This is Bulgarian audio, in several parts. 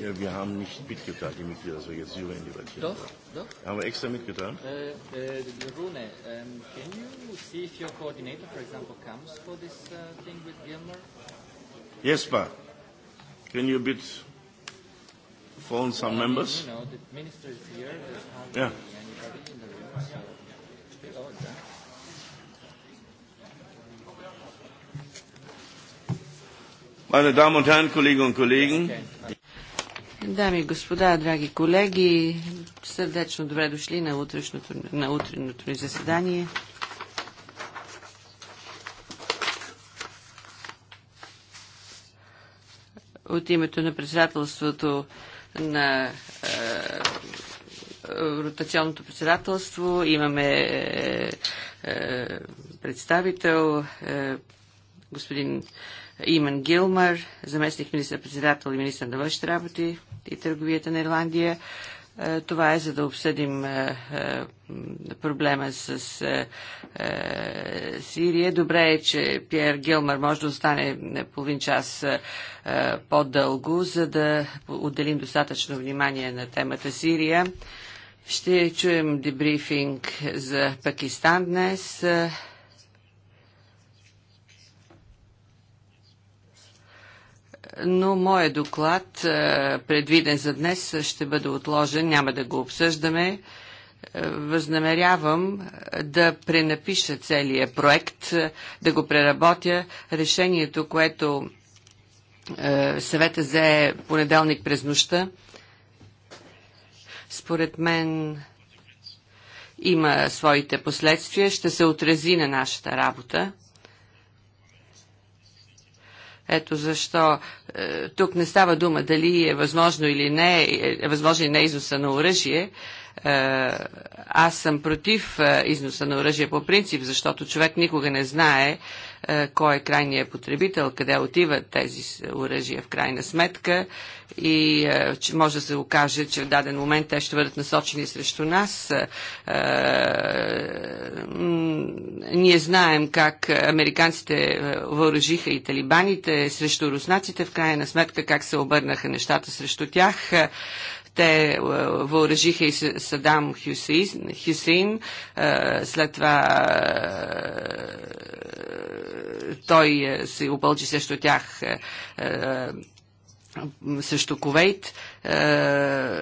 Ja, wir haben nicht mitgeteilt, die Mitglieder, dass wir jetzt Syrien debattieren. Doch, doch. Haben wir extra mitgeteilt? Äh, äh, Rune, um, can you see if your coordinator, for example, comes for this uh, thing with Gilmer? Jesper, can you bit phone some well, members? You know, the minister is here. yeah. anybody in the room. So. Oh, that's Meine Damen und Herren, Kolleginnen und Kollegen. Дами и господа, драги колеги, сърдечно добре дошли на утрешното, на утреното ни заседание. От името на председателството на е, ротационното председателство. Имаме е, е, представител, е, господин Иман Гилмар, заместник министър-председател и министър на външните работи и търговията на Ирландия. Е, това е за да обсъдим е, е, проблема с Сирия. Добре е, че Пьер Гилмар може да остане половин час по-дълго, за да отделим достатъчно внимание на темата Сирия. Ще чуем дебрифинг за Пакистан днес. но моят доклад, е, предвиден за днес, ще бъде отложен, няма да го обсъждаме. Е, възнамерявам е, да пренапиша целият проект, да го преработя. Решението, което съвета за понеделник през нощта, според мен има своите последствия, ще се отрази на нашата работа. Ето защо е, тук не става дума дали е възможно или не, е, е възможно и не износа на оръжие, е, аз съм против е, износа на оръжие по принцип, защото човек никога не знае е, кой е крайният потребител, къде отиват тези оръжия в крайна сметка и може да се окаже, че в даден момент те ще бъдат насочени срещу нас. Ние знаем как американците въоръжиха и талибаните срещу руснаците, в крайна сметка как се обърнаха нещата срещу тях. Те е, въоръжиха и Садам Хюсейн, Хюсейн след това е, той е, се обълчи срещу тях също Ковейт, е,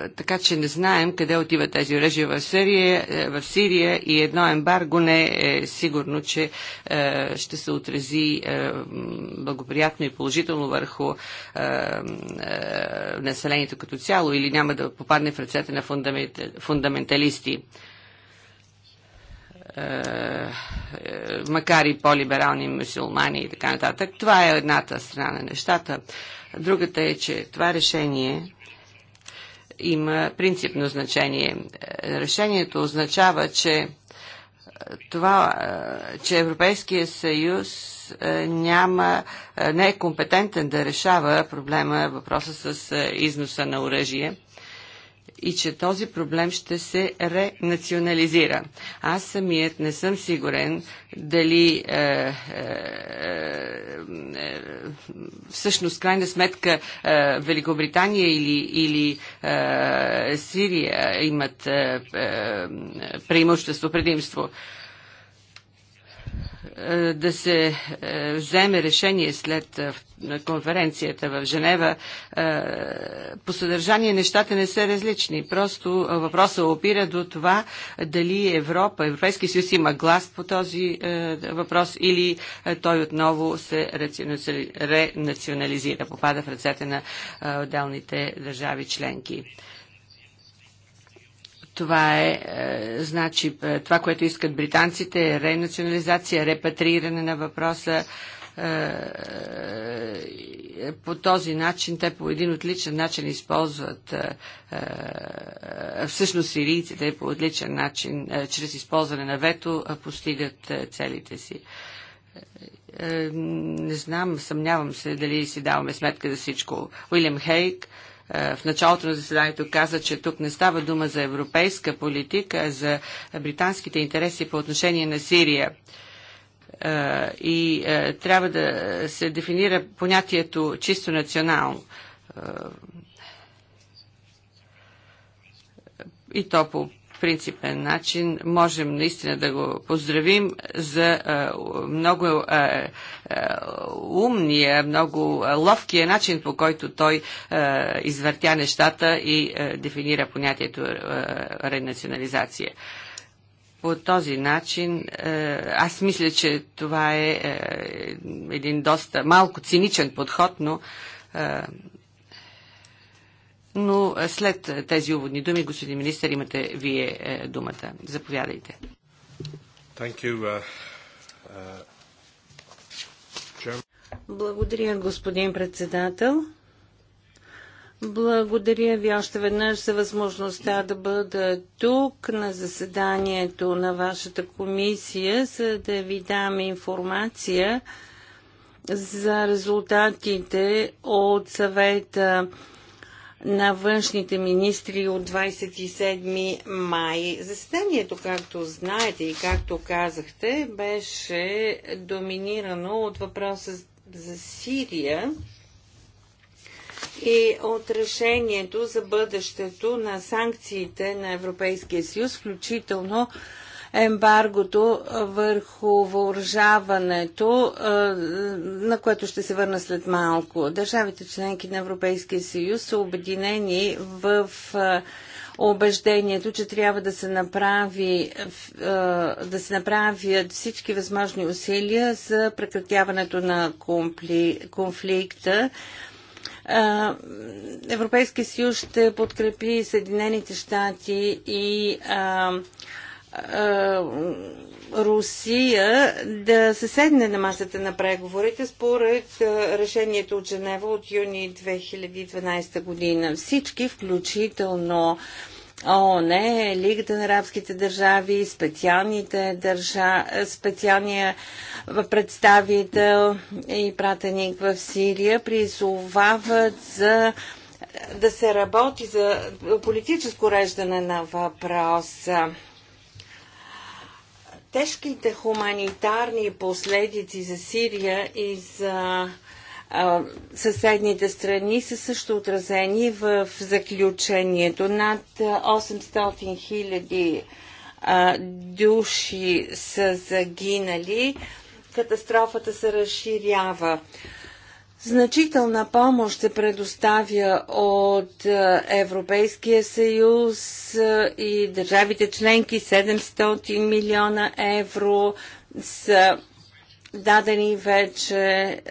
така че не знаем къде отиват тези оръжия в е, в Сирия и едно ембарго не е сигурно, че е, ще се отрази благоприятно и положително върху населението като цяло или няма да попадне в ръцете на фундаменталисти макар и по-либерални мусулмани и така нататък. Това е едната страна на нещата. Другата е, че това решение има принципно значение. Решението означава, че е, това, е, че Европейския съюз е, няма, не е компетентен да решава проблема, въпроса с износа на оръжие и че този проблем ще се ренационализира. Аз самият не съм сигурен дали е, е, е, всъщност крайна сметка е, Великобритания или, или е, Сирия имат е, е, преимущество, предимство. Е, е, да се е, вземе решение след е, конференцията в Женева, по съдържание нещата не са различни. Просто въпросът опира до това дали Европа, Европейски съюз има глас по този въпрос или той отново се ренационализира, попада в ръцете на отделните държави членки. Това е, е значи, е, това, което искат британците е ренационализация, репатрииране на въпроса. Е, е, по този начин, те по един отличен начин използват, е, е, всъщност сирийците по отличен начин, чрез използване на вето, постигат целите си. Не знам, съмнявам се дали си даваме сметка за всичко. Уилям Хейк, е, в началото на заседанието каза, че тук не става дума за европейска политика, а за британските интереси по отношение на Сирия е, и е, трябва да се дефинира понятието чисто национално. и то по принципен начин можем наистина да го поздравим за много умния, много ловкия начин, по който той извъртя нещата и дефинира понятието ренационализация по този начин, аз мисля, че това е един доста малко циничен подход, но но е, след е, тези уводни думи, господин министър, имате вие е, думата. Заповядайте. Uh, uh, Благодаря, господин председател. Благодаря ви още веднъж за възможността да бъда тук на заседанието на вашата комисия, за да ви дам информация за резултатите от съвета на външните министри от 27 май. Заседанието, както знаете и както казахте, беше доминирано от въпроса за Сирия и от решението за бъдещето на санкциите на Европейския съюз, включително ембаргото върху въоръжаването, на което ще се върна след малко. Държавите членки на Европейския съюз са обединени в убеждението, че трябва да се, направи, да се направят всички възможни усилия за прекратяването на конфликта. Европейския съюз ще подкрепи Съединените щати и Русия да се седне на масата на преговорите според решението от Женева от юни 2012 година. Всички, включително ООН, Лигата на арабските държави, специалните държа... специалния представител и пратеник в Сирия призовават за да се работи за политическо реждане на въпроса. Тежките хуманитарни последици за Сирия и за съседните страни са също отразени в заключението. Над 800 хиляди души са загинали. Катастрофата се разширява. Значителна помощ се предоставя от е, Европейския съюз е, и държавите членки 700 милиона евро са дадени вече. Е,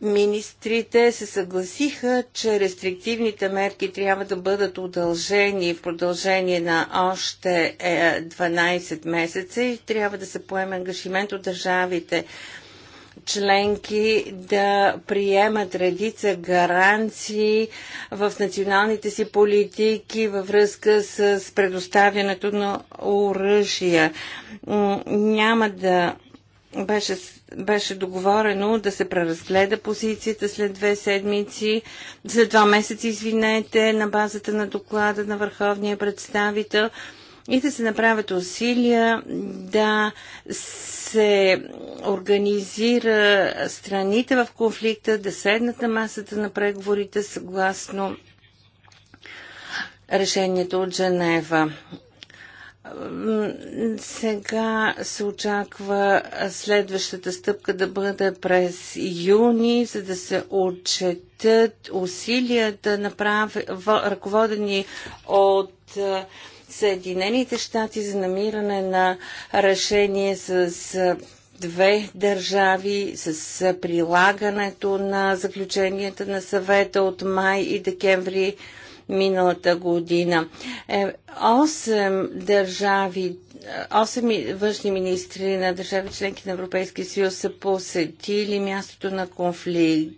министрите се съгласиха, че рестриктивните мерки трябва да бъдат удължени в продължение на още 12 месеца и трябва да се поеме ангажимент от държавите членки да приемат редица гаранции в националните си политики във връзка с предоставянето на оръжия. Няма да беше, беше договорено да се преразгледа позицията след две седмици, след два месеца, извинете, на базата на доклада на върховния представител – и да се направят усилия да се организира страните в конфликта, да седнат на масата на преговорите съгласно решението от Женева. Сега се очаква следващата стъпка да бъде през юни, за да се отчетат усилията, направи, ръководени от Съединените щати за намиране на решение с две държави с прилагането на заключенията на съвета от май и декември миналата година. Е, осем държави, осем външни министри на държави членки на Европейския съюз са посетили мястото на конфликт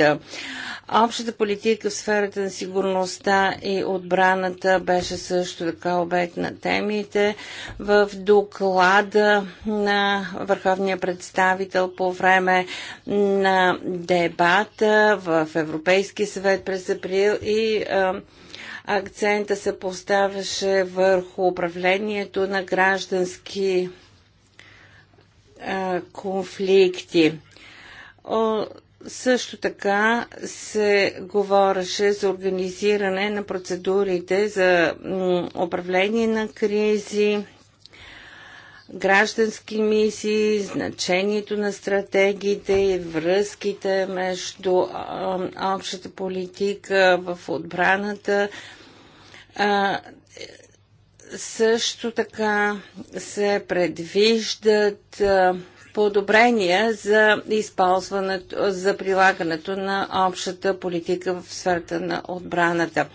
защита. Общата политика в сферата на сигурността и отбраната беше също така обект на темите в доклада на върховния представител по време на дебата в Европейския съвет през април и акцента се поставяше върху управлението на граждански конфликти. Също така се говореше за организиране на процедурите за управление на кризи, граждански мисии, значението на стратегиите и връзките между общата политика в отбраната. Също така се предвиждат подобрения за използването, за прилагането на общата политика в сферата на отбраната.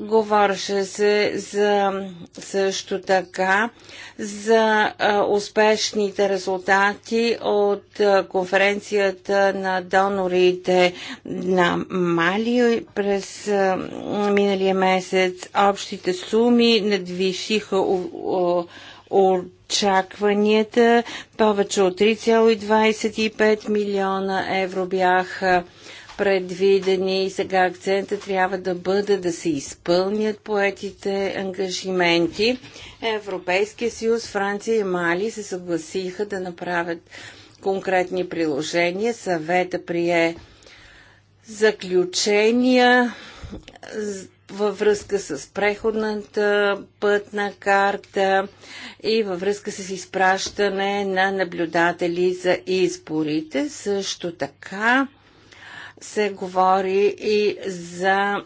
Говореше се за, също така за а, успешните резултати от а, конференцията на донорите на Мали през а, миналия месец. Общите суми надвишиха от очакванията. Повече от 3,25 милиона евро бяха предвидени и сега акцента трябва да бъде да се изпълнят поетите ангажименти. Европейския съюз, Франция и Мали се съгласиха да направят конкретни приложения. Съвета прие заключения във връзка с преходната пътна карта и във връзка с изпращане на наблюдатели за изборите. Също така се говори и за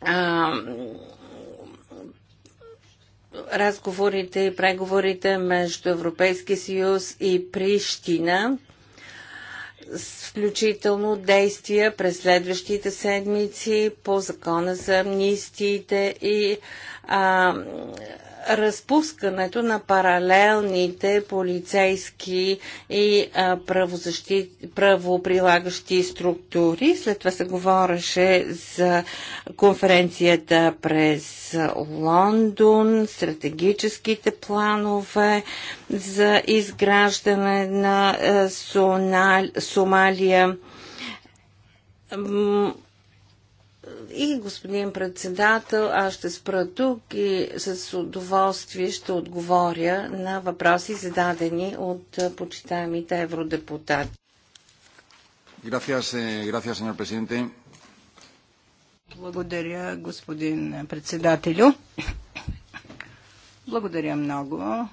а, разговорите и преговорите между Европейския съюз и Прищина включително действия през следващите седмици по закона за амнистиите и а, разпускането на паралелните полицейски и правоприлагащи структури. След това се говореше за конференцията през Лондон, стратегическите планове за изграждане на Сомалия и, господин председател, аз ще спра тук и с удоволствие ще отговоря на въпроси, зададени от почитаемите евродепутати. Eh, Благодаря, господин председателю. Благодаря много,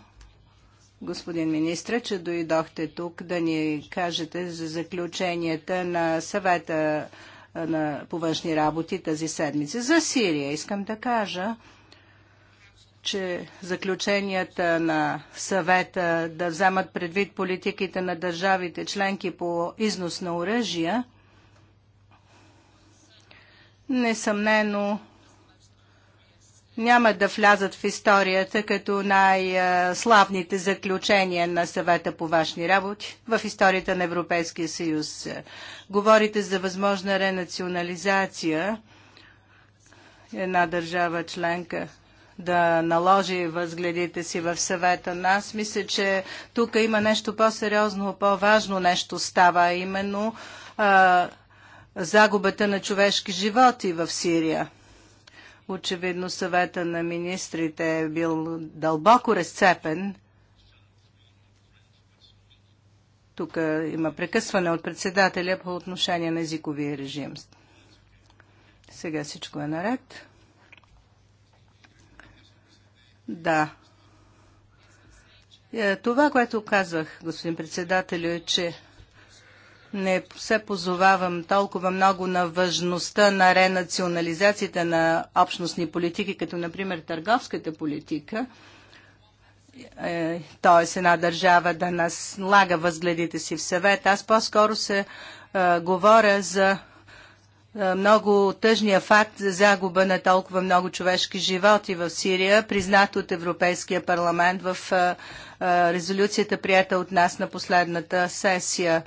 господин министре, че дойдохте тук да ни кажете за заключенията на съвета на, повъншни работи тази седмица. За Сирия искам да кажа, че заключенията на съвета да вземат предвид политиките на държавите членки по износ на оръжия, несъмнено няма да влязат в историята като най-славните заключения на съвета по вашни работи в историята на Европейския съюз. Говорите за възможна ренационализация една държава членка да наложи възгледите си в съвета. Но аз мисля, че тук има нещо по-сериозно, по-важно нещо става, именно а, загубата на човешки животи в Сирия. Очевидно съвета на министрите е бил дълбоко разцепен. Тук има прекъсване от председателя по отношение на езиковия режим. Сега всичко е наред. Да. Е, това, което казвах, господин председател, е, че не се позовавам толкова много на важността на ренационализацията на общностни политики, като например търговската политика, т.е. една държава да лага възгледите си в съвет. Аз по-скоро се а, е, говоря за а, е, много тъжния факт за загуба на толкова много човешки животи в Сирия, признат от Европейския парламент в а, е, резолюцията, прията от нас на последната сесия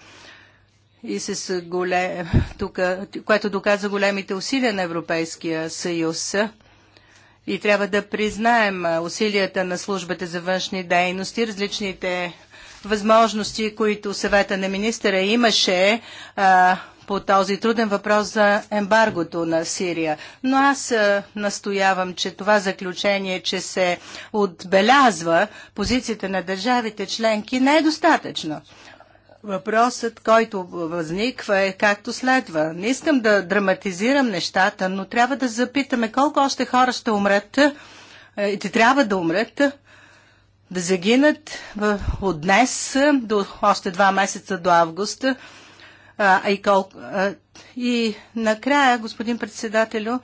и с голем, тук, което доказа големите усилия на Европейския съюз. И трябва да признаем усилията на службата за външни дейности, различните възможности, които съвета на министъра имаше а, по този труден въпрос за ембаргото на Сирия. Но аз а, настоявам, че това заключение, че се отбелязва позицията на държавите членки, не е достатъчно. Въпросът, който възниква е както следва. Не искам да драматизирам нещата, но трябва да запитаме колко още хора ще умрат и те трябва да умрат, да загинат от днес до още два месеца до август. А, и, колко, а, и накрая, господин председателю,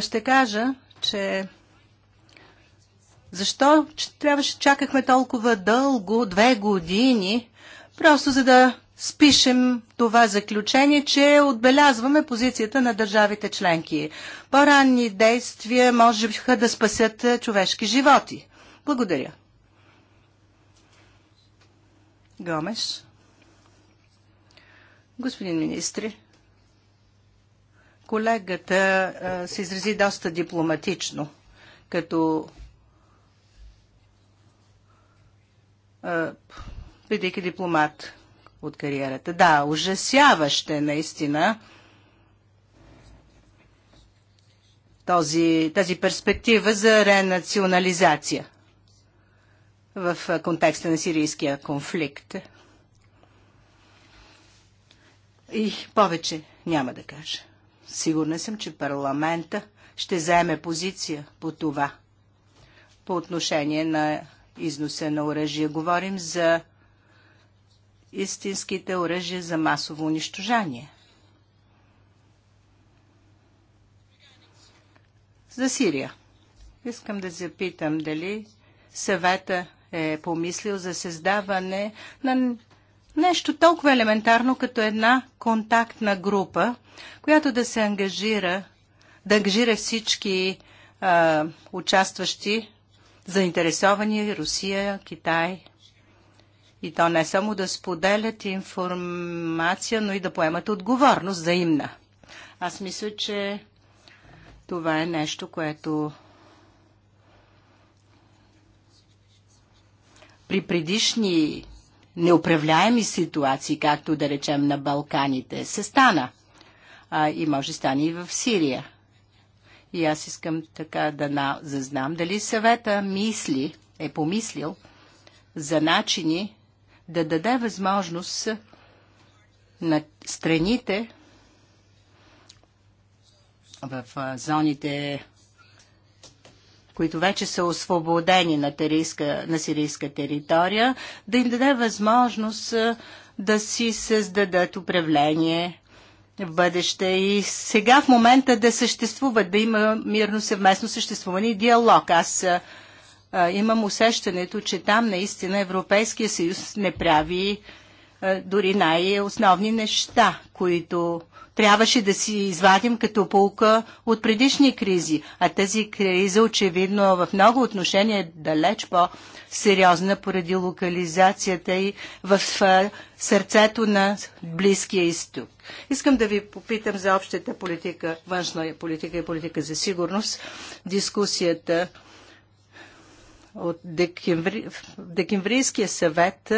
ще кажа, че защо трябваше чакахме толкова дълго, две години, Просто за да спишем това заключение, че отбелязваме позицията на държавите членки. По-ранни действия можеха да спасят е, човешки животи. Благодаря. Гомеш. Господин министри, колегата а, е, се изрази доста дипломатично, като а, е, бидейки дипломат от кариерата. Да, ужасяваще наистина този, тази перспектива за ренационализация в контекста на сирийския конфликт. И повече няма да кажа. Сигурна съм, че парламента ще заеме позиция по това. По отношение на износа на оръжие говорим за истинските оръжия за масово унищожание. За Сирия. Искам да запитам дали съвета е помислил за създаване на нещо толкова елементарно, като една контактна група, която да се ангажира, да ангажира всички а, участващи, заинтересовани Русия, Китай, и то не само да споделят информация, но и да поемат отговорност взаимна. Аз мисля, че това е нещо, което при предишни неуправляеми ситуации, както да речем на Балканите, се стана. А, и може стане и в Сирия. И аз искам така да на... зазнам дали съвета мисли, е помислил за начини да даде възможност на страните в зоните, които вече са освободени на, терийска, на сирийска територия, да им даде възможност да си създадат управление в бъдеще и сега в момента да съществуват, да има мирно съвместно съществуване и диалог. Аз имам усещането, че там наистина Европейския съюз не прави дори най-основни неща, които трябваше да си извадим като полка от предишни кризи. А тази криза очевидно в много отношения е далеч по-сериозна поради локализацията и в сърцето на Близкия изток. Искам да ви попитам за общата политика, външна политика и политика за сигурност. Дискусията от декември, Декемврийския съвет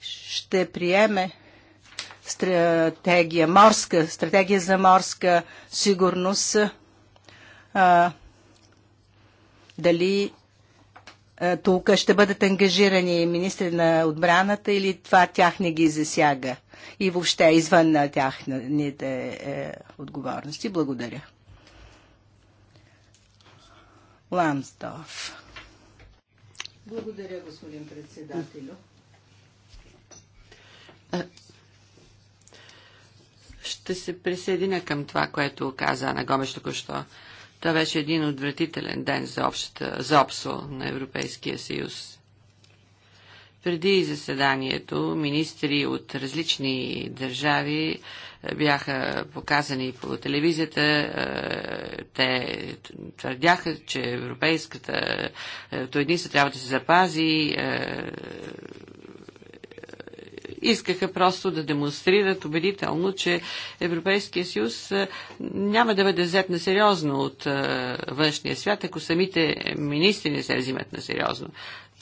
ще приеме стратегия, морска, стратегия за морска сигурност. А, дали а, тук ще бъдат ангажирани министри на отбраната или това тях не ги засяга и въобще извън на тяхните е, отговорности. Благодаря. Ламсдорф. Благодаря, господин председателю. Ще се присъединя към това, което каза Ана Гомеш току-що. Това беше един отвратителен ден за, общата, за ОПСО на Европейския съюз преди заседанието министри от различни държави е, бяха показани по телевизията. Е, те твърдяха, че европейската е, то единство трябва да се запази. Искаха просто да демонстрират убедително, че Европейския съюз няма да бъде взет на сериозно от външния свят, ако самите министри не се взимат на сериозно.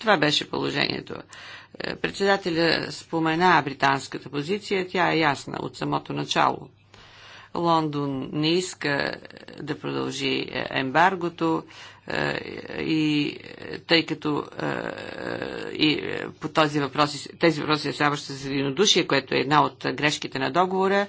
Това беше положението. Е, председателя спомена британската позиция, тя е ясна от самото начало. Лондон не иска е, да продължи е, ембаргото и тъй като и по този въпрос, тези въпроси се решават с единодушие, което е една от грешките на договора,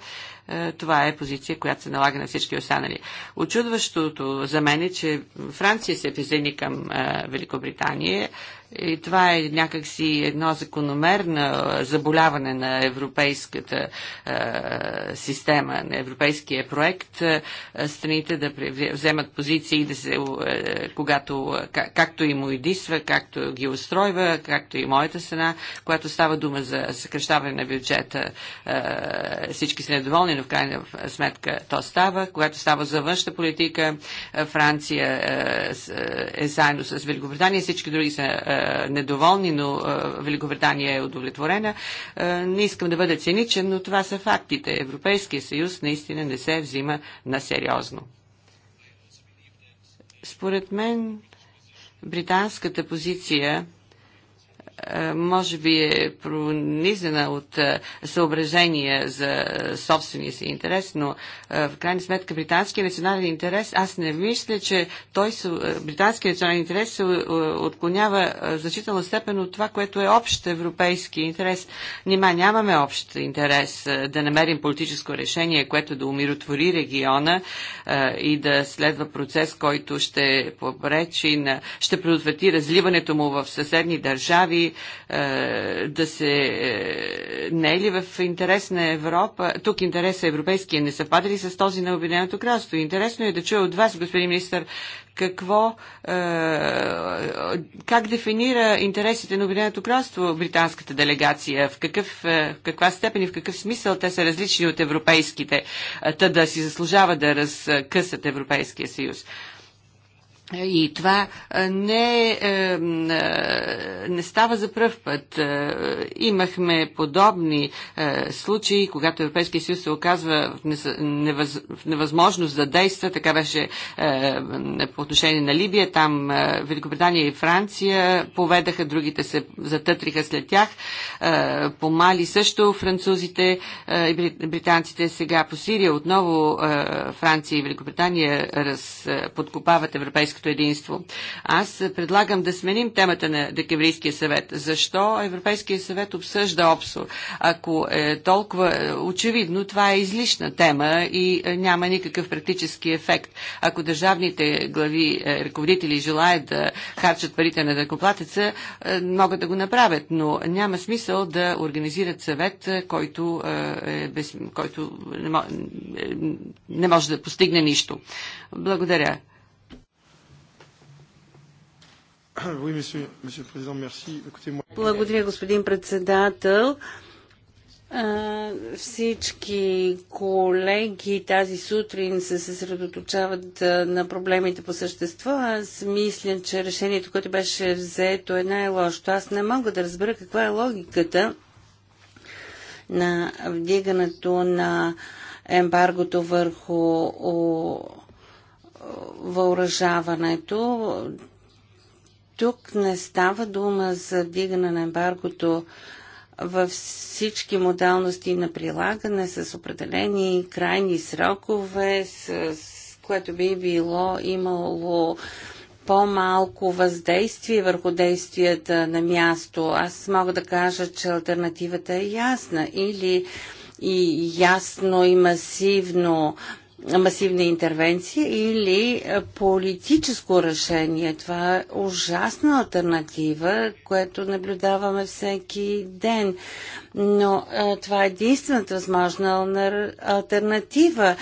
това е позиция, която се налага на всички останали. Очудващото за мен е, че Франция се присъедини към Великобритания и това е някакси едно закономерно заболяване на европейската е, система, на европейския проект. Е, страните да вземат позиции, да се, е, когато, как, както и му идисва, както ги устройва, както и моята страна, която става дума за съкрещаване на бюджета, е, всички са недоволни, но в крайна сметка то става. Когато става за външна политика, е, Франция е, е, е заедно с Великобритания, всички други са е, е, недоволни, но е, Великобритания е удовлетворена. Е, не искам да бъда циничен, но това са фактите. Европейския съюз наистина не се взима на сериозно. Според мен британската позиция е, може би е пронизана от е, съображения за собствения си интерес, но е, в крайна сметка британския национален интерес, аз не мисля, че той, британския национален интерес се отклонява в значителна степен от това, което е общ европейски интерес. Нима нямаме общ интерес да намерим политическо решение, което да умиротвори региона и да следва процес, който ще попречи на, ще предотврати разливането му в съседни държави, е, да се... Е, не е ли в интерес на Европа... Тук интересът европейския не съвпада ли с този на Обединеното кралство? Интересно е да чуя от вас, господин министр, какво, е, как дефинира интересите на Обединеното кралство британската делегация, в, какъв, в каква степен и в какъв смисъл те са различни от европейските, та да си заслужава да разкъсат Европейския съюз. И това не, е, не става за пръв път. Имахме подобни е, случаи, когато Европейския съюз се оказва в невъзможност да действа. Така беше е, по отношение на Либия. Там Великобритания и Франция поведаха, другите се затътриха след тях. По Мали също французите и британците сега по Сирия. Отново Франция и Великобритания подкопават европейското европейското единство. Аз предлагам да сменим темата на Декемврийския съвет. Защо Европейския съвет обсъжда ОПСО? Ако е толкова е, очевидно, това е излишна тема и е, няма никакъв практически ефект. Ако държавните глави, е, ръководители желаят да харчат парите на дъркоплатеца, могат да го направят, но няма смисъл да организират съвет, който, е без, който не може да постигне нищо. Благодаря. Благодаря, господин председател. Всички колеги тази сутрин се съсредоточават на проблемите по същество. Аз мисля, че решението, което беше взето е най-лошо. Аз не мога да разбера каква е логиката на вдигането на ембаргото върху въоръжаването. Тук не става дума за вдигане на ембаргото във всички модалности на прилагане с определени крайни срокове, с, което би било имало по-малко въздействие върху действията на място. Аз мога да кажа, че альтернативата е ясна или и ясно и масивно масивна интервенция или политическо решение. Това е ужасна альтернатива, което наблюдаваме всеки ден. Но това е единствената възможна альтернатива.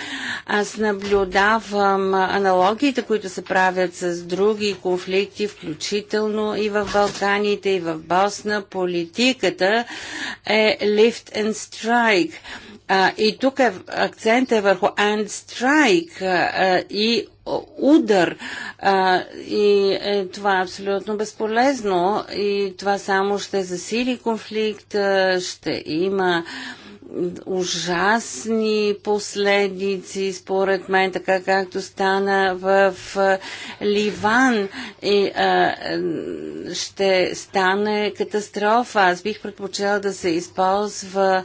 Аз наблюдавам аналогиите, които се правят с други конфликти, включително и в Балканите, и в Босна. Политиката е lift and strike и тук е, акцент е върху and strike а, и удар. А, и е, това е абсолютно безполезно. И това само ще засили конфликт, ще има ужасни последици, според мен, така както стана в Ливан. И, а, ще стане катастрофа. Аз бих предпочел да се използва а,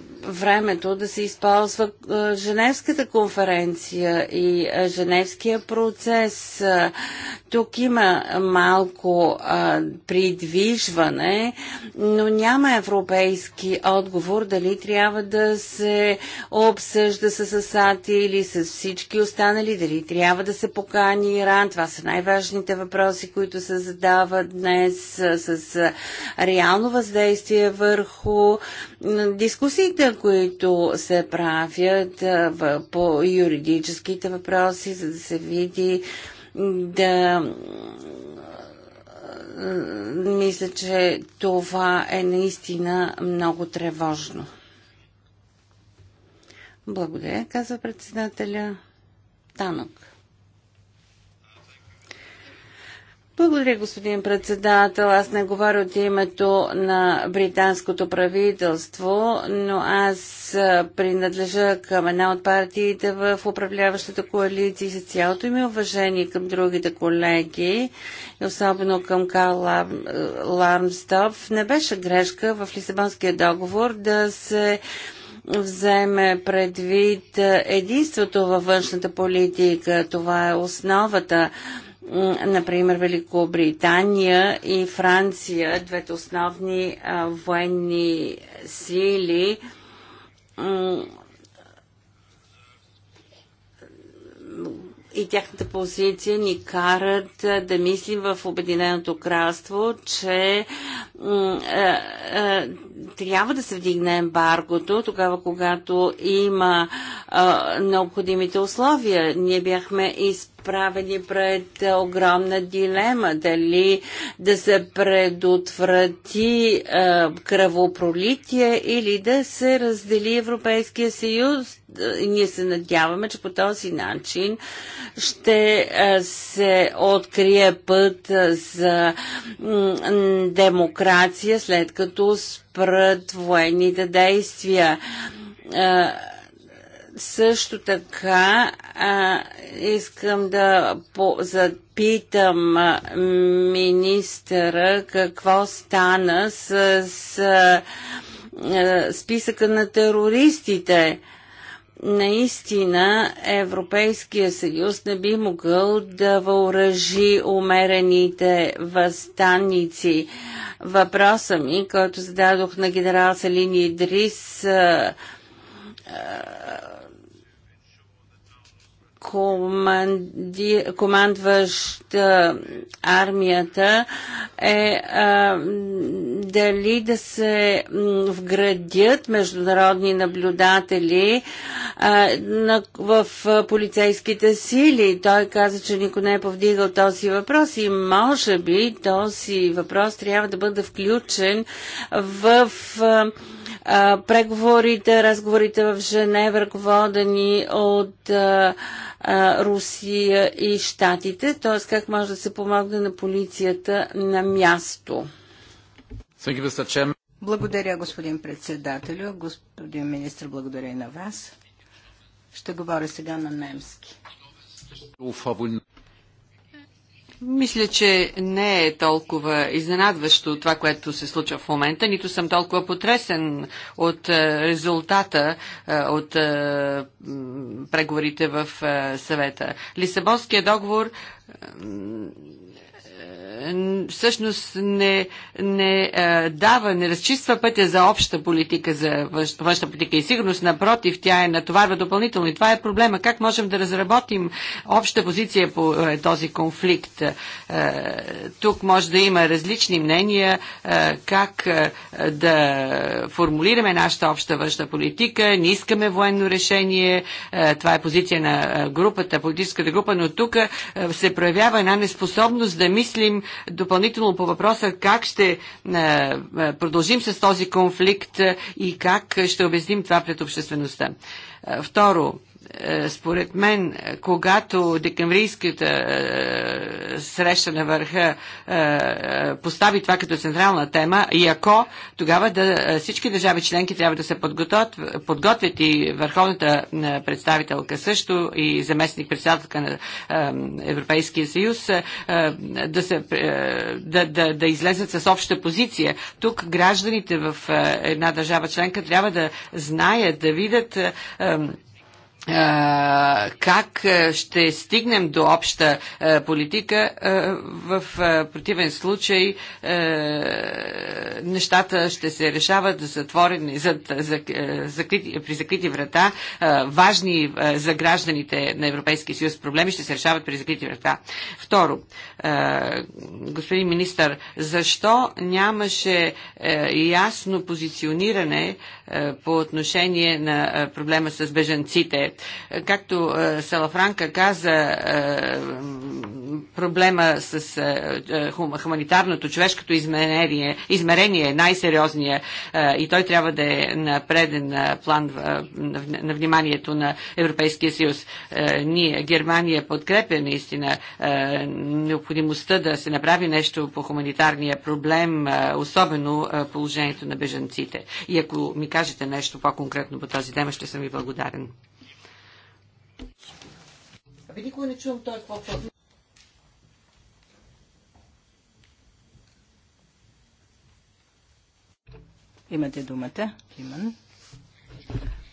времето да се използва Женевската конференция и Женевския процес. Тук има малко придвижване, но няма европейски отговор дали трябва да се обсъжда с Асати или с всички останали, дали трябва да се покани Иран. Това са най-важните въпроси, които се задават днес с реално въздействие върху дискусиите които се правят по юридическите въпроси, за да се види да мисля, че това е наистина много тревожно. Благодаря, казва председателя Танок. Благодаря, господин председател. Аз не говоря от името на британското правителство, но аз принадлежа към една от партиите в управляващата коалиция с цялото ми уважение към другите колеги, особено към Карл Лармстов. Не беше грешка в Лисабонския договор да се вземе предвид единството във външната политика. Това е основата например, Великобритания и Франция, двете основни военни сили, и тяхната позиция ни карат да мислим в Обединеното кралство, че е, е, трябва да се вдигне ембаргото тогава, когато има необходимите условия. Ние бяхме изправени пред огромна дилема дали да се предотврати кръвопролитие или да се раздели Европейския съюз. Ние се надяваме, че по този начин ще се открие път за демократия операция, след като спрат военните действия. А, също така а, искам да по, запитам министъра какво стана с, с а, списъка на терористите. Наистина Европейския съюз не би могъл да въоръжи умерените възстанници. А, въпроса ми, който зададох на генерал Салини Идрис, команди, командващ а, армията е а, дали да се вградят международни наблюдатели а, на, в а, полицейските сили. Той каза, че никой не е повдигал този въпрос и може би този въпрос трябва да бъде включен в а, преговорите, разговорите в Женева, ръководени от Русия и Штатите, т.е. как може да се помогне на полицията на място. Благодаря, господин председателю. Господин министр, благодаря и на вас. Ще говоря сега на немски. Мисля, че не е толкова изненадващо това, което се случва в момента, нито съм толкова потресен от е, резултата е, от е, преговорите в съвета. Лисабонския договор всъщност не, не дава, не разчиства пътя за обща политика, за външна политика и сигурност. Напротив, тя е натоварва допълнително. И това е проблема. Как можем да разработим обща позиция по е, този конфликт? Е, тук може да има различни мнения е, как да формулираме нашата обща външна политика. Не искаме военно решение. Това е позиция на групата, политическата група, но тук се проявява една неспособност да мислим допълнително по въпроса как ще е, е, продължим с този конфликт е, и как ще обясним това пред обществеността. Второ, е, според мен, когато декемврийската е, среща на върха е, постави това като централна тема, и ако тогава да, всички държави членки трябва да се подготвят, подготвят и върховната представителка също и заместник председателка на Европейския съюз да, се, да, да, да излезат с обща позиция. Тук гражданите в една държава членка трябва да знаят, да видят как ще стигнем до обща политика, в противен случай нещата ще се решават затворени, зад, закрити, при закрити врата. Важни за гражданите на Европейския съюз проблеми ще се решават при закрити врата. Второ, господин министър, защо нямаше ясно позициониране по отношение на проблема с беженците? Както е, Салафранка каза, е, проблема с е, хуманитарното, човешкото измерение, измерение е най-сериозния и той трябва да е на преден план на вниманието на Европейския съюз. Ние, Германия, подкрепя наистина необходимостта да се направи нещо по хуманитарния проблем, особено положението на бежанците. И ако ми кажете нещо по-конкретно по тази тема, ще съм ви благодарен. Абе никога не чувам той какво Имате думата, Иман.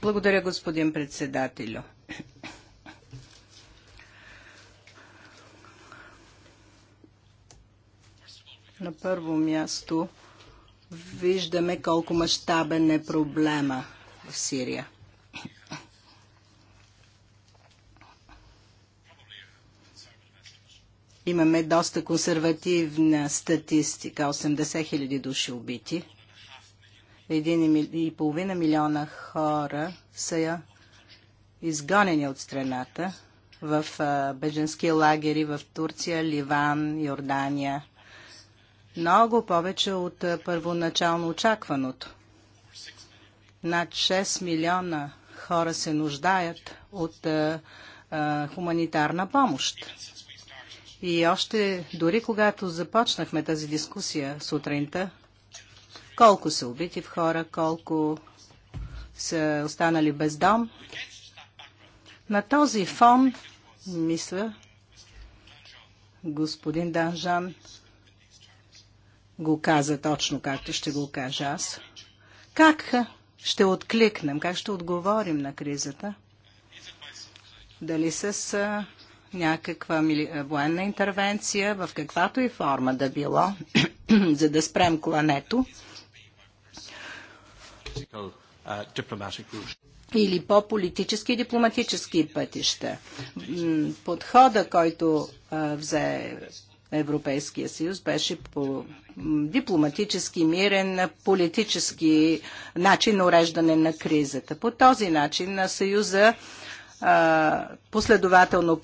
Благодаря, господин председателю. На първо място виждаме колко мащабен е проблема в Сирия. Имаме доста консервативна статистика. 80 хиляди души убити. Един и половина милиона хора са изгонени от страната в беженски лагери в Турция, Ливан, Йордания. Много повече от първоначално очакваното. Над 6 милиона хора се нуждаят от а, хуманитарна помощ. И още дори когато започнахме тази дискусия сутринта, колко са убити в хора, колко са останали без дом. На този фон, мисля, господин Данжан го каза точно както ще го кажа аз. Как ще откликнем, как ще отговорим на кризата? Дали с някаква е, военна интервенция, в каквато и форма да било, за да спрем клането или по политически и дипломатически пътища. Подхода, който взе Европейския съюз беше по дипломатически, мирен, политически начин уреждане на кризата. По този начин на съюза последователно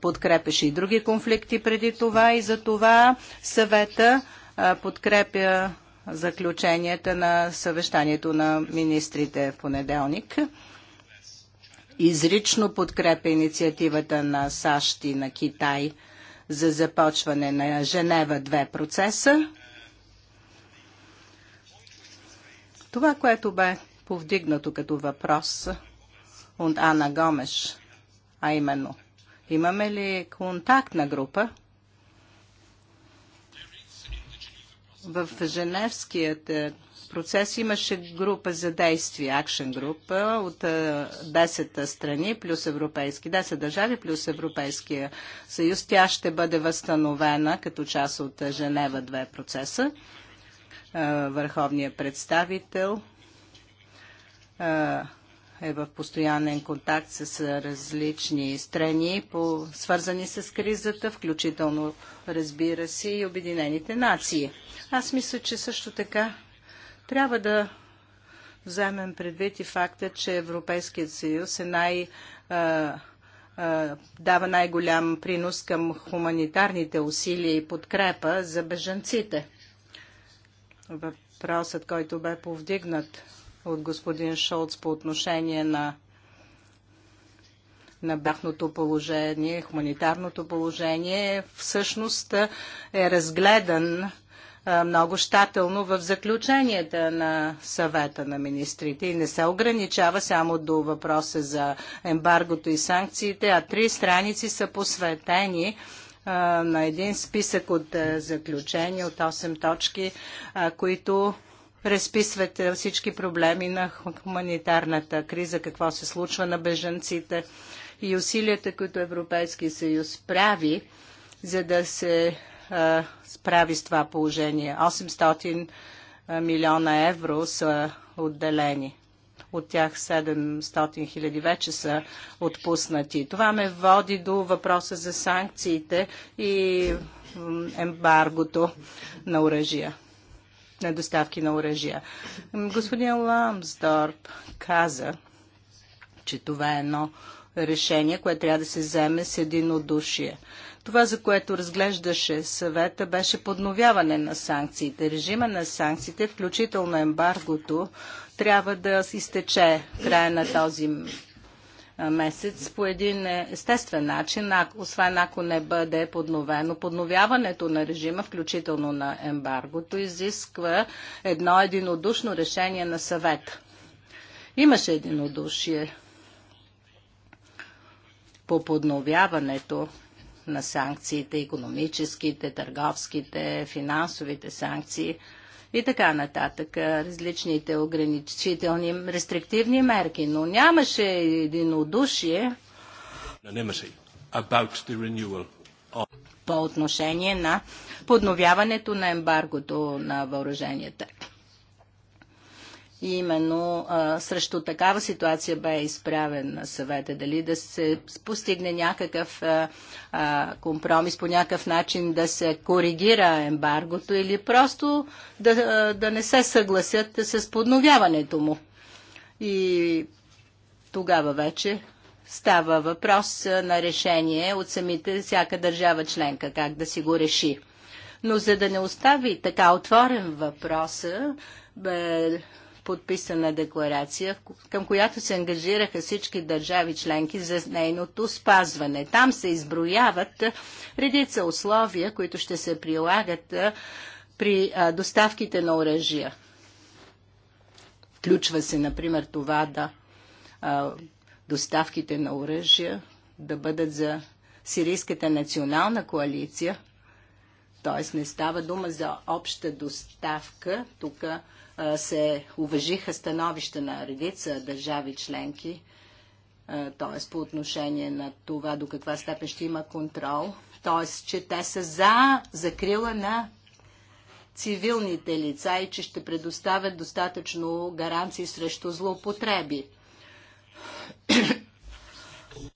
подкрепеше и други конфликти преди това и за това съвета подкрепя заключенията на съвещанието на министрите в понеделник. Изрично подкрепя инициативата на САЩ и на Китай за започване на Женева 2 процеса. Това, което бе повдигнато като въпрос – und Anna Gomes, а именно. Имаме ли контактна група? В Женевският е, процес имаше група за действие, акшен група от 10 е, страни плюс европейски, 10 държави плюс Европейския съюз. Тя ще бъде възстановена като част от Женева 2 процеса. Е, върховният представител е в постоянен контакт с различни страни, по, свързани с кризата, включително, разбира се, и Обединените нации. Аз мисля, че също така трябва да вземем предвид и факта, че Европейският съюз е най, а, а, дава най-голям принос към хуманитарните усилия и подкрепа за бежанците. Въпросът, който бе повдигнат от господин Шолц по отношение на на бяхното положение, хуманитарното положение, всъщност е, е разгледан е, много щателно в заключенията на съвета на министрите и не се ограничава само до въпроса за ембаргото и санкциите, а три страници са посветени е, на един списък от заключения, от 8 точки, които разписвате всички проблеми на хуманитарната криза, какво се случва на бежанците и усилията, които Европейски съюз прави, за да се справи с това положение. 800 милиона евро са отделени. От тях 700 хиляди вече са отпуснати. Това ме води до въпроса за санкциите и ембаргото на оръжия на доставки на оръжия. Господин Ламсдорп каза, че това е едно решение, което трябва да се вземе с единодушие. Това, за което разглеждаше съвета, беше подновяване на санкциите. Режима на санкциите, включително ембаргото, трябва да изтече края на този месец по един е, естествен начин, освен ако не бъде подновено. Подновяването на режима, включително на ембаргото, изисква едно единодушно решение на съвет. Имаше единодушие по подновяването на санкциите, економическите, търговските, финансовите санкции – и така нататък. Различните ограничителни, рестриктивни мерки. Но нямаше единодушие по отношение на подновяването на ембаргото на въоръженията. И именно а, срещу такава ситуация бе изправен на съвета. Дали да се постигне някакъв а, а, компромис, по някакъв начин да се коригира ембаргото или просто да, а, да не се съгласят с подновяването му. И тогава вече става въпрос на решение от самите всяка държава членка, как да си го реши. Но за да не остави така отворен въпрос. бе подписана декларация, към която се ангажираха всички държави членки за нейното спазване. Там се изброяват редица условия, които ще се прилагат при доставките на оръжия. Включва се, например, това да доставките на оръжия да бъдат за Сирийската национална коалиция, т.е. не става дума за обща доставка. Тук се уважиха становища на редица държави членки, т.е. по отношение на това до каква степен ще има контрол, т.е. че те са за закрила на цивилните лица и че ще предоставят достатъчно гаранции срещу злоупотреби.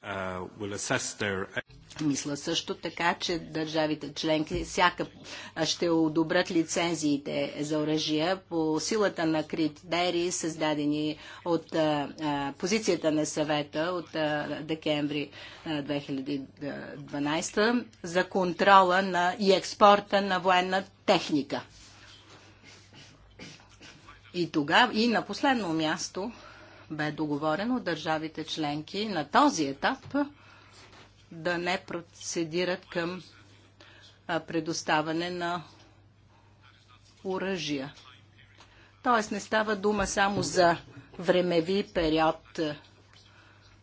Uh, Мисля също така, че държавите членки всяка ще одобрят лицензиите за оръжия по силата на критерии, създадени от позицията на съвета от декември 2012 за контрола на, и експорта на военна техника. И тогава, и на последно място, бе договорено държавите членки на този етап да не процедират към предоставане на оръжия. Тоест не става дума само за времеви период,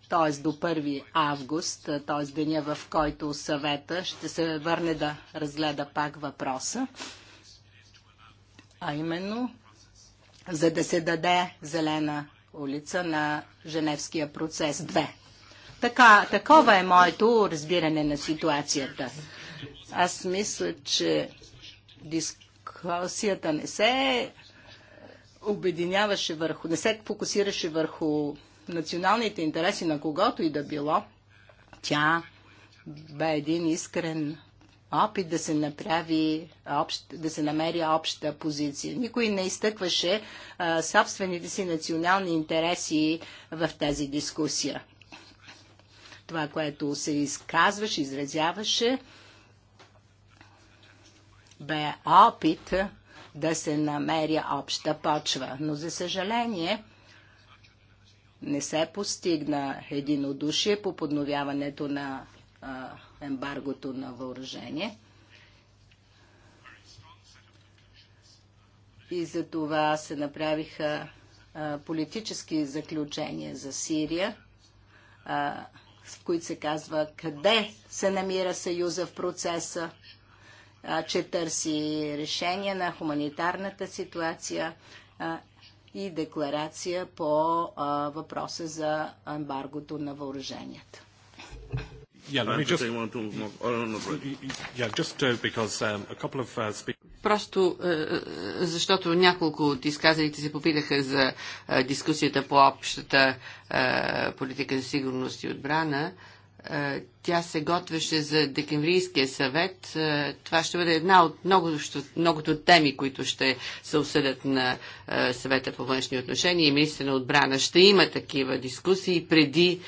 т.е. до 1 август, т.е. деня в който съвета ще се върне да разгледа пак въпроса, а именно за да се даде зелена улица на Женевския процес 2. Така, такова е моето разбиране на ситуацията. Аз мисля, че дискусията не се обединяваше върху, не се фокусираше върху националните интереси на когото и да било. Тя бе един искрен опит да се направи, да се намери обща позиция. Никой не изтъкваше собствените си национални интереси в тази дискусия. Това, което се изказваше, изразяваше, бе опит да се намери обща почва. Но, за съжаление, не се постигна единодушие по подновяването на а, ембаргото на въоръжение. И за това се направиха политически заключения за Сирия, в които се казва къде се намира Съюза в процеса, че търси решение на хуманитарната ситуация и декларация по въпроса за ембаргото на въоръженията. Uh, Просто uh, uh, защото няколко от изказалите се попитаха за дискусията по общата политика за сигурност и отбрана. Е, тя се готвеше за декемврийския съвет. Е, това ще бъде една от много, многото теми, които ще се осъдят на е, съвета по външни отношения и министър на отбрана. Ще има такива дискусии преди,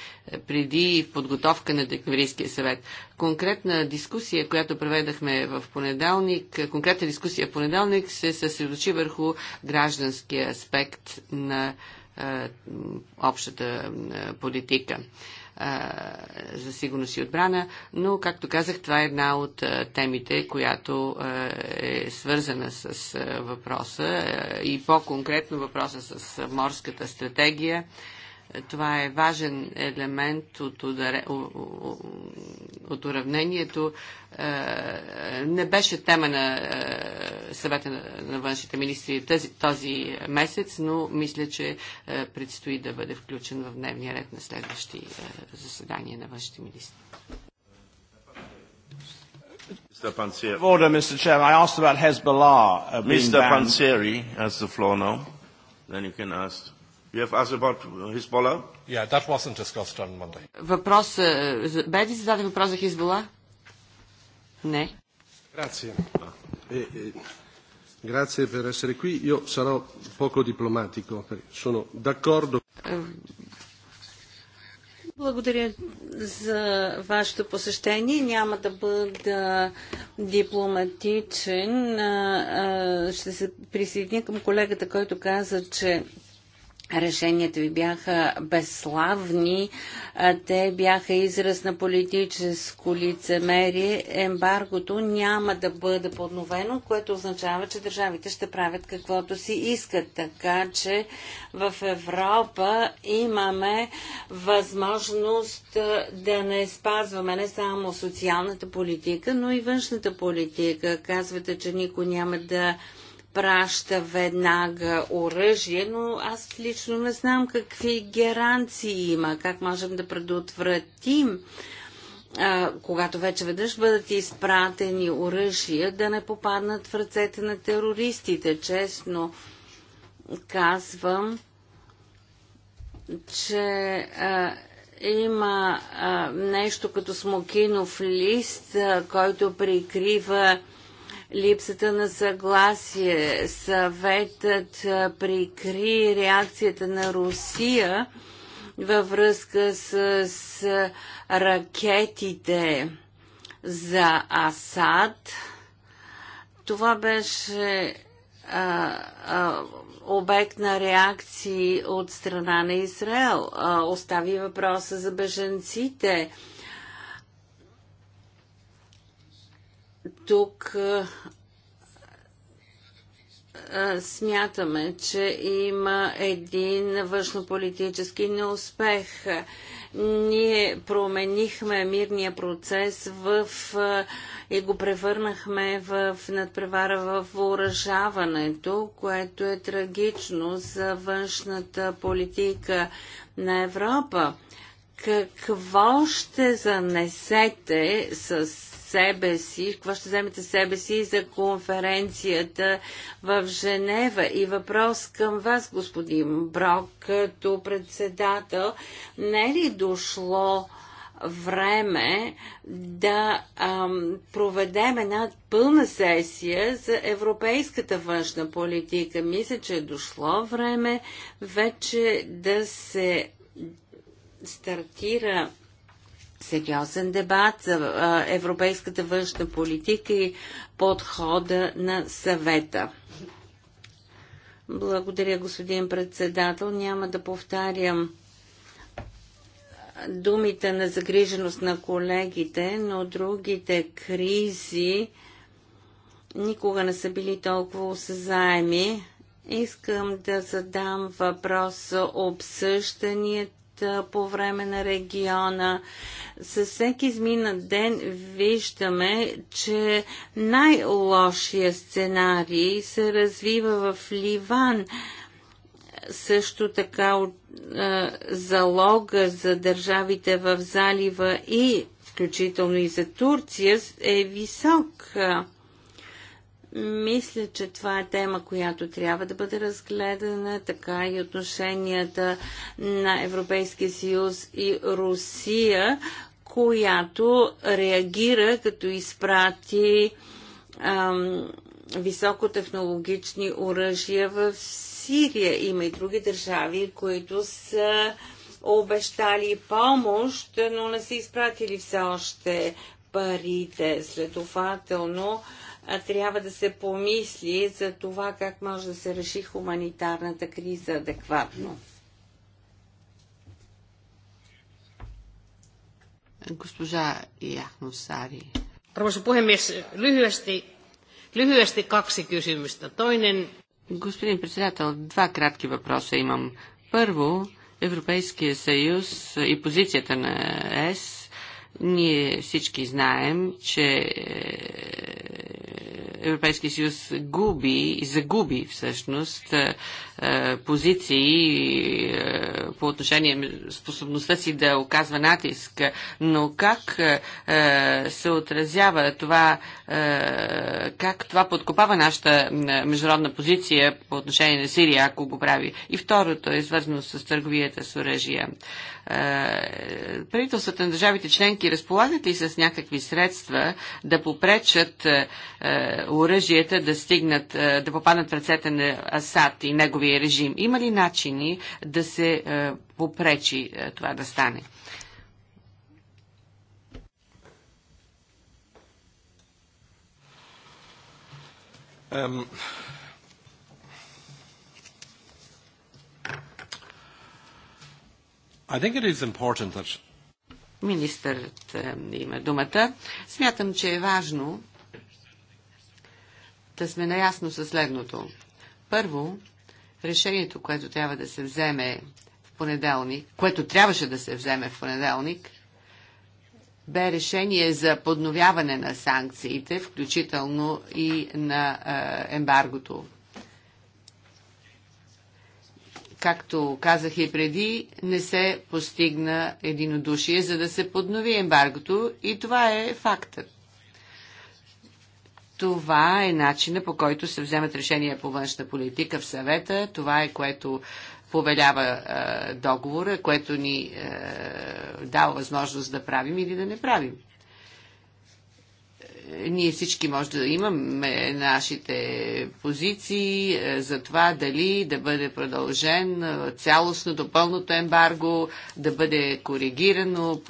преди подготовка на декемврийския съвет. Конкретна дискусия, която проведахме в понеделник, конкретна дискусия в понеделник се съсредочи върху гражданския аспект на общата политика за сигурност и отбрана, но, както казах, това е една от темите, която е свързана с въпроса и по-конкретно въпроса с морската стратегия това е важен елемент от, удар... от уравнението. Е, не беше тема на е, съвета на външните министри тази, този месец, но мисля, че е, предстои да бъде включен в дневния ред на следващи заседания на външните министри. Mr. Panzeri. Order, Mr. Chairman. I asked about Hezbollah. Uh, Mr. Banned. has the floor now. Then you can ask. Yeah, въпрос, е, бе ли зададен въпрос за Хизбола? Не. Grazie. E, e, grazie per essere qui. Io sarò poco diplomatico, sono d'accordo. Благодаря за вашето посещение. Няма да бъда дипломатичен. Ще се присъединя към колегата, който каза, че решенията ви бяха безславни, те бяха израз на политическо лицемерие. Ембаргото няма да бъде подновено, което означава, че държавите ще правят каквото си искат. Така че в Европа имаме възможност да не спазваме не само социалната политика, но и външната политика. Казвате, че никой няма да Праща веднага оръжие, но аз лично не знам какви гаранции има, как можем да предотвратим когато вече веднъж бъдат изпратени оръжия, да не попаднат в ръцете на терористите. Честно казвам, че а, има а, нещо като смокинов лист, а, който прикрива липсата на съгласие. Съветът прикри реакцията на Русия във връзка с, с ракетите за Асад. Това беше а, а, обект на реакции от страна на Израел. А, остави въпроса за беженците. А, Тук смятаме, че има един външнополитически неуспех. Ние променихме мирния процес в, и го превърнахме в надпревара в въоръжаването, което е трагично за външната политика на Европа. Какво ще занесете с себе си, какво ще вземете себе си за конференцията в Женева? И въпрос към вас, господин Брок, като председател, не е ли дошло време да ам, проведем една пълна сесия за европейската външна политика. Мисля, че е дошло време вече да се стартира сериозен дебат за европейската външна политика и подхода на съвета. Благодаря, господин председател. Няма да повтарям думите на загриженост на колегите, но другите кризи никога не са били толкова осезаеми. Искам да задам въпрос обсъждания по време на региона. Със всеки изминат ден виждаме, че най-лошия сценарий се развива в Ливан също така залога за държавите в залива и включително и за Турция е висок. Мисля, че това е тема, която трябва да бъде разгледана, така и отношенията на Европейския съюз и Русия, която реагира като изпрати ам, високотехнологични оръжия в Сирия. Има и други държави, които са обещали помощ, но не са изпратили все още парите. Следователно, трябва да се помисли за това как може да се реши хуманитарната криза адекватно. Госпожа Яхнусари. Arvoisa puhemies, lyhyesti, lyhyesti kaksi kysymystä. Toinen... Господин председател, два кратки въпроса имам. Първо, Европейския съюз и позицията на ЕС ние всички знаем, че е, Европейския съюз губи, и загуби всъщност е, е, позиции по отношение способността си да оказва натиск, но как се отразява това, как това подкопава нашата международна позиция по отношение на Сирия, ако го прави. И второто е свързано с търговията с оръжия. Правителствата на държавите членки политики, разполагат ли с някакви средства да попречат е, е, оръжията да стигнат, е, да попаднат в ръцете на Асад и неговия режим? Има ли начини да се е, попречи е, това да стане? Um, I think it is important that Министърът е, има думата. Смятам, че е важно да сме наясно със следното. Първо, решението, което трябва да се вземе в понеделник, което трябваше да се вземе в понеделник, бе решение за подновяване на санкциите, включително и на е, ембаргото. както казах и преди, не се постигна единодушие, за да се поднови ембаргото и това е фактът. Това е начина по който се вземат решения по външна политика в съвета. Това е което повелява е, договора, което ни е, дава възможност да правим или да не правим ние всички може да имаме нашите позиции е, за това дали да бъде продължен е, цялостното, пълното ембарго, да бъде коригирано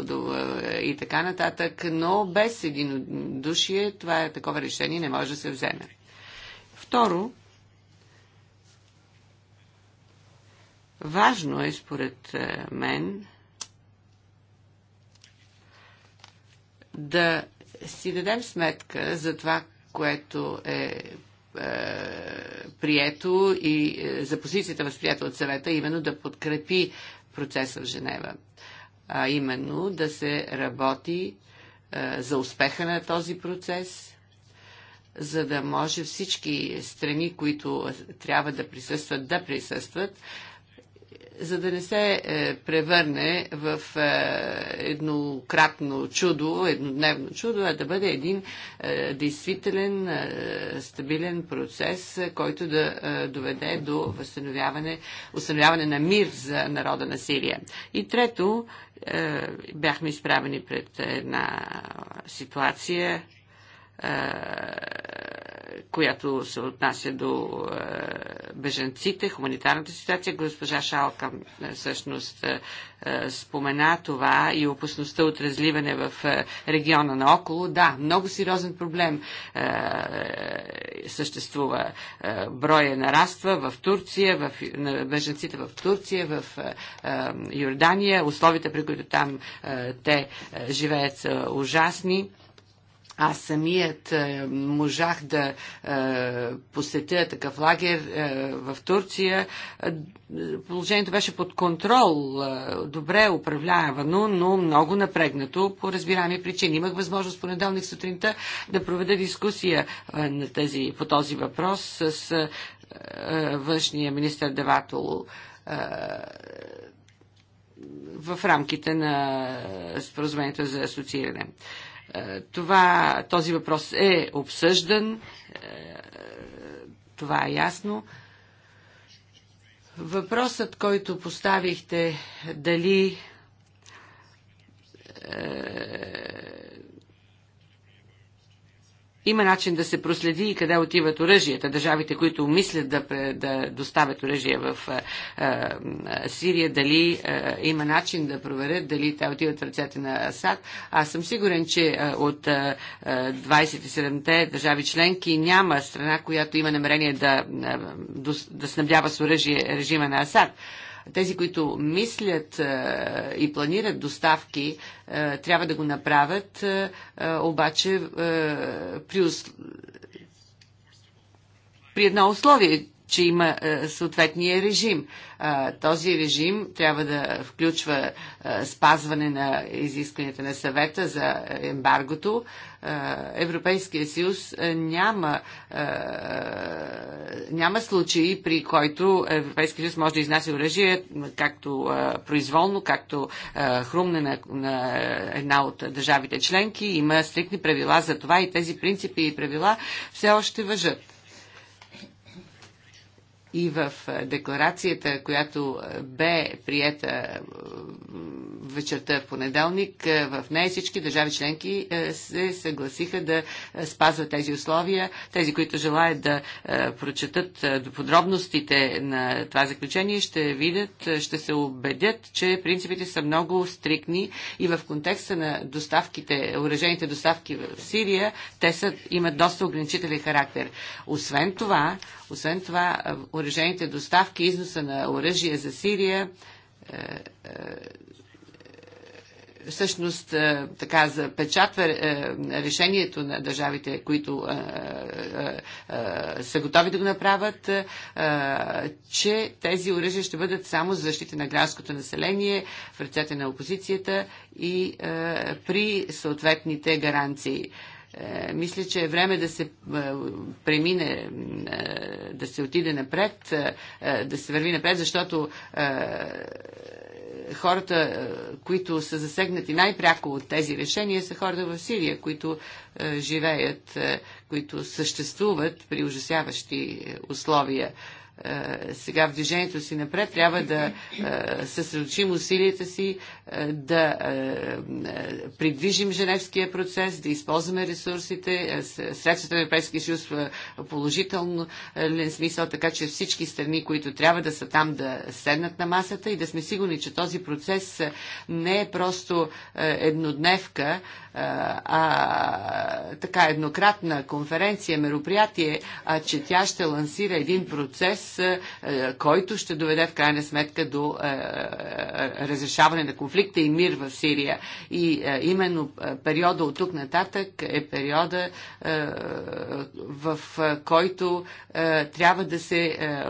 е, и така нататък, но без единодушие това е такова решение не може да се вземе. Второ, важно е според мен да си дадем сметка за това, което е, е прието и е, за позицията възприята от съвета, именно да подкрепи процеса в Женева. А именно да се работи е, за успеха на този процес, за да може всички страни, които трябва да присъстват, да присъстват, за да не се е, превърне в е, еднократно чудо, еднодневно чудо, а да бъде един е, действителен, е, стабилен процес, е, който да е, доведе до възстановяване, установяване на мир за народа на Сирия. И трето, е, бяхме изправени пред една ситуация, е, която се отнася до е, беженците, хуманитарната ситуация. Госпожа Шалка е, всъщност е, спомена това и опасността от разливане в региона наоколо. Да, много сериозен проблем съществува. Броя нараства в Турция, в, на беженците в Турция, в Йордания. Условията, при които там те живеят, са ужасни. Аз самият е, можах да е, посетя такъв лагер е, в Турция. Положението беше под контрол, добре управлявано, но много напрегнато по разбираеми причини. Имах възможност понеделник сутринта да проведа дискусия на тези, по този въпрос с външния министр Деватол. в рамките на споразумението за асоцииране. Е, това, този въпрос е обсъждан, е, това е ясно. Въпросът, който поставихте, дали е, има начин да се проследи и къде отиват оръжията. Държавите, които мислят да, да доставят оръжие в а, а, Сирия, дали а, има начин да проверят дали те отиват в ръцете на Асад. Аз съм сигурен, че а, от а, 27-те държави членки няма страна, която има намерение да, да снабдява с оръжие режима на Асад. Тези, които мислят е, и планират доставки, е, трябва да го направят, е, обаче при, при едно условие, че има е, съответния режим. Е, този режим трябва да включва е, спазване на изискванията на съвета за ембаргото. Европейския съюз няма, няма случаи, при който Европейския съюз може да изнася оръжие, както произволно, както хрумне на, на една от държавите членки. Има стрикни правила за това и тези принципи и правила все още въжат и в декларацията, която бе приета вечерта в понеделник, в нея всички държави членки се съгласиха да спазват тези условия. Тези, които желаят да прочетат подробностите на това заключение, ще видят, ще се убедят, че принципите са много стрикни и в контекста на доставките, уражените доставки в Сирия, те са, имат доста ограничителен характер. Освен това, освен това, въоръжените доставки, износа на оръжие за Сирия, е, е, всъщност е, така запечатва решението на държавите, които са готови да го направят, че тези оръжия ще бъдат само за защита на гражданското население в ръцете на опозицията и при съответните гаранции. Е, мисля, че е време да се е, премине, е, да се отиде напред, да се върви напред, защото хората, които са засегнати най-пряко от тези решения, са хората в Сирия, които живеят, които съществуват при ужасяващи условия е, сега в движението си напред, трябва да е, съсредоточим усилията си, е, да придвижим Женевския процес, да използваме ресурсите, средствата на Европейския съюз в положително смисъл, така че всички страни, които трябва да са там, да седнат на масата и да сме сигурни, че този процес не е просто еднодневка, а, така еднократна конференция, мероприятие, а че тя ще лансира един процес, а, който ще доведе в крайна сметка до а, разрешаване на конфликта и мир в Сирия. И а, именно периода от тук нататък е периода, а, в а, който а, трябва да се а,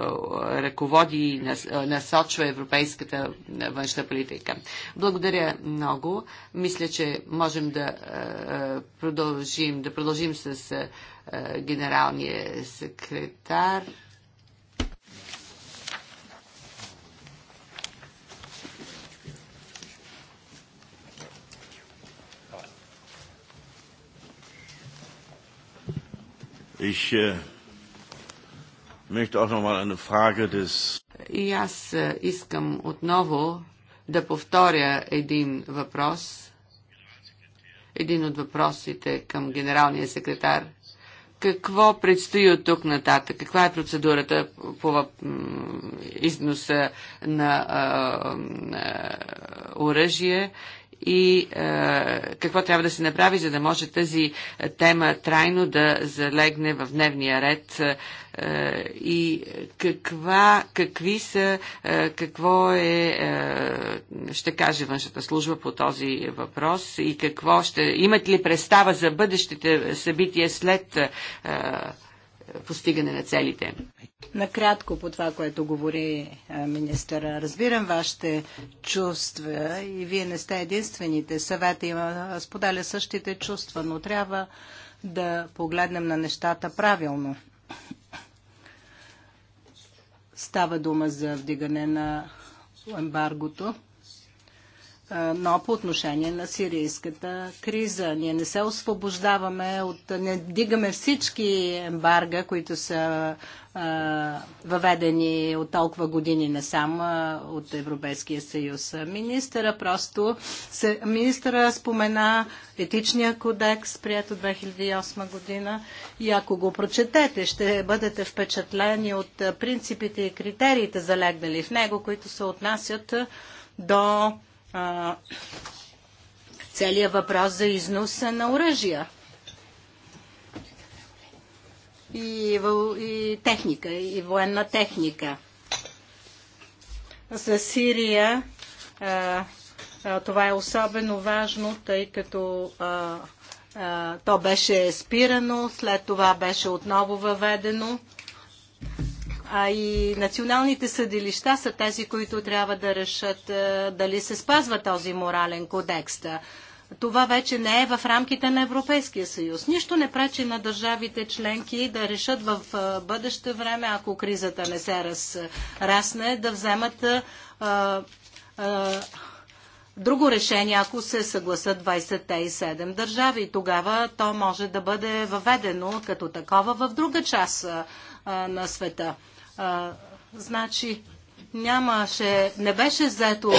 ръководи и нас, насочва европейската външна политика. Благодаря много. Мисля, че можем да е, е, продължим, да продължим с е, генералния секретар. Ich äh, möchte auch noch mal eine Frage des И аз искам отново да повторя един въпрос един от въпросите към генералния секретар. Какво предстои от тук нататък? Каква е процедурата по износа на оръжие и е, какво трябва да се направи, за да може тази тема трайно да залегне в дневния ред е, и каква, какви са, е, какво е, е, ще каже външната служба по този въпрос и какво ще, имат ли представа за бъдещите събития след е, постигане на целите. Накратко по това, което говори е, министъра. Разбирам вашите чувства и вие не сте единствените. Съвета има, споделя същите чувства, но трябва да погледнем на нещата правилно. Става дума за вдигане на ембаргото но по отношение на сирийската криза. Ние не се освобождаваме от... Не дигаме всички ембарга, които са а, въведени от толкова години не само от Европейския съюз. Министъра просто... Се, министъра спомена етичния кодекс, прият от 2008 година. И ако го прочетете, ще бъдете впечатлени от принципите и критериите, залегнали в него, които се отнасят до а, целият въпрос за износа на оръжия и, и техника, и военна техника. За Сирия а, а, това е особено важно, тъй като а, а, то беше спирано, след това беше отново въведено а и националните съдилища са тези, които трябва да решат е, дали се спазва този морален кодекс. Това вече не е в рамките на Европейския съюз. Нищо не пречи на държавите членки да решат в е, бъдеще време, ако кризата не се разрасне, да вземат а, е, друго решение, ако се съгласат 27 държави. тогава то може да бъде въведено като такова в друга част на света. А, значи, нямаше, не беше взето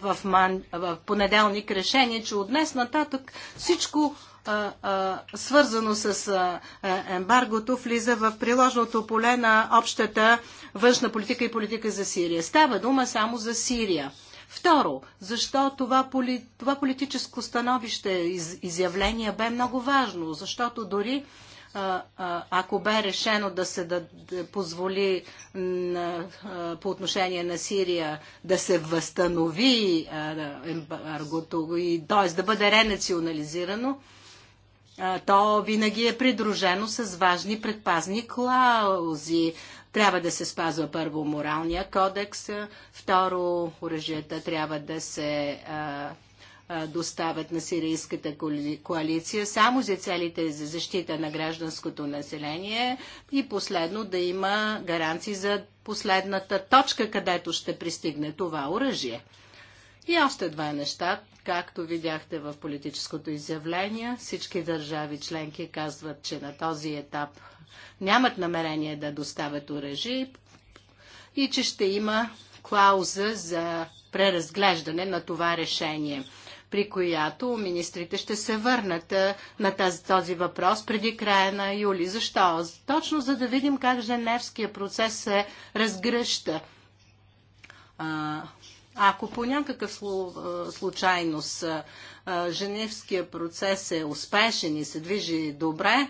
в, ман, в понеделник решение, че от днес нататък всичко а, а, свързано с а, е, ембаргото влиза в приложното поле на общата външна политика и политика за Сирия. Става дума само за Сирия. Второ, защо това, поли, това политическо становище, из, изявление бе много важно, защото дори ако бе решено да се да, да позволи на, по отношение на Сирия да се възстанови ембаргото и т.е. да бъде ренационализирано, то винаги е придружено с важни предпазни клаузи. Трябва да се спазва първо моралния кодекс, второ оръжията трябва да се а, доставят на сирийската коалиция само за целите за защита на гражданското население и последно да има гаранции за последната точка, където ще пристигне това оръжие. И още два неща, както видяхте в политическото изявление, всички държави членки казват, че на този етап нямат намерение да доставят оръжие и че ще има клауза за преразглеждане на това решение при която министрите ще се върнат на тази, този въпрос преди края на юли. Защо? Точно за да видим как Женевския процес се разгръща. А, ако по някакъв случайност Женевския процес е успешен и се движи добре,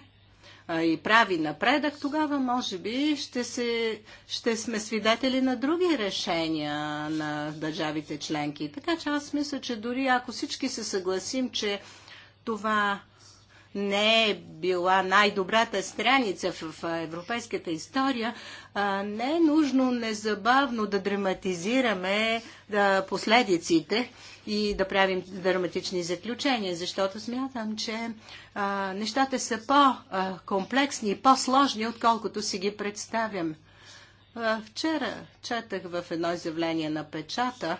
и прави напредък, тогава може би ще, се, ще сме свидетели на други решения на държавите членки. Така че аз мисля, че дори ако всички се съгласим, че това не е била най-добрата страница в европейската история, не е нужно незабавно да драматизираме последиците и да правим драматични заключения, защото смятам, че а, нещата са по-комплексни и по-сложни, отколкото си ги представям. А, вчера четах в едно изявление на печата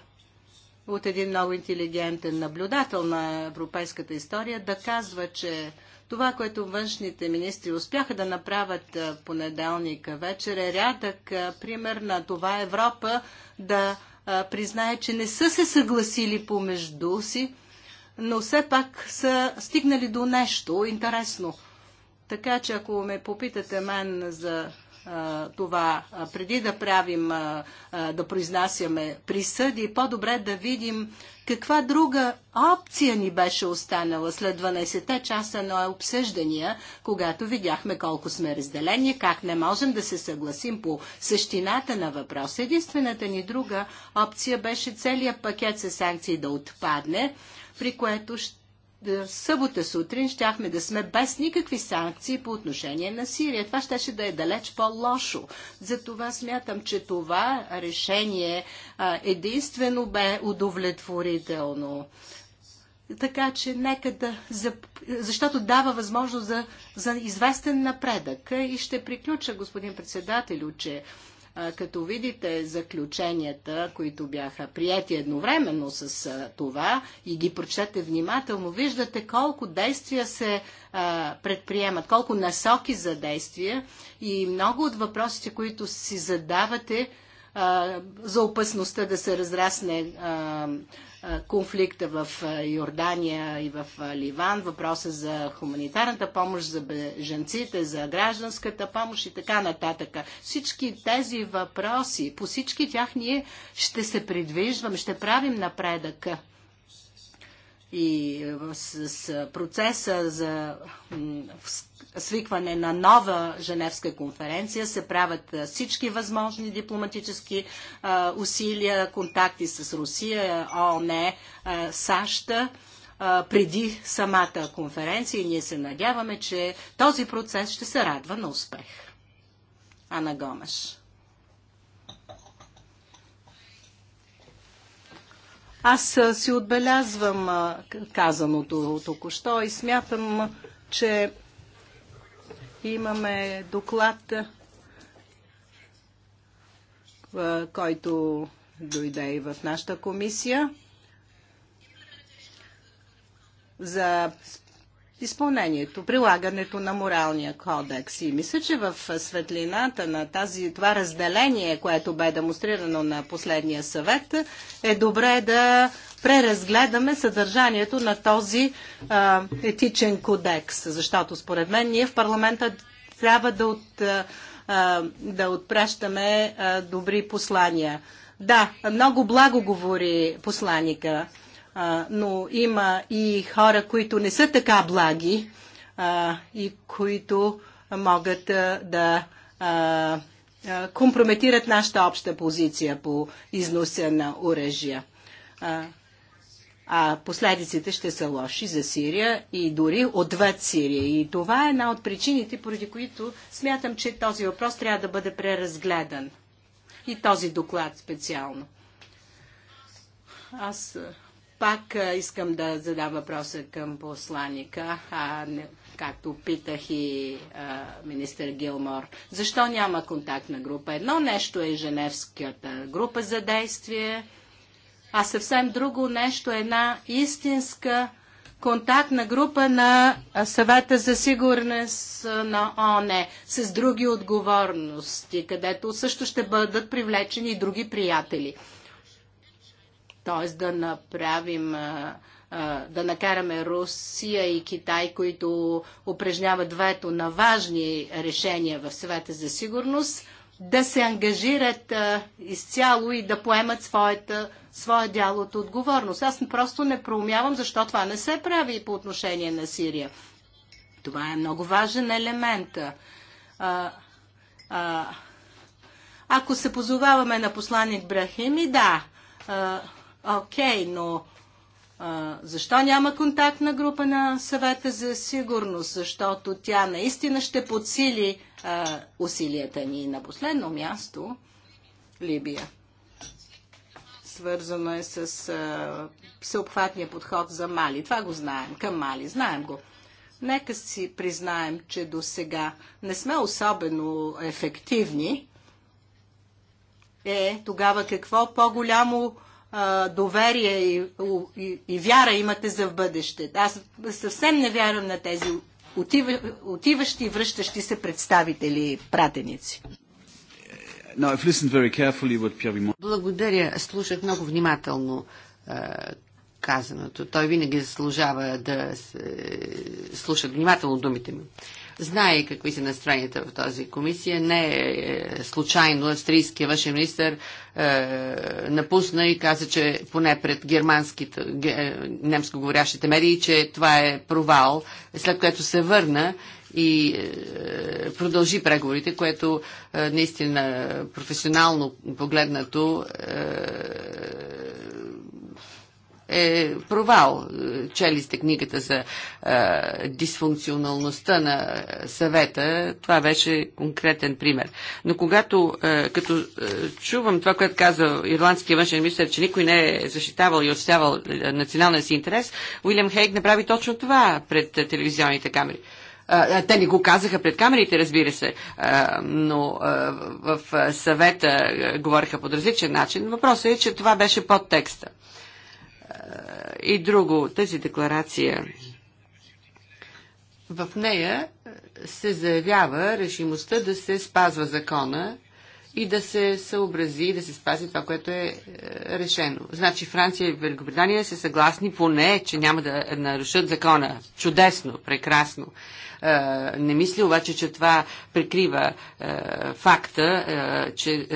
от един много интелигентен наблюдател на европейската история да казва, че това, което външните министри успяха да направят в понеделник вечер е рядък пример на това Европа да а, признае, че не са се съгласили помежду си, но все пак са стигнали до нещо интересно. Така че ако ме попитате мен за това, преди да правим, да произнасяме присъди, по-добре да видим каква друга опция ни беше останала след 12-те часа на обсъждания, когато видяхме колко сме разделени, как не можем да се съгласим по същината на въпроса. Единствената ни друга опция беше целият пакет с санкции да отпадне, при което ще е, събота сутрин щяхме да сме без никакви санкции по отношение на Сирия. Това щеше да е далеч по-лошо. Затова смятам, че това решение а, е, единствено бе удовлетворително. Така че нека да... Защото дава възможност за, за известен напредък. И ще приключа, господин председателю, че като видите заключенията, които бяха прияти едновременно с това и ги прочете внимателно, виждате колко действия се предприемат, колко насоки за действия и много от въпросите, които си задавате за опасността да се разрасне конфликта в Йордания и в Ливан, въпроса за хуманитарната помощ, за беженците, за гражданската помощ и така нататък. Всички тези въпроси, по всички тях ние ще се придвижваме, ще правим напредък и е, с процеса за свикване на нова Женевска конференция се правят е, всички възможни дипломатически е, усилия, контакти с Русия, ООН, САЩ преди самата конференция и ние се надяваме, че този процес ще се радва на успех. Ана Гомеш. Аз си отбелязвам казаното току-що и смятам, че имаме доклад, който дойде и в нашата комисия за изпълнението, прилагането на моралния кодекс. И мисля, че в светлината на тази, това разделение, което бе демонстрирано на последния съвет, е добре да преразгледаме съдържанието на този а, етичен кодекс. Защото според мен ние в парламента трябва да, от, а, да отпращаме а, добри послания. Да, много благо говори посланика а, но има и хора, които не са така благи а, и които могат а, да а, компрометират нашата обща позиция по износа на оръжия. А, а последиците ще са лоши за Сирия и дори отвъд Сирия. И това е една от причините, поради които смятам, че този въпрос трябва да бъде преразгледан. И този доклад специално. Аз пак искам да задам въпроса към посланника, а не, както питах и а, министър Гилмор. Защо няма контактна група? Едно нещо е Женевската група за действие, а съвсем друго нещо е една истинска контактна група на съвета за сигурност на ОНЕ с други отговорности, където също ще бъдат привлечени и други приятели т.е. да направим, да накараме Русия и Китай, които упражняват вето на важни решения в света за сигурност, да се ангажират изцяло и да поемат своята, своя дял от отговорност. Аз просто не проумявам защо това не се прави и по отношение на Сирия. Това е много важен елемент. А, а, ако се позоваваме на посланник Брахими, да, а, Окей, okay, но а, защо няма контактна група на съвета за сигурност? Защото тя наистина ще подсили а, усилията ни. На последно място Либия. Свързано е с а, всеобхватния подход за Мали. Това го знаем. Към Мали. Знаем го. Нека си признаем, че до сега не сме особено ефективни. Е, тогава какво по-голямо доверие и, и, и вяра имате за в бъдеще. Аз съвсем не вярвам на тези отива, отиващи и връщащи се представители, пратеници. Благодаря. Слушах много внимателно казаното. Той винаги заслужава да слушат внимателно думите ми знае какви са настроенията в тази комисия. Не е, е случайно австрийския външен министр е, напусна и каза, че поне пред германските, ге, е, немско говорящите медии, че това е провал, след което се върна и е, продължи преговорите, което е, наистина професионално погледнато е, е провал. Чели сте книгата за е, дисфункционалността на съвета. Това беше конкретен пример. Но когато е, като е, чувам това, което каза ирландския външен министр, че никой не е защитавал и отстявал националния си интерес, Уилям Хейг направи точно това пред телевизионните камери. Те не го казаха пред камерите, разбира се, но в съвета говориха по различен начин. Въпросът е, че това беше подтекста. текста и друго, тази декларация в нея се заявява решимостта да се спазва закона и да се съобрази и да се спази това, което е, е решено. Значи Франция и Великобритания са съгласни поне, че няма да нарушат закона. Чудесно, прекрасно. Е, не мисля обаче, че това прикрива е, факта, че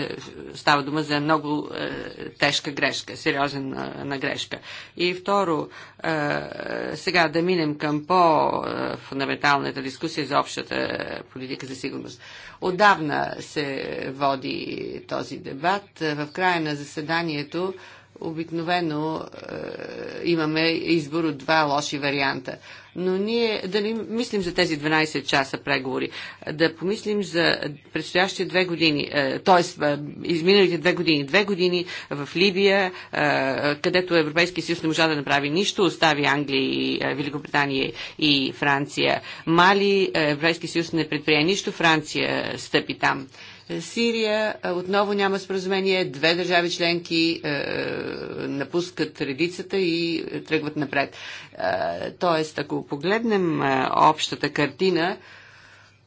става дума за много тежка грешка, сериозна грешка. И второ, сега да минем към по-фундаменталната дискусия за общата политика за сигурност. Отдавна се води води този дебат. В края на заседанието обикновено е, имаме избор от два лоши варианта. Но ние да не мислим за тези 12 часа преговори, да помислим за предстоящите две години, е, т.е. Е, изминалите две години. Две години в Либия, е, където Европейския съюз не можа да направи нищо, остави Англия и е, Великобритания и Франция. Мали, е, Европейския съюз не предприе нищо, Франция стъпи там. Е, Сирия отново няма споразумение. Две държави членки е, е напускат редицата и е, тръгват напред. Е, тоест, ако погледнем е, общата картина,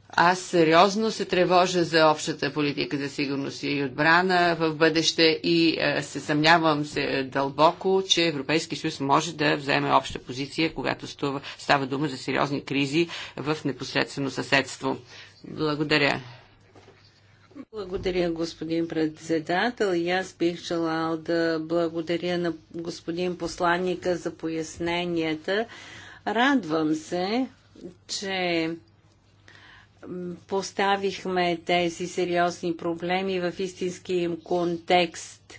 аз сериозно се тревожа за общата политика за сигурност и отбрана в бъдеще и е, се съмнявам се дълбоко, че Европейски съюз може да вземе обща позиция, когато става дума за сериозни кризи в непосредствено съседство. Благодаря. Благодаря, господин председател. И аз бих желал да благодаря на господин посланника за поясненията. Радвам се, че поставихме тези сериозни проблеми в истински им контекст.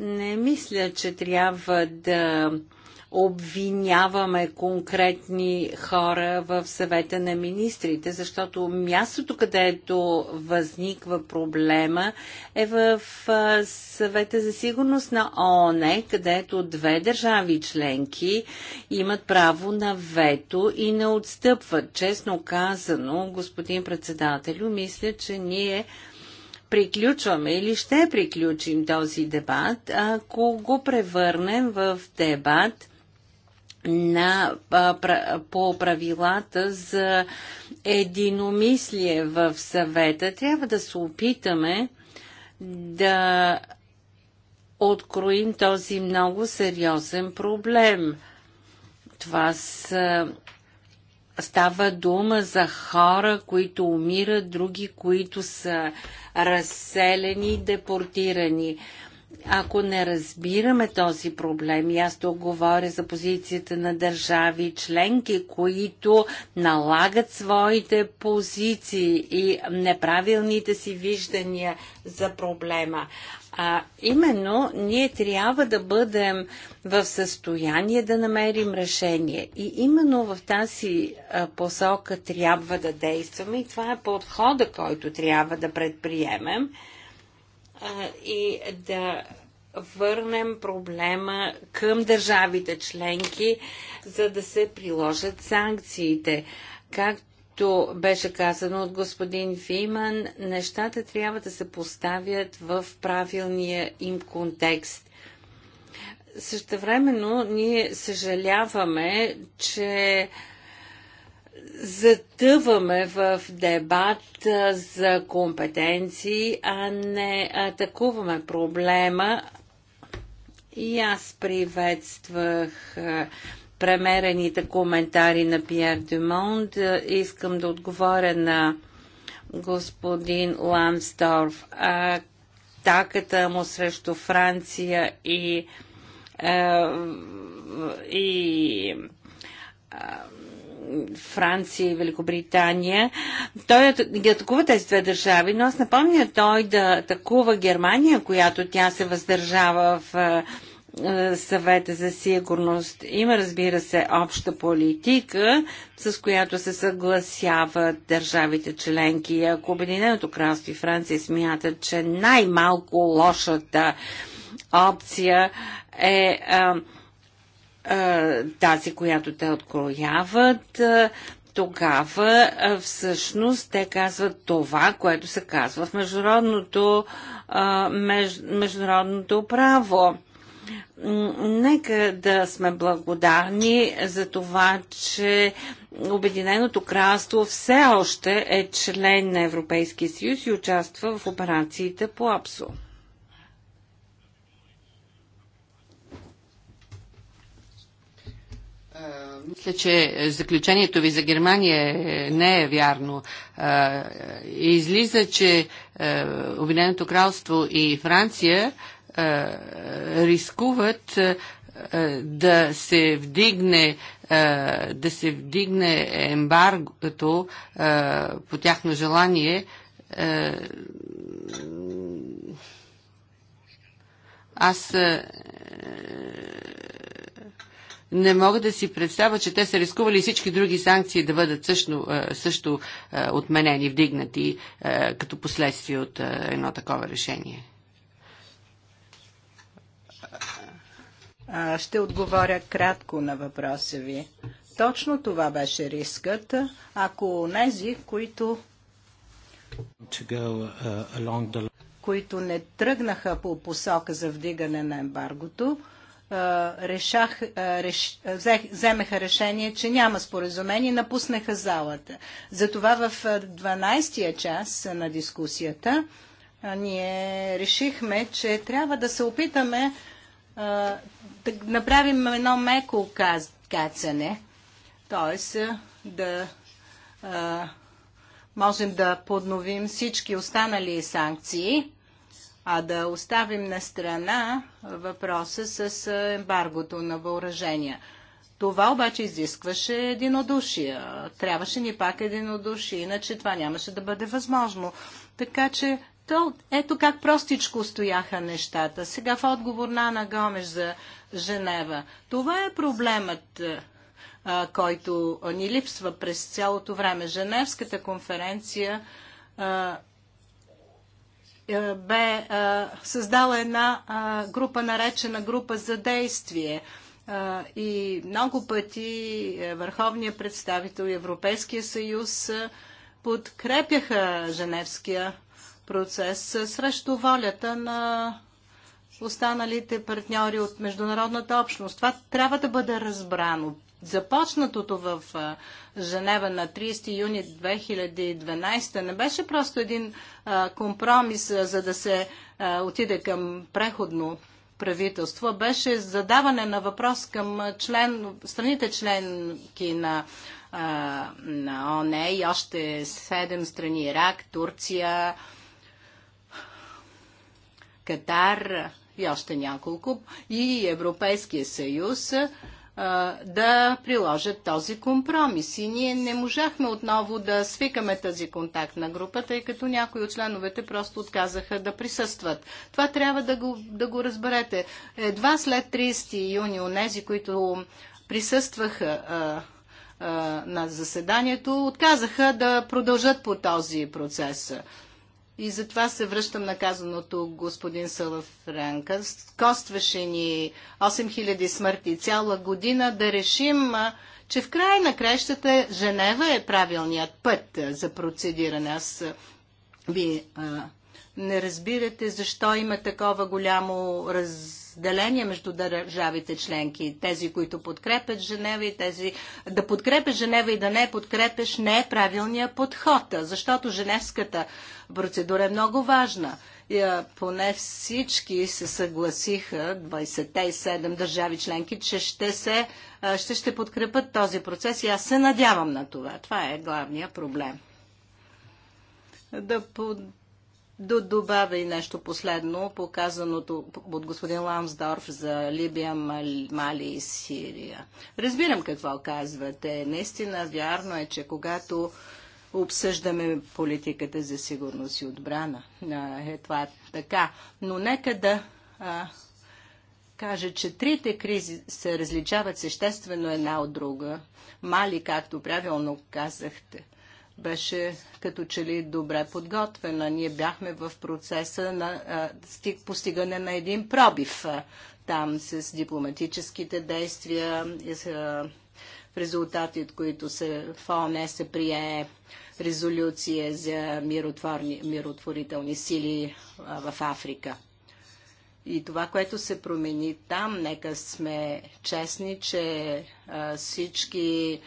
Не мисля, че трябва да обвиняваме конкретни хора в съвета на министрите, защото мястото, където възниква проблема е в съвета за сигурност на ООН, където две държави членки имат право на вето и не отстъпват. Честно казано, господин председателю, мисля, че ние приключваме или ще приключим този дебат, ако го превърнем в дебат на, по правилата за единомислие в съвета. Трябва да се опитаме да откроим този много сериозен проблем. Това са Става дума за хора, които умират, други, които са разселени, депортирани ако не разбираме този проблем, и аз тук говоря за позицията на държави членки, които налагат своите позиции и неправилните си виждания за проблема. А именно, ние трябва да бъдем в състояние да намерим решение. И именно в тази посока трябва да действаме и това е подхода, който трябва да предприемем и да върнем проблема към държавите членки, за да се приложат санкциите. Както беше казано от господин Фиман, нещата трябва да се поставят в правилния им контекст. Същевременно ние съжаляваме, че затъваме в дебат за компетенции, а не атакуваме проблема. И аз приветствах премерените коментари на Пьер Дюмонт. Искам да отговоря на господин Ламсторф. Атаката му срещу Франция и, и Франция и Великобритания. Той ги атакува тези две държави, но аз напомня той да атакува Германия, която тя се въздържава в е, е, съвета за сигурност. Има, разбира се, обща политика, с която се съгласяват държавите членки. Ако Обединеното кралство и Франция смятат, че най-малко лошата опция е а, е, тази, която те открояват, тогава всъщност те казват това, което се казва в международното, международното право. Нека да сме благодарни за това, че Обединеното кралство все още е член на Европейския съюз и участва в операциите по АПСО. мисля, че заключението ви за Германия не е вярно. Излиза, че Обединеното кралство и Франция рискуват да се вдигне да се вдигне ембаргото по тяхно желание аз не мога да си представя, че те са рискували всички други санкции да бъдат също, е, също е, отменени, вдигнати е, като последствие от едно такова решение. Ще отговоря кратко на въпроса ви. Точно това беше рискът, ако нези, които uh, които не тръгнаха по посока за вдигане на ембаргото, решах, реш, взех, вземеха решение, че няма споразумение, напуснаха залата. Затова в 12-я час на дискусията ние решихме, че трябва да се опитаме а, да направим едно меко кацане, т.е. да а, можем да подновим всички останали санкции а да оставим на страна въпроса с ембаргото на въоръжения. Това обаче изискваше единодушие. Трябваше ни пак единодушие, иначе това нямаше да бъде възможно. Така че то, ето как простичко стояха нещата. Сега в отговор на Ана Гомеш за Женева. Това е проблемът, а, който ни липсва през цялото време. Женевската конференция а, е, бе е, създала една е, група, наречена група за действие. И много пъти Върховният представител и Европейския съюз подкрепяха Женевския процес срещу волята на останалите партньори от международната общност. Това трябва да бъде разбрано започнатото в Женева на 30 юни 2012 не беше просто един компромис, за да се отиде към преходно правителство, беше задаване на въпрос към член, страните членки на, на ОНЕ и още 7 страни Ирак, Турция, Катар и още няколко, и Европейския съюз да приложат този компромис. И ние не можахме отново да свикаме тази контактна група, тъй като някои от членовете просто отказаха да присъстват. Това трябва да го, да го разберете. Едва след 30 юни, онези, които присъстваха а, а, на заседанието, отказаха да продължат по този процес. И затова се връщам на казаното господин Салафранка. Костваше ни 8000 смърти цяла година да решим, че в край на кращата Женева е правилният път за процедиране. Аз ви а, не разбирате защо има такова голямо раз разделение между държавите членки. Тези, които подкрепят Женева и тези... Да подкрепят Женева и да не подкрепеш не е правилният подход, защото женевската процедура е много важна. И, поне всички се съгласиха, 27 държави членки, че ще, се, ще, ще подкрепят този процес и аз се надявам на това. Това е главният проблем. Да под да добавя и нещо последно, показаното от господин Ламсдорф за Либия, Мали и Сирия. Разбирам какво казвате. Наистина, вярно е, че когато обсъждаме политиката за сигурност и отбрана, е това така. Но нека да а, кажа, че трите кризи се различават съществено една от друга. Мали, както правилно казахте, беше като че ли добре подготвена. Ние бяхме в процеса на а, стиг, постигане на един пробив а, там с дипломатическите действия, с, а, в резултати от които се, в ОНЕ се прие резолюция за миротворителни сили а, в Африка. И това, което се промени там, нека сме честни, че а, всички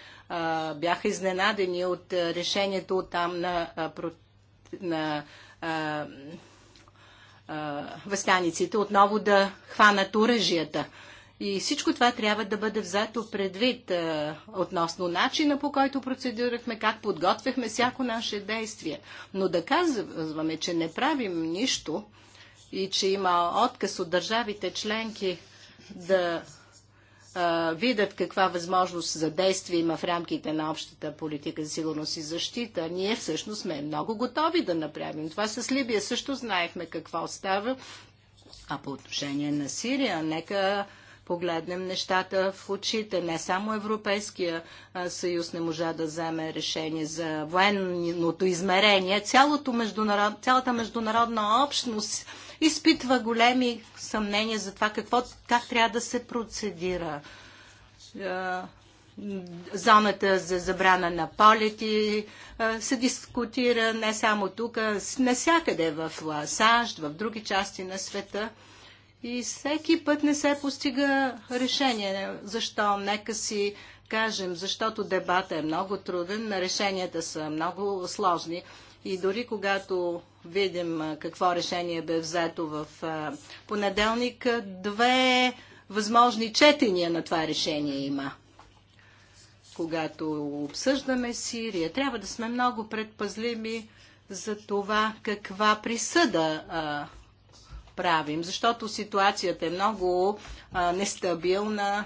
бяха изненадени от решението там на, на възстаниците отново да хванат оръжията. И всичко това трябва да бъде взето предвид а, относно начина по който процедирахме, как подготвяхме всяко наше действие. Но да казваме, че не правим нищо и че има отказ от държавите членки да видят каква възможност за действие има в рамките на общата политика за сигурност и защита, ние всъщност сме много готови да направим. Това с Либия също знаехме какво става. А по отношение на Сирия, нека погледнем нещата в очите. Не само Европейския съюз не можа да вземе решение за военното измерение. Цялото международ... Цялата международна общност изпитва големи съмнения за това какво, как трябва да се процедира. Е, зоната за забрана на полети е, се дискутира не само тук, насякъде в САЩ, в други части на света. И всеки път не се постига решение. Защо? Нека си кажем, защото дебата е много труден, решенията са много сложни. И дори когато видим какво решение бе взето в понеделник, две възможни четения на това решение има. Когато обсъждаме Сирия, трябва да сме много предпазливи за това каква присъда а, правим, защото ситуацията е много а, нестабилна,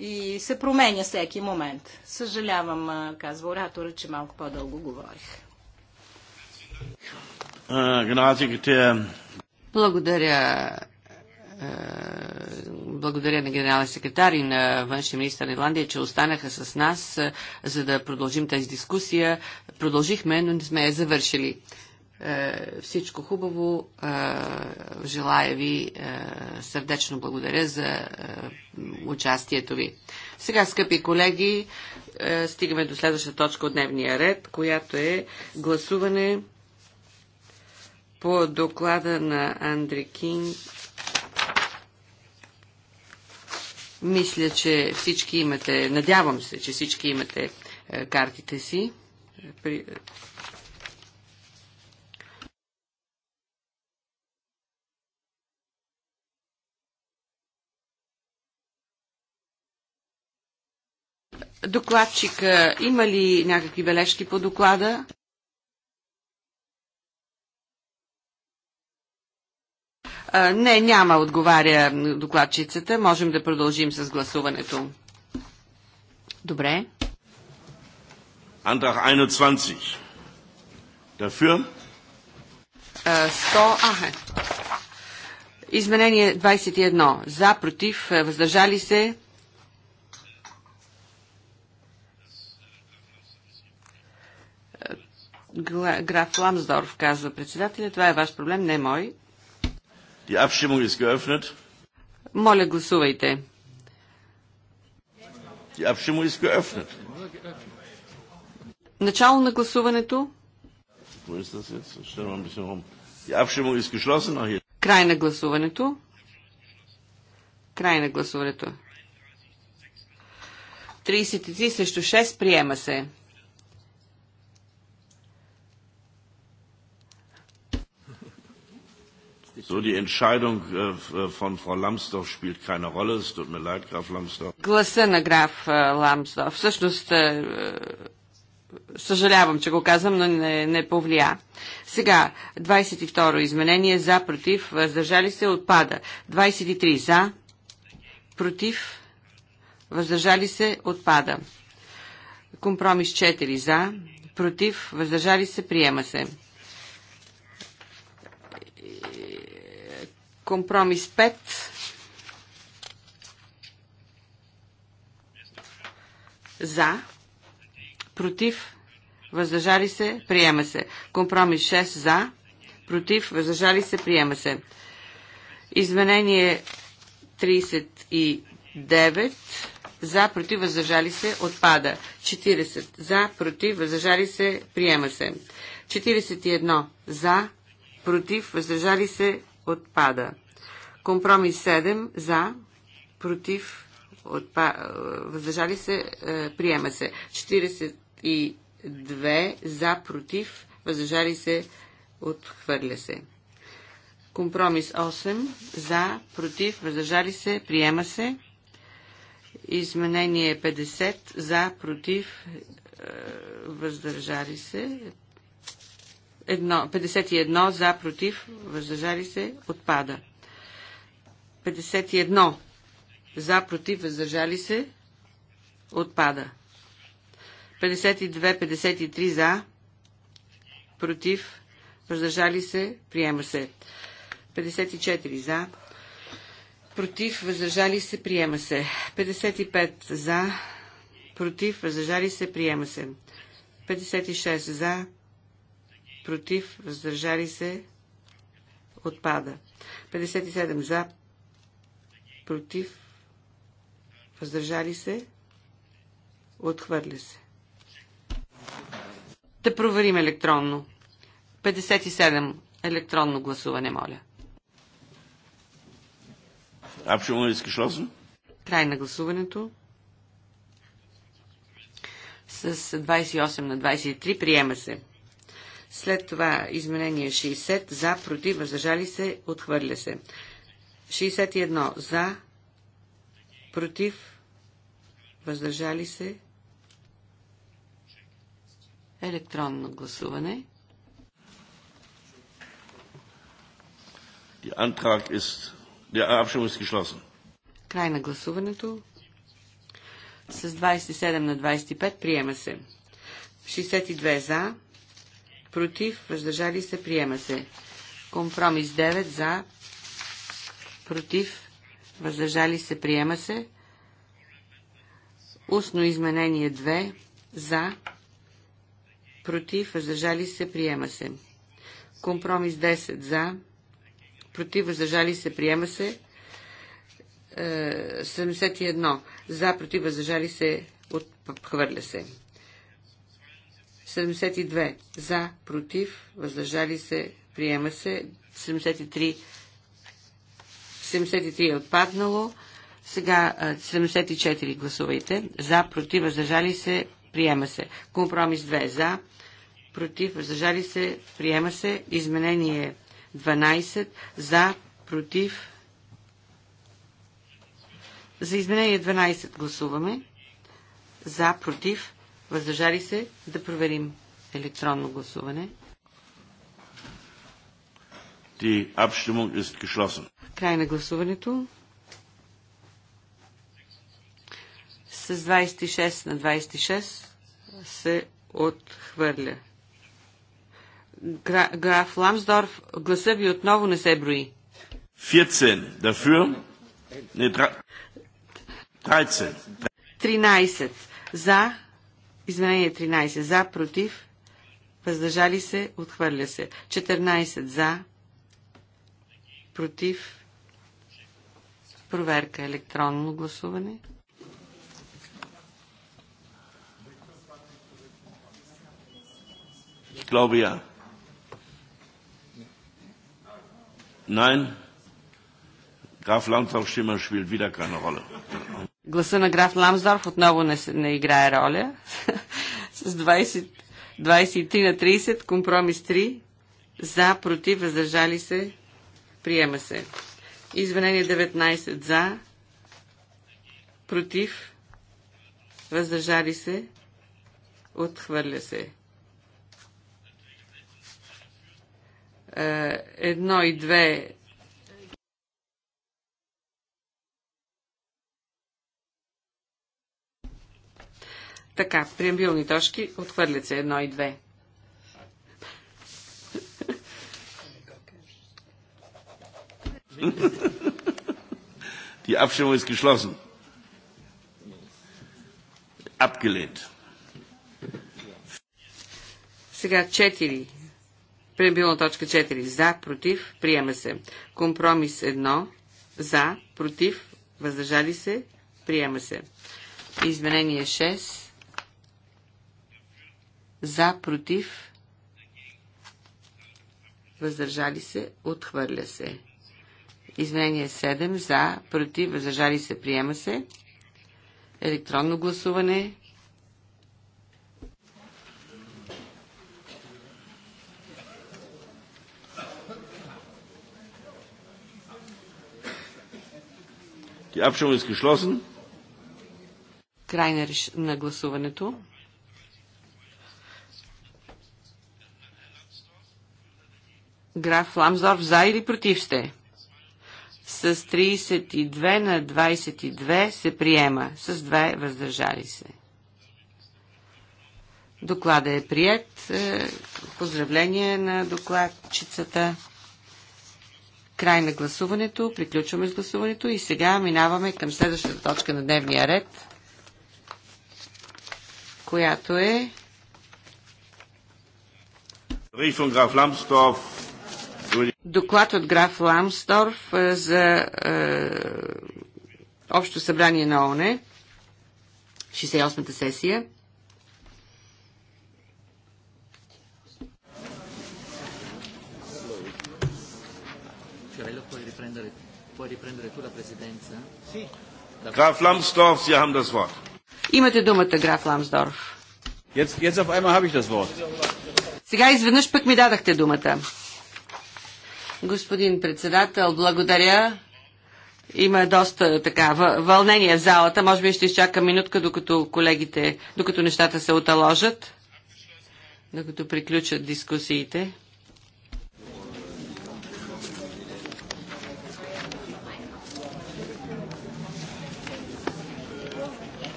и се променя всеки момент. Съжалявам, казва оратора, че малко по-дълго говорих. Е- благодаря. Благодаря на генерален секретар и на външния министр на Ирландия, че останаха с нас, за да продължим тази дискусия. Продължихме, но не сме я завършили. Е, всичко хубаво. Е, желая ви е, сърдечно благодаря за участието ви. Сега, скъпи колеги, стигаме до следващата точка от дневния ред, която е гласуване по доклада на Андри Кинг. Мисля, че всички имате, надявам се, че всички имате картите си. Докладчика, има ли някакви бележки по доклада? Не, няма, отговаря докладчицата. Можем да продължим с гласуването. Добре. Антрах 21. Дафюр? 100. Ага. Изменение 21. За, против, въздържали се. Граф Ламсдорф, казва председателя. Това е ваш проблем, не мой. Моля, гласувайте. Начало на гласуването. Край на гласуването. Край на гласуването. 33 срещу 6 приема се. So, die Entscheidung äh, äh, von Frau Lambsdorff spielt keine Rolle. Es tut mir leid, Graf Lambsdorff. Гласа на граф э, Ламсдорф. Всъщност, э, э, съжалявам, че го казвам, но не, не повлия. Сега, 22-ро изменение за, против, въздържали се, отпада. 23 за, против, въздържали се, отпада. Компромис 4 за, против, въздържали се, приема се. Компромис 5. За. Против. Въздържали се. Приема се. Компромис 6. За. Против. Въздържали се. Приема се. Изменение 39. За. Против. Въздържали се. Отпада. 40. За. Против. Въздържали се. Приема се. 41. За. Против. Въздържали се отпада. Компромис 7 за, против, отпа... въздържали се, е, приема се. 42 за, против, въздържали се, отхвърля се. Компромис 8 за, против, въздържали се, приема се. Изменение 50 за, против, е, въздържали се, 51 за, против, въздържали се, отпада. 51 за, против, въздържали се, отпада. 52, 53 за, против, въздържали се, приема се. 54 за, против, въздържали се, приема се. 55 за, против, въздържали се, приема се. 56 за, против, въздържали се, отпада. 57 за, против, въздържали се, отхвърля се. Да проверим електронно. 57 електронно гласуване, моля. Абшелно изкишлозен? Край на гласуването. С 28 на 23 приема се. След това изменение 60 за, против, въздържали се, отхвърля се. 61 за, против, въздържали се. Електронно гласуване. Die Antrag ist, der Abstimmung ist geschlossen. Край на гласуването. С 27 на 25 приема се. 62 за, против, въздържали се, приема се. Компромис 9 за, против, въздържали се, приема се. Устно изменение 2 за, против, въздържали се, приема се. Компромис 10 за, против, въздържали се, приема се. 71 е, за, против, въздържали се, отхвърля се. 72 за, против, въздържали се, приема се. 73, 73 е отпаднало. Сега 74 гласувайте. За, против, въздържали се, приема се. Компромис 2 за, против, въздържали се, приема се. Изменение 12 за, против. За изменение 12 гласуваме. За, против, Въздържали се да проверим електронно гласуване. Die Abstimmung ist geschlossen. Край на гласуването. С 26 на 26 се отхвърля. Гра, граф Ламсдорф, гласа ви отново не се брои. 14 dafür. Не, 13. 13 за Изменение 13 за, против, въздържали се, отхвърля се. 14 за, против, проверка електронно гласуване. Ich glaube ja. Nein, Graf Landsaufstimmer spielt wieder keine Rolle. Гласа на граф Ламсдорф отново не, не играе роля. С 20, 23 на 30, компромис 3, за, против, въздържали се, приема се. Извинение 19 за, против, въздържали се, отхвърля се. Е, едно и две Така, преамбилни точки отхвърлят се едно и две. Die Abstimmung ist geschlossen. Abgelehnt. Сега 4. Пребилна точка 4. За, против, приема се. Компромис 1. За, против, въздържали се, приема се. Изменение 6 за, против, въздържали се, отхвърля се. Изменение 7 за, против, въздържали се, приема се. Електронно гласуване. Die Abstimmung Край на гласуването. Граф Ламсдорф, за или против сте? С 32 на 22 се приема. С 2 въздържали се. Доклада е прият. Е, поздравление на докладчицата. Край на гласуването. Приключваме с гласуването и сега минаваме към следващата точка на дневния ред, която е Bericht Граф Graf Доклад от граф Ламсторф е, за е, общо събрание на ОНЕ, 68-та сесия. Граф Ламсдорф, Sie haben das Wort. Имате думата, граф Ламсдорф. Сега изведнъж пък ми дадахте думата. Господин председател, благодаря. Има доста така вълнение в залата. Може би ще изчака минутка, докато колегите, докато нещата се оталожат, докато приключат дискусиите.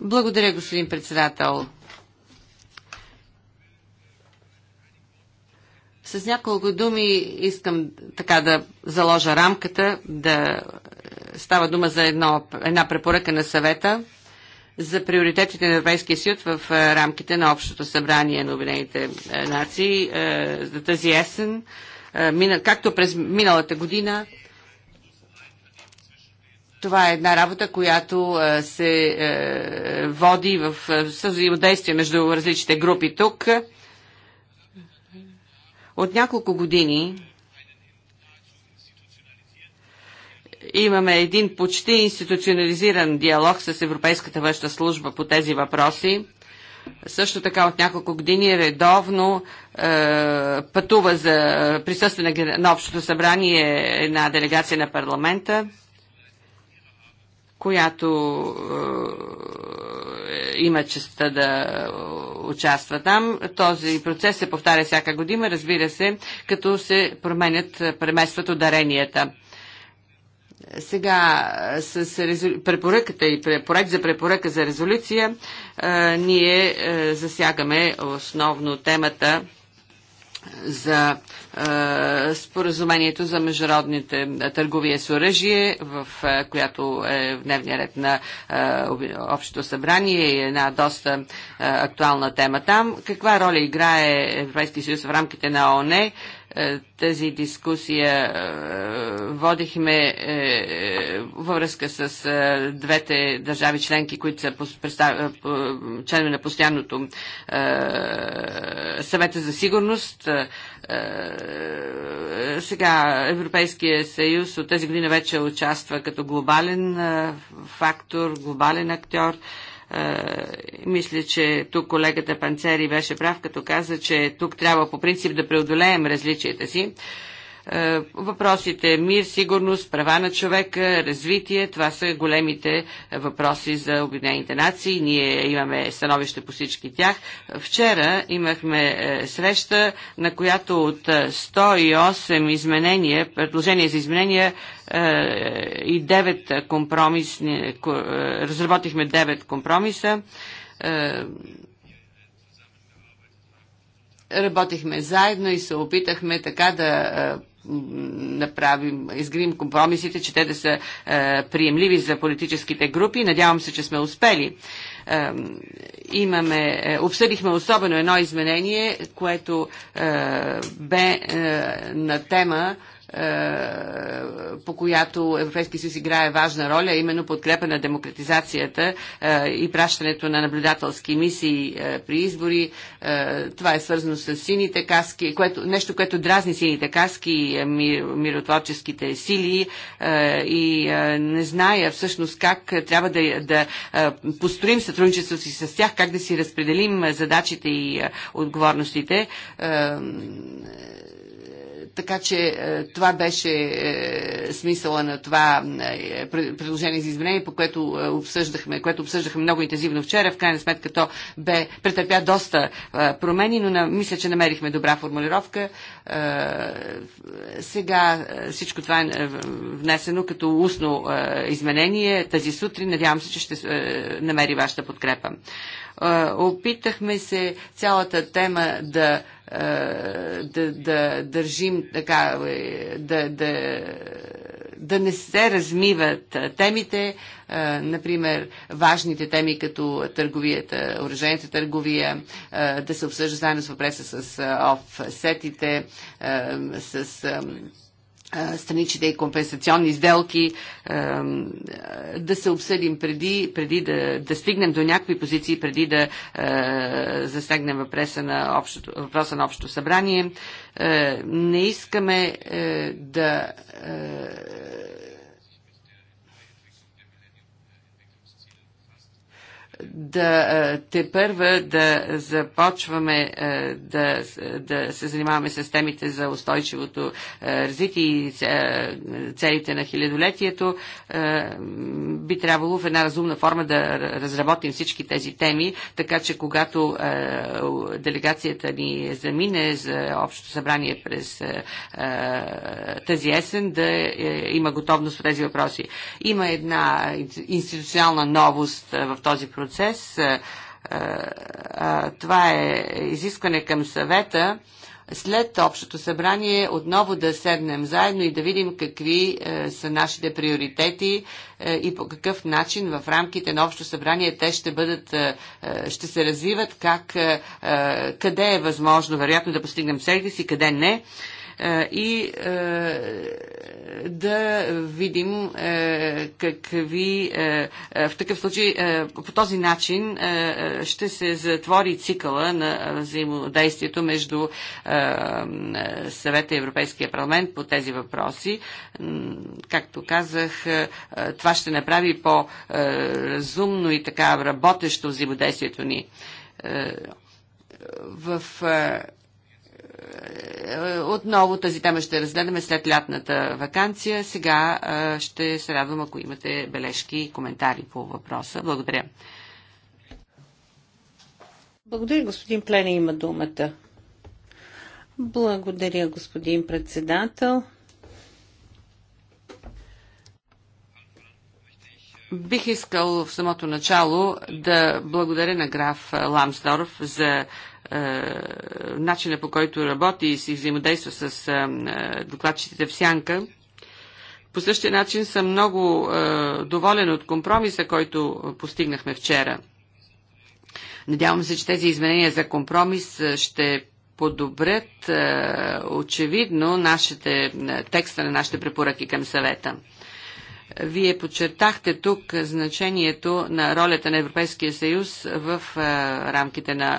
Благодаря, господин председател. С няколко думи искам така да заложа рамката, да става дума за едно, една препоръка на съвета за приоритетите на Европейския съюз в е, рамките на Общото събрание на Обединените е, нации е, за тази есен, както през миналата година, това е една работа, която се води в съвзаимодействие между различните групи тук. От няколко години имаме един почти институционализиран диалог с Европейската външна служба по тези въпроси. Също така от няколко години редовно е, пътува за присъствие на, на Общото събрание една делегация на парламента която е, има честа да участва там. Този процес се повтаря всяка година, разбира се, като се променят, преместват ударенията. Сега с препоръката и проект за препоръка за резолюция е, ние е, засягаме основно темата за е, споразумението за международните търговия с оръжие, в е, която е в дневния ред на е, Общото събрание и е една доста е, актуална тема там. Каква роля играе Европейския съюз в рамките на ООН? Е, тази дискусия е, водихме е, във връзка с двете държави членки, които са членове на постоянното съвета за сигурност. Сега Европейския съюз от тази година вече участва като глобален фактор, глобален актьор мисля, че тук колегата Панцери беше прав, като каза, че тук трябва по принцип да преодолеем различията си. Е, въпросите е мир, сигурност, права на човека, развитие, това са големите въпроси за Обединените нации. Ние имаме становище по всички тях. Вчера имахме е, среща, на която от 108 изменения, предложения за изменения и 9 компромисни, разработихме 9 компромиса работихме заедно и се опитахме така да направим, изгрим компромисите, че те да са е, приемливи за политическите групи. Надявам се, че сме успели. Е, имаме, е, обсъдихме особено едно изменение, което е, бе е, на тема е, по която Европейски съюз играе важна роля, именно подкрепа на демократизацията е, и пращането на наблюдателски мисии е, при избори. Това е свързано с сините каски, което, нещо, което дразни сините каски, миротворческите сили и не зная всъщност как трябва да, да построим сътрудничество си с тях, как да си разпределим задачите и отговорностите така че е, това беше е, смисъла на това е, предложение за изменение, по което обсъждахме, което обсъждахме много интензивно вчера. В крайна сметка то бе претърпя доста промени, но на, мисля, че намерихме добра формулировка. Сега всичко това е внесено като устно изменение тази сутрин. Надявам се, че ще намери вашата подкрепа. Опитахме се цялата тема да да, да държим така, е, да, да, да не се размиват темите, например, важните теми като търговията, оръжените търговия, да се обсъжда заедно с въпреса с офсетите, с страничните и компенсационни сделки, да се обсъдим преди, преди да, да стигнем до някакви позиции, преди да засегнем въпроса на общото, въпроса на общото събрание. Не искаме да да е, те първа да започваме е, да, да се занимаваме с темите за устойчивото е, развитие и целите на хилядолетието, би трябвало в една разумна форма да разработим всички тези теми, така че когато делегацията ни замине за общото събрание през тази есен, да има готовност по тези въпроси. Има една институционална новост в този процес процес. Това е изискване към съвета. След общото събрание отново да седнем заедно и да видим какви са нашите приоритети и по какъв начин в рамките на общо събрание те ще бъдат, ще се развиват, как, къде е възможно вероятно да постигнем целите си, къде не и да видим какви в такъв случай по този начин ще се затвори цикъла на взаимодействието между съвета и Европейския парламент по тези въпроси. Както казах, това ще направи по-разумно и така работещо взаимодействието ни в е, отново тази тема ще разгледаме след лятната вакансия. Сега е, ще се радвам, ако имате бележки и коментари по въпроса. Благодаря. Благодаря, господин Плене има думата. Благодаря, господин председател. Бих искал в самото начало да благодаря на граф Ламсдорф за е, начина по който работи и си взаимодейства с е, е, докладчиците в Сянка. По същия начин съм много доволен от компромиса, който постигнахме вчера. Надявам се, че тези изменения за компромис ще подобрят очевидно нашите, текста на нашите препоръки към съвета. Вие подчертахте тук значението на ролята на Европейския съюз в е, рамките на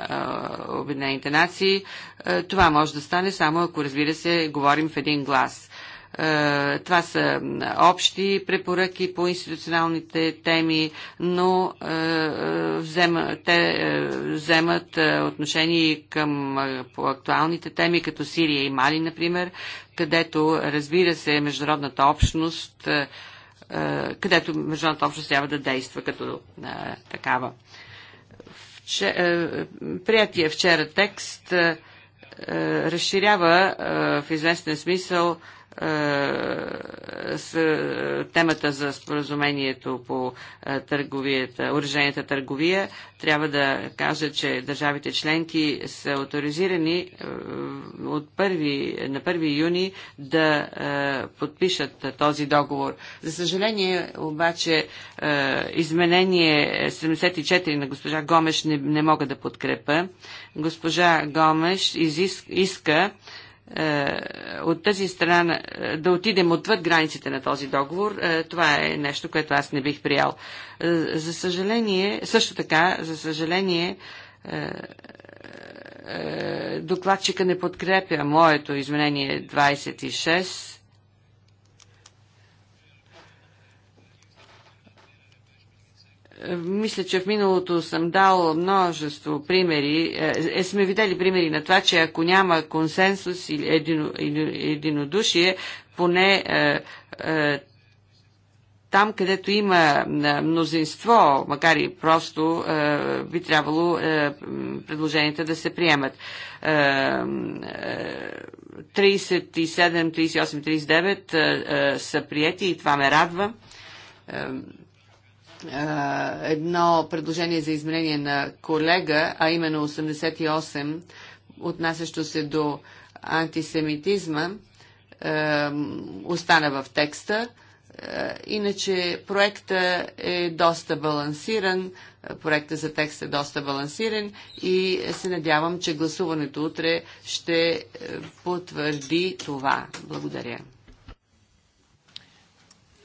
е, Обединените нации. Е, това може да стане само ако, разбира се, говорим в един глас. Това са общи препоръки по институционалните теми, но те вземат отношение към по актуалните теми, като Сирия и Мали, например, където, разбира се, международната общност където международната общност трябва да действа като такава. Приятия вчера текст разширява в известен смисъл е, с е, темата за споразумението по е, търговията, оръжената търговия, трябва да кажа, че държавите членки са авторизирани от първи, на 1 юни да подпишат този договор. За съжаление, обаче, изменение 74 на госпожа Гомеш не, не мога да подкрепа. Госпожа Гомеш изиска, иска е, от тази страна е, да отидем отвъд границите на този договор, е, това е нещо, което аз не бих приял. За съжаление, също така, за съжаление, докладчика не подкрепя моето изменение 26 Мисля, че в миналото съм дал множество примери. Е, е, сме видели примери на това, че ако няма консенсус или едино, единодушие, поне е, е, там, където има е, мнозинство, макар и просто, е, би трябвало предложенията да се приемат. 37, 38, 39 са прияти и това ме радва едно предложение за изменение на колега, а именно 88, отнасящо се до антисемитизма, остана в текста. Иначе проекта е доста балансиран, проекта за текст е доста балансиран и се надявам, че гласуването утре ще е, потвърди това. Благодаря.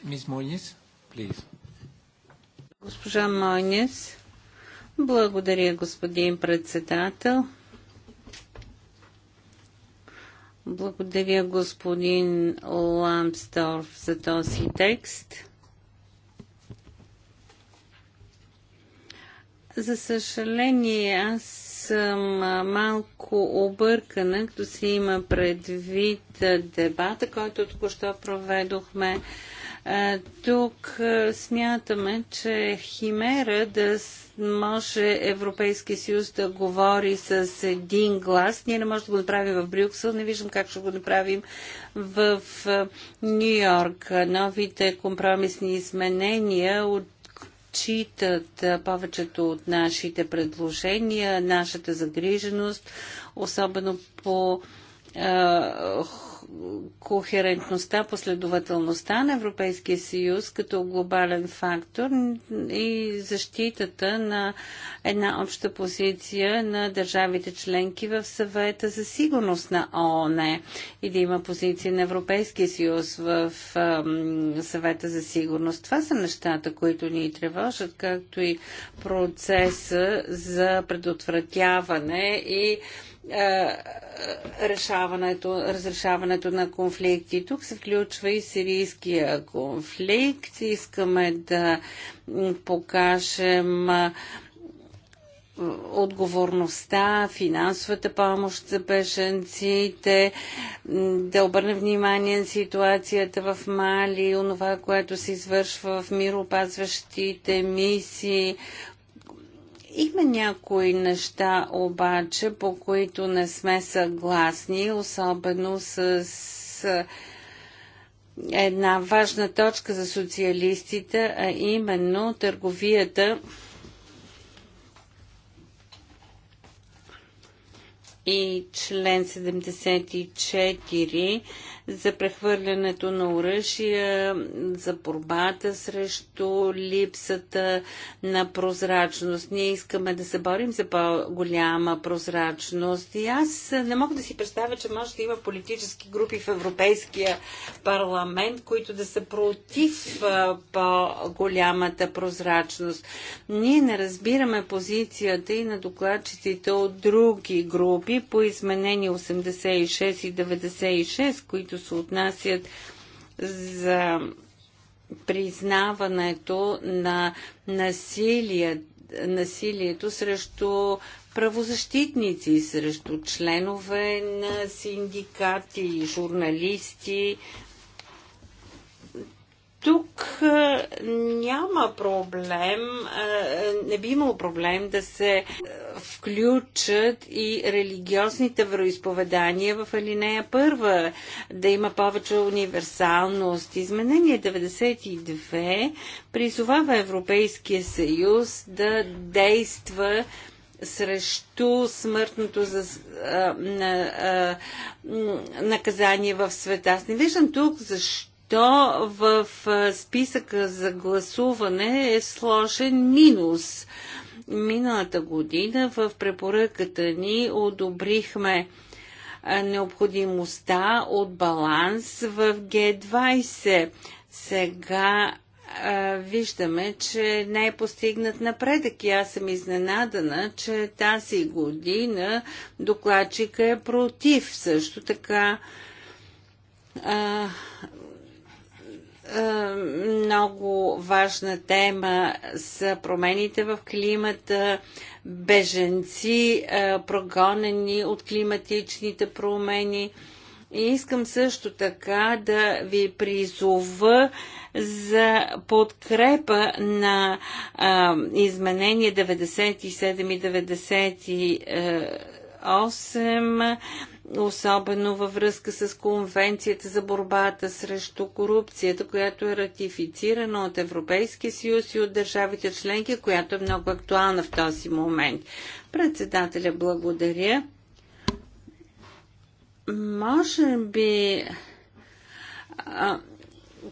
Мис Мойнис, please. Госпожа Мойнес, благодаря, господин председател. Благодаря, господин Ламсторф, за този текст. За съжаление, аз съм малко объркана, като се има предвид дебата, който току-що проведохме тук смятаме, че химера да може Европейски съюз да говори с един глас. Ние не можем да го направим в Брюксел, не виждам как ще го направим в Нью Йорк. Новите компромисни изменения от отчитат повечето от нашите предложения, нашата загриженост, особено по е, кохерентността, последователността на Европейския съюз като глобален фактор и защитата на една обща позиция на държавите членки в съвета за сигурност на ООН и да има позиция на Европейския съюз в съвета за сигурност. Това са нещата, които ни тревожат, както и процеса за предотвратяване и е, решаването, разрешаването на конфликти. Тук се включва и сирийския конфликт. Искаме да покажем е, отговорността, финансовата помощ за беженците, да обърне внимание на ситуацията в Мали, онова, което се извършва в мироопазващите мисии, има някои неща обаче, по които не сме съгласни, особено с, една важна точка за социалистите, а именно търговията и член 74 за прехвърлянето на оръжия, за борбата срещу липсата на прозрачност. Ние искаме да се борим за по-голяма прозрачност. И аз не мога да си представя, че може да има политически групи в Европейския парламент, които да са против по-голямата прозрачност. Ние не разбираме позицията и на докладчиците от други групи по изменени 86 и 96, които които се отнасят за признаването на насилие, насилието срещу правозащитници, срещу членове на синдикати, журналисти, тук няма проблем, не би имало проблем да се включат и религиозните вероисповедания в алинея първа, да има повече универсалност. Изменение 92 призовава Европейския съюз да действа срещу смъртното за, а, на, а, наказание в света. Аз не виждам тук защо то в списъка за гласуване е сложен минус. Миналата година в препоръката ни одобрихме необходимостта от баланс в Г20. Сега виждаме, че не е постигнат напредък и аз съм изненадана, че тази година докладчика е против. Също така е, много важна тема са промените в климата, беженци, е, прогонени от климатичните промени. И искам също така да ви призова за подкрепа на а, е, изменение 97 и 98 особено във връзка с Конвенцията за борбата срещу корупцията, която е ратифицирана от Европейския съюз и от държавите членки, която е много актуална в този момент. Председателя, благодаря. Може би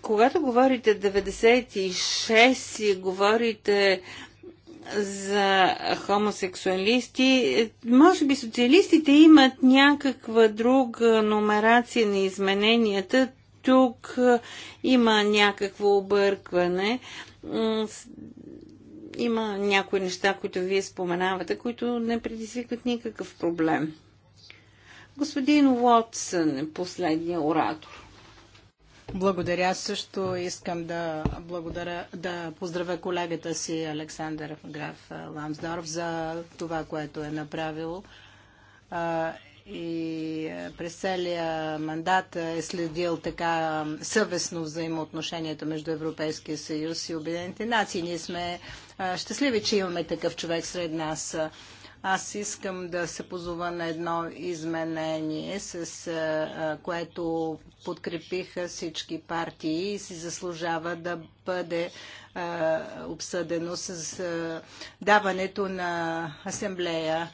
когато говорите 96 и говорите за хомосексуалисти. Може би социалистите имат някаква друга нумерация на измененията. Тук е, има някакво объркване. Има някои неща, които вие споменавате, които не предизвикват никакъв проблем. Господин Уотсън е последния оратор. Благодаря също. Искам да, благодаря, да поздравя колегата си Александър Граф Ламсдорф за това, което е направил. И през целия мандат е следил така съвестно взаимоотношенията между Европейския съюз и Обединените нации. Ние сме щастливи, че имаме такъв човек сред нас. Аз искам да се позова на едно изменение, с а, което подкрепиха всички партии и си заслужава да бъде а, обсъдено с а, даването на асемблея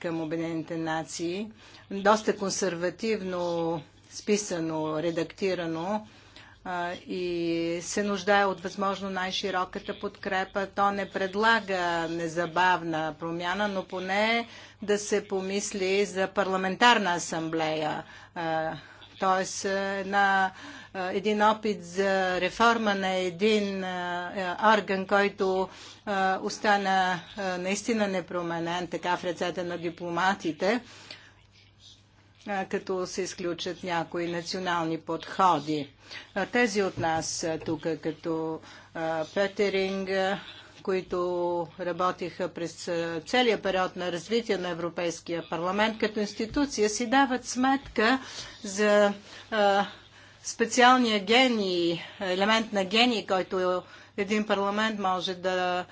към Обединените нации. Доста консервативно списано, редактирано и се нуждае от възможно най-широката подкрепа. То не предлага незабавна промяна, но поне да се помисли за парламентарна асамблея, т.е. един опит за реформа на един орган, който остана наистина непроменен така в ръцете на дипломатите като се изключат някои национални подходи. Тези от нас тук, като Петеринг, които работиха през целия период на развитие на Европейския парламент като институция, си дават сметка за специалния гений, елемент на гений, който един парламент може да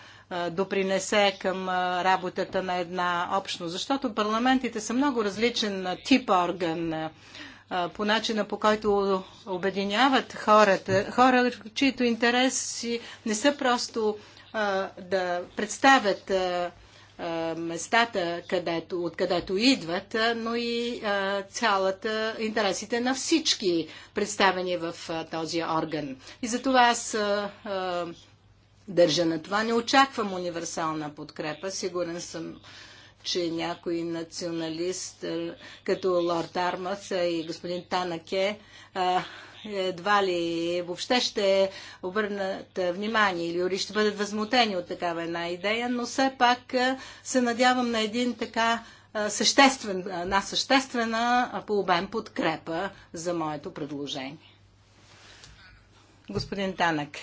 допринесе към работата на една общност. Защото парламентите са много различен тип орган по начина по който обединяват хората, хора, чието интереси не са просто а, да представят а, местата, където, откъдето идват, но и а, цялата интересите на всички представени в а, този орган. И за това аз а, държа на това. Не очаквам универсална подкрепа. Сигурен съм, че някой националист, е, като Лорд Армас е, и господин Танаке, едва ли въобще ще обърнат внимание или ори ще бъдат възмутени от такава една идея, но все пак се надявам на един така съществен, на съществена по обем подкрепа за моето предложение. Господин Танък.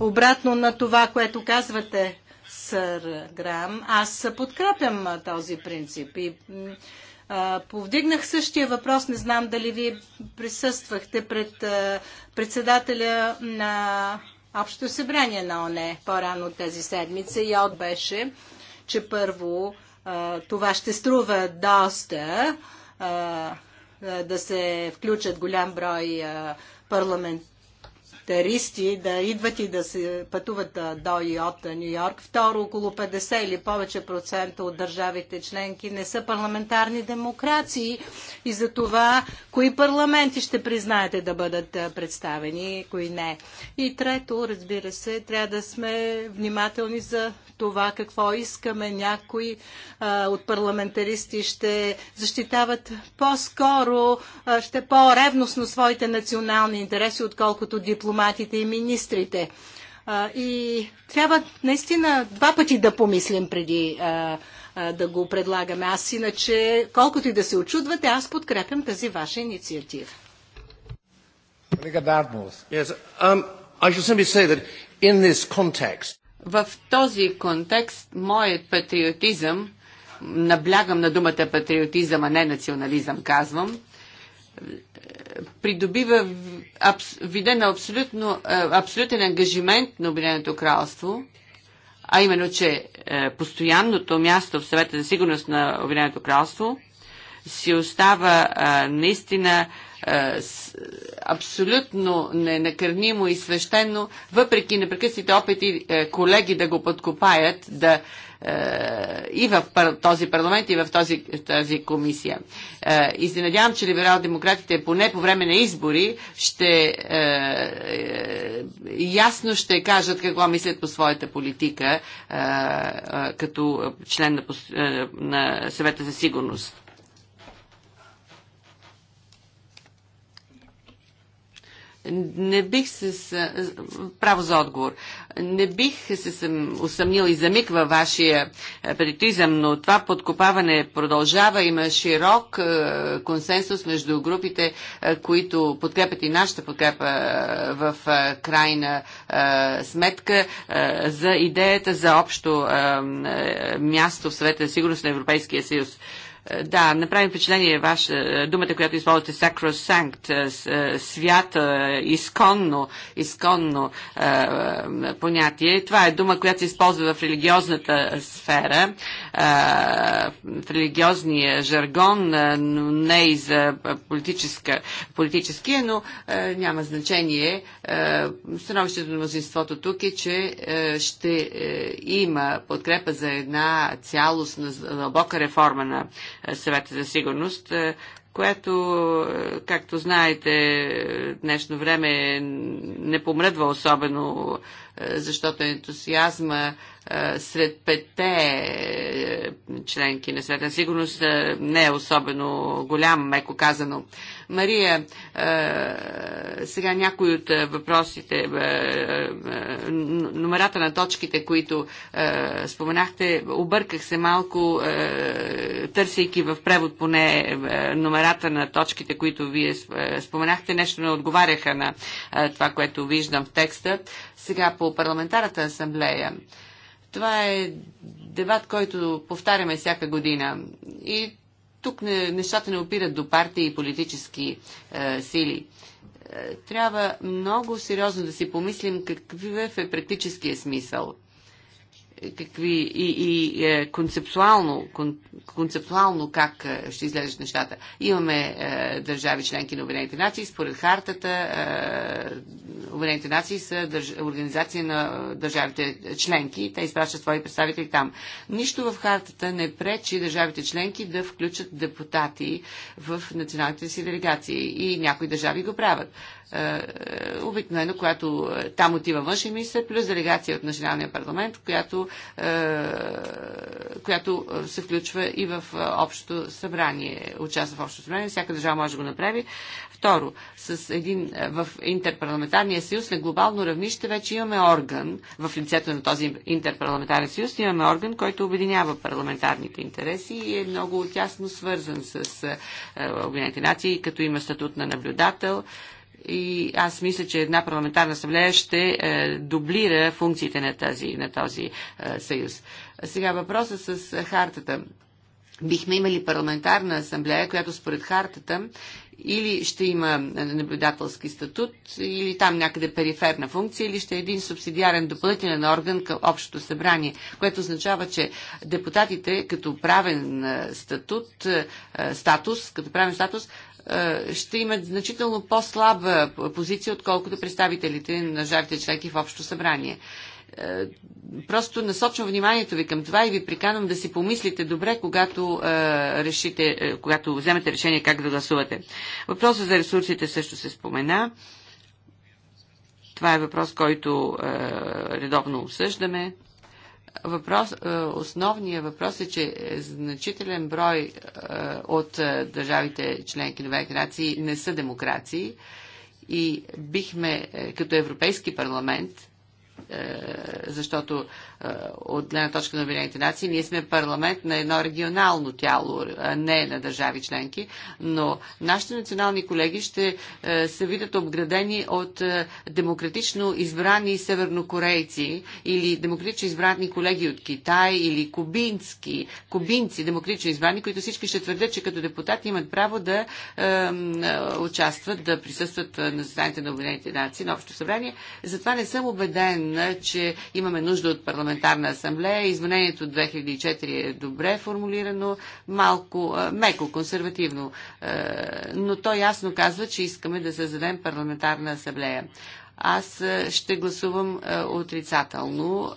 Обратно на това, което казвате, сър Грам, аз подкрепям този принцип и повдигнах същия въпрос, не знам дали ви присъствахте пред председателя на Общото събрание на ОНЕ по-рано тази седмица и от беше, че първо това ще струва доста да се включат голям брой парламент, туристи да идват и да се пътуват до и от Нью Йорк. Второ, около 50 или повече процента от държавите членки не са парламентарни демокрации и за това кои парламенти ще признаете да бъдат представени, кои не. И трето, разбира се, трябва да сме внимателни за това какво искаме. Някои а, от парламентаристи ще защитават по-скоро, ще по-ревностно своите национални интереси, отколкото дипломатически дипломатите и министрите. И трябва наистина два пъти да помислим преди да го предлагаме. Аз иначе, колкото и да се очудвате, аз подкрепям тази ваша инициатива. Um, В този контекст, моят патриотизъм, наблягам на думата патриотизъм, а не национализъм, казвам, придобива вида на абсолютно, е, абсолютен ангажимент на Обединеното кралство, а именно, че е, постоянното място в съвета за сигурност на Обединеното кралство си остава е, наистина е, абсолютно ненакърнимо и свещено, въпреки непрекъснатите опити е, колеги да го подкопаят да, е, и в този парламент, и в този, тази комисия. И се надявам, че либерал-демократите поне по време на избори ще ясно ще кажат какво мислят по своята политика като член на, на съвета за сигурност. Не бих се... с Право за отговор. Не бих се съм усъмнил и за миг във вашия патриотизъм, но това подкопаване продължава. Има широк консенсус между групите, които подкрепят и нашата подкрепа в крайна сметка за идеята за общо място в съвета за сигурност на Европейския съюз. Е, да, направим впечатление ваша е, думата, която използвате sacrosanct, е, свято изконно, изконно е, понятие. Това е дума, която се използва в религиозната сфера, е, в религиозния жаргон, но не и за политическа, политическия, но е, няма значение. Становището на мнозинството тук е, че ще има подкрепа за една цялостна, дълбока реформа на съвета за сигурност, е, което, е, както знаете, днешно време е не помръдва особено, защото ентусиазма е, сред пете е, членки на света. Сигурност е, не е особено голям, меко казано. Мария, сега някои от въпросите, номерата на точките, които споменахте, обърках се малко, търсейки в превод поне номерата на точките, които вие споменахте. Нещо не отговаряха на това, което виждам в текста. Сега по парламентарната асамблея. Това е дебат, който повтаряме всяка година. И тук не, нещата не опират до партии и политически е, сили. Е, трябва много сериозно да си помислим какъв е практическия смисъл какви и, и е, концептуално, кон, концептуално как е, ще излезеш нещата. Имаме е, държави членки на Обединените нации, според хартата е, Обединените нации са държ, организации на държавите членки, те изпращат свои представители там. Нищо в хартата не пречи държавите членки да включат депутати в националните си делегации и някои държави го правят. Е, обикновено, когато е, там отива външен министр, плюс делегация от Националния парламент, която, е, която се включва и в общото събрание, участва в общото събрание, всяка държава може да го направи. Второ, с един, в Интерпарламентарния съюз на глобално равнище вече имаме орган, в лицето на този Интерпарламентарен съюз имаме орган, който обединява парламентарните интереси и е много тясно свързан с Обединените нации, като има статут на наблюдател, и аз мисля, че една парламентарна асамблея ще е, дублира функциите на, тази, на този е, съюз. Сега въпросът с е, хартата. Бихме имали парламентарна асамблея, която според хартата или ще има наблюдателски статут, или там някъде периферна функция, или ще е един субсидиарен допълнителен орган към Общото събрание, което означава, че депутатите като правен е, статут, е, статус, като правен статус е, ще имат значително по-слаба позиция, отколкото представителите на жарите членки в общо събрание. Е, просто насочвам вниманието ви към това и ви приканвам да си помислите добре, когато, е, решите, когато вземете решение как да гласувате. Въпросът за ресурсите също се спомена. Това е въпрос, който е, редовно обсъждаме. Въпрос, е, основният въпрос е, че значителен брой е, от е, държавите членки на демокрации не са демокрации и бихме като Европейски парламент, защото е, от гледна точка на Обединените нации. Ние сме парламент на едно регионално тяло, а не на държави членки, но нашите национални колеги ще е, се видят обградени от е, демократично избрани севернокорейци или демократично избрани колеги от Китай или кубински, кубинци демократично избрани, които всички ще твърдят, че като депутати имат право да е, участват, да присъстват на заседанията на Обединените нации, на Общо събрание. Затова не съм убеден, че имаме нужда от парламент парламентарна асамблея. Изменението от 2004 е добре формулирано, малко, меко, консервативно, но то ясно казва, че искаме да създадем парламентарна асамблея аз ще гласувам отрицателно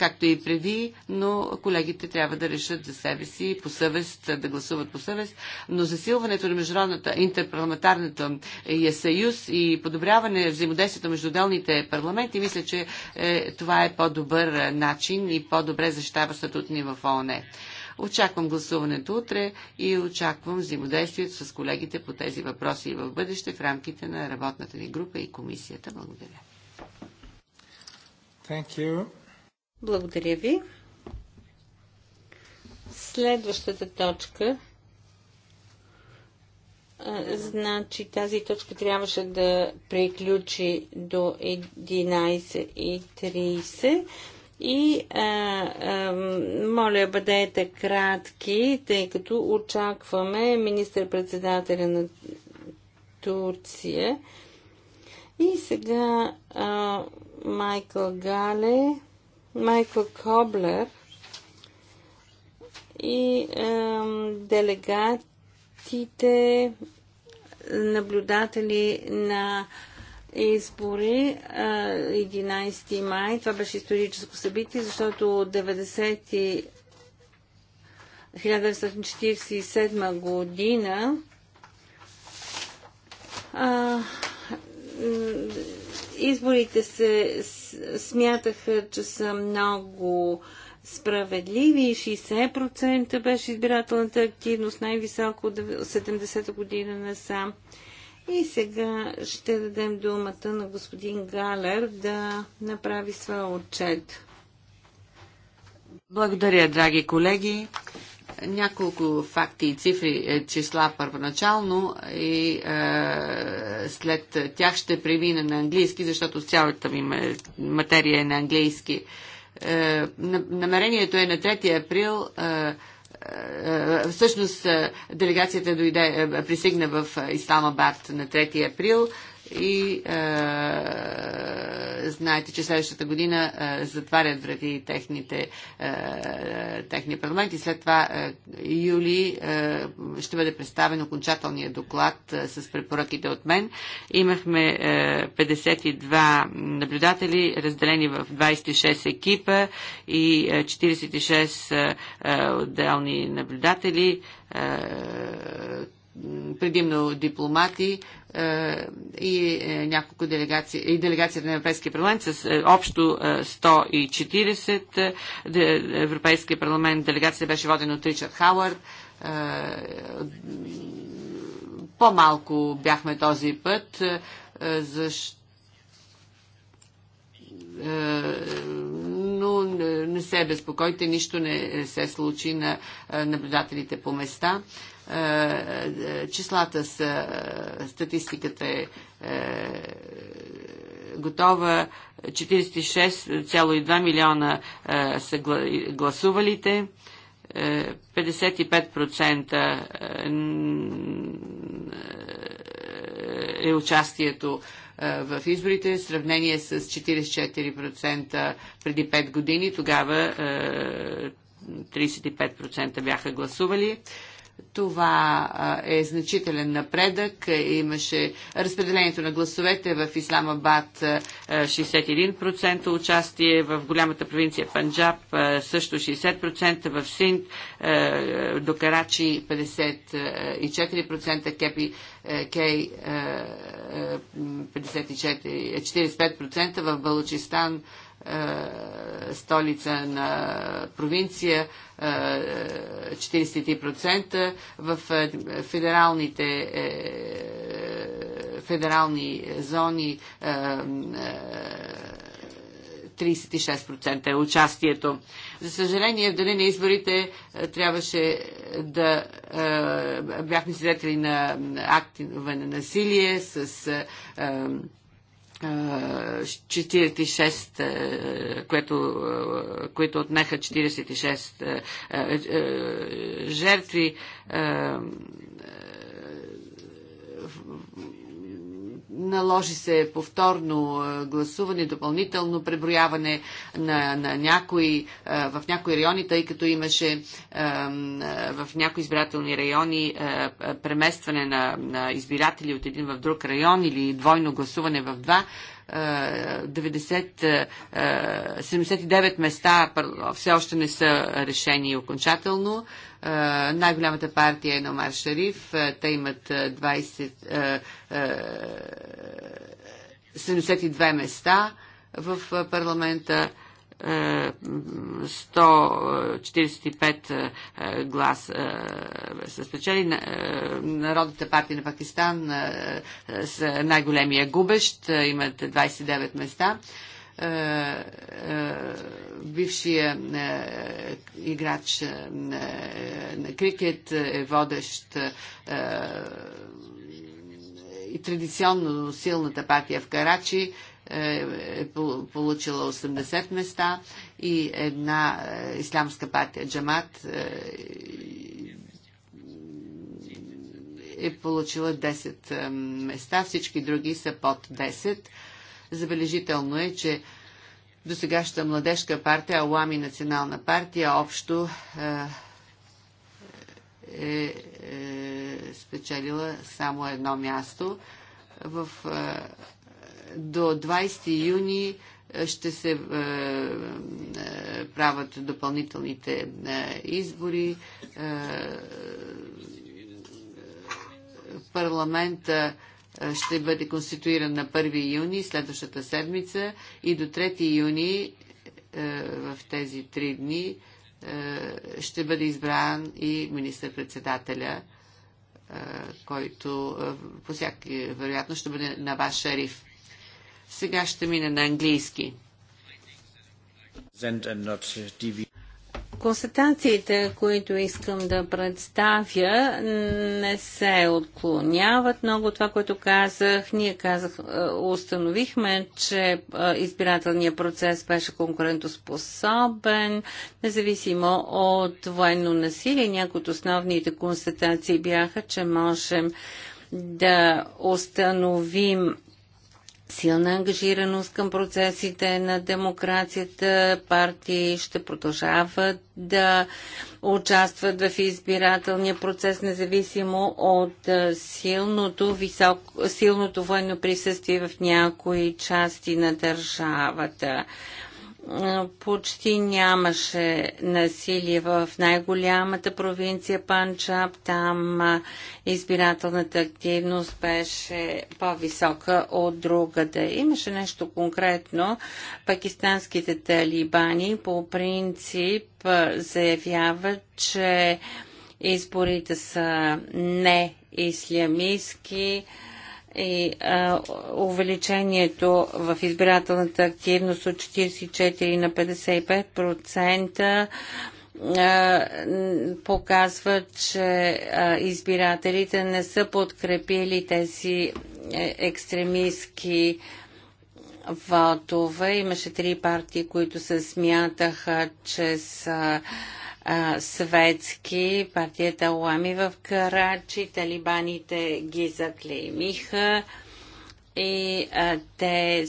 както и преди, но колегите трябва да решат за себе си по съвест, да гласуват по съвест. Но засилването на международната интерпарламентарната е, е съюз и подобряване на взаимодействието между отделните парламенти, мисля, че е, това е по-добър е, начин и по-добре защитава статут ни в ООН. Очаквам гласуването утре и очаквам взаимодействието с колегите по тези въпроси и в бъдеще в рамките на работната ни група и комисията. Благодаря. Thank you. Благодаря ви. Следващата точка. Значи тази точка трябваше да приключи до 11.30. И а, а, моля, бъдете кратки, тъй като очакваме министър-председателя на Турция. И сега а, Майкъл Гале Майкъл Коблер и е, делегатите наблюдатели на избори 11 май. Това беше историческо събитие, защото 90 1947 година а, изборите се смятаха, че са много справедливи. 60% беше избирателната активност, най-високо от 70-та година насам. И сега ще дадем думата на господин Галер да направи своя отчет. Благодаря, драги колеги. Няколко факти и цифри, е, числа първоначално и е, след тях ще премина на английски, защото цялата ми материя е на английски. Е, намерението е на 3 април. Е, е, е всъщност делегацията дойде, присигна в Исламабад на 3 април и е, знаете, че следващата година е, затварят врати техните, е, техния парламент и след това е, юли е, ще бъде представен окончателния доклад е, с препоръките от мен. Имахме е, 52 наблюдатели, разделени в 26 екипа и е, 46 е, е, отделни наблюдатели. Е, предимно дипломати е, и е, няколко делегации, и делегацията на Европейския парламент с е, общо 140. Европейския парламент делегацията беше водена от Ричард Хауърд. По-малко бяхме този път, защото но не се безпокойте, нищо не се случи на наблюдателите по места. Е, е, числата са, статистиката е, е готова, 46,2 милиона са гласувалите. 55% е участието в изборите, в сравнение с 44% преди 5 години. Тогава 35% бяха гласували. Това е значителен напредък. Имаше разпределението на гласовете в Исламабад 61% участие, в голямата провинция Панджаб също 60%, в Синд до Карачи 54%, Кепи Кей 54, 45%, в Балучистан е, столица на провинция 43%, е, в е, федералните федерални зони 36% е участието. За съжаление, в дали на изборите трябваше да бяхме свидетели на на насилие с 46, е, което, е, които отнеха 46 е, жертви, Наложи се повторно е, гласуване, допълнително преброяване на, на някои, е, в някои райони, тъй като имаше е, в някои избирателни райони преместване на, на избиратели от един в друг район или двойно гласуване в два. 90, 79 места все още не са решени окончателно. Най-голямата партия е Номар Шариф. Те имат 72 места в парламента. 145 глас са спечели. Народната партия на Пакистан са най-големия губещ, имат 29 места. Е, е, бившия е, играч на крикет е водещ и традиционно силната партия в Карачи е получила 80 места и една ислямска партия Джамат е получила 10 места, всички други са под 10. Забележително е, че до сегаща младежка партия, Алами национална партия, общо е, е, е спечелила само едно място. В, е, до 20 юни е, ще се е, е, правят допълнителните е, избори. Е, е парламента е, ще бъде конституиран на 1 юни следващата седмица и до 3 юни в тези три дни ще бъде избран и министър-председателя, който по всяки вероятно ще бъде на ваш Шариф. Сега ще мина на английски. Констатациите, които искам да представя, не се отклоняват много от това, което казах. Ние казах, е, установихме, че е, избирателният процес беше конкурентоспособен, независимо от военно насилие. Някои от основните констатации бяха, че можем да установим силна ангажираност към процесите на демокрацията. Партии ще продължават да участват в избирателния процес, независимо от силното, високо, силното военно присъствие в някои части на държавата почти нямаше насилие в най-голямата провинция Панчаб. Там избирателната активност беше по-висока от другата. Имаше нещо конкретно. Пакистанските талибани по принцип заявяват, че изборите са не ислямистски и а, увеличението в избирателната активност от 44 на 55% показва, че избирателите не са подкрепили тези е, екстремистски вотове. Имаше три партии, които се смятаха, че са светски, партията Лами в Карачи, талибаните ги заклеймиха и а, те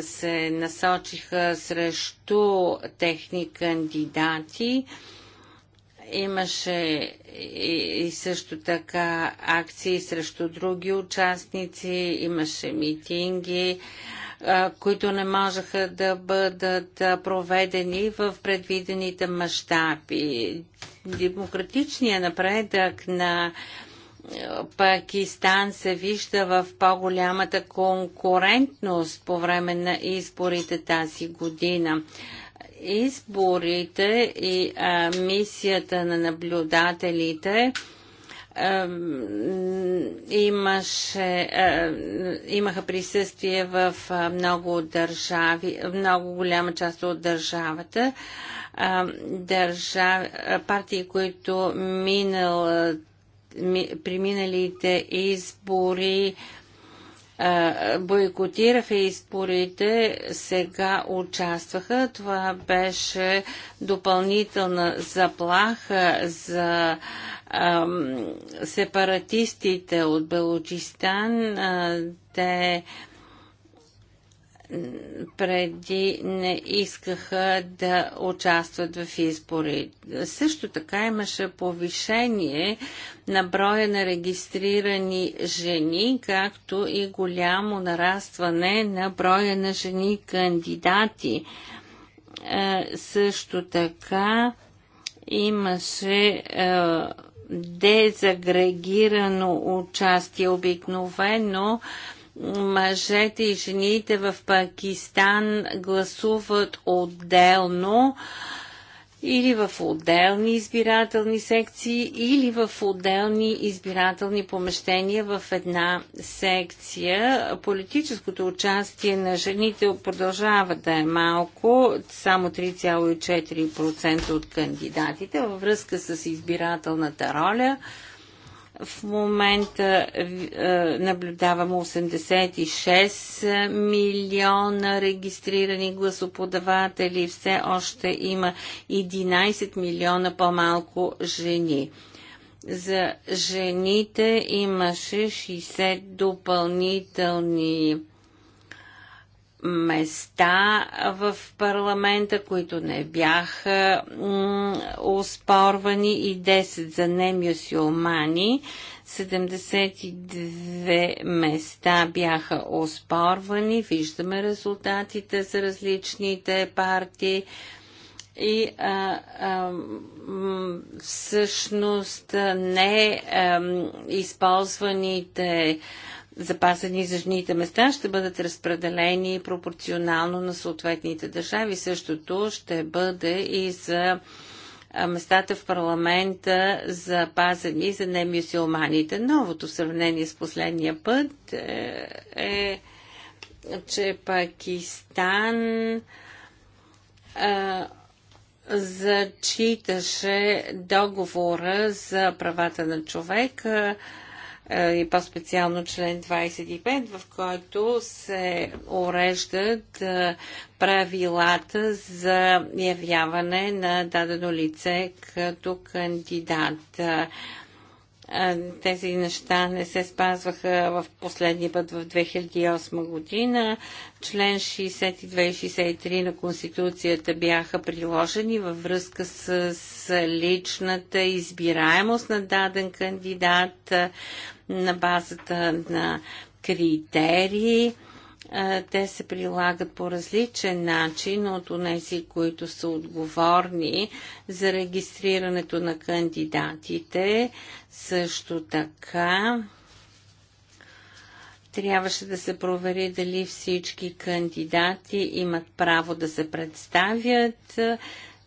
се насочиха срещу техни кандидати. Имаше и също така акции срещу други участници, имаше митинги. А, които не можеха да бъдат проведени в предвидените мащаби. Демократичният напредък на Пакистан се вижда в по-голямата конкурентност по време на изборите тази година. Изборите и а, мисията на наблюдателите имаше, имаха присъствие в много държави, много голяма част от държавата. Държави, партии, които минал, преминалите избори бойкотираха изборите, сега участваха. Това беше допълнителна заплаха за сепаратистите от Белочистан, те преди не искаха да участват в избори. Също така имаше повишение на броя на регистрирани жени, както и голямо нарастване на броя на жени кандидати. Е, също така имаше е, дезагрегирано участие обикновено мъжете и жените в Пакистан гласуват отделно или в отделни избирателни секции, или в отделни избирателни помещения в една секция. Политическото участие на жените продължава да е малко, само 3,4% от кандидатите във връзка с избирателната роля – в момента е, наблюдавам 86 милиона регистрирани гласоподаватели. Все още има 11 милиона по-малко жени. За жените имаше 60 допълнителни места в парламента, които не бяха оспорвани и 10 за немюсюлмани. 72 места бяха оспорвани. Виждаме резултатите за различните партии. И а, а, всъщност не а, използваните а, запасени за жените места ще бъдат разпределени пропорционално на съответните държави. Същото ще бъде и за местата в парламента за пазени за немюсюлманите. Новото в сравнение с последния път е, е че Пакистан е, зачиташе договора за правата на човека. Е, е, и по-специално член 25, в който се уреждат е, правилата за явяване на дадено лице като кандидат е, тези неща не се спазваха в последния път в 2008 година. Член 62 и 63 на Конституцията бяха приложени във връзка с личната избираемост на даден кандидат на базата на критерии. Те се прилагат по различен начин от тези, които са отговорни за регистрирането на кандидатите. Също така трябваше да се провери дали всички кандидати имат право да се представят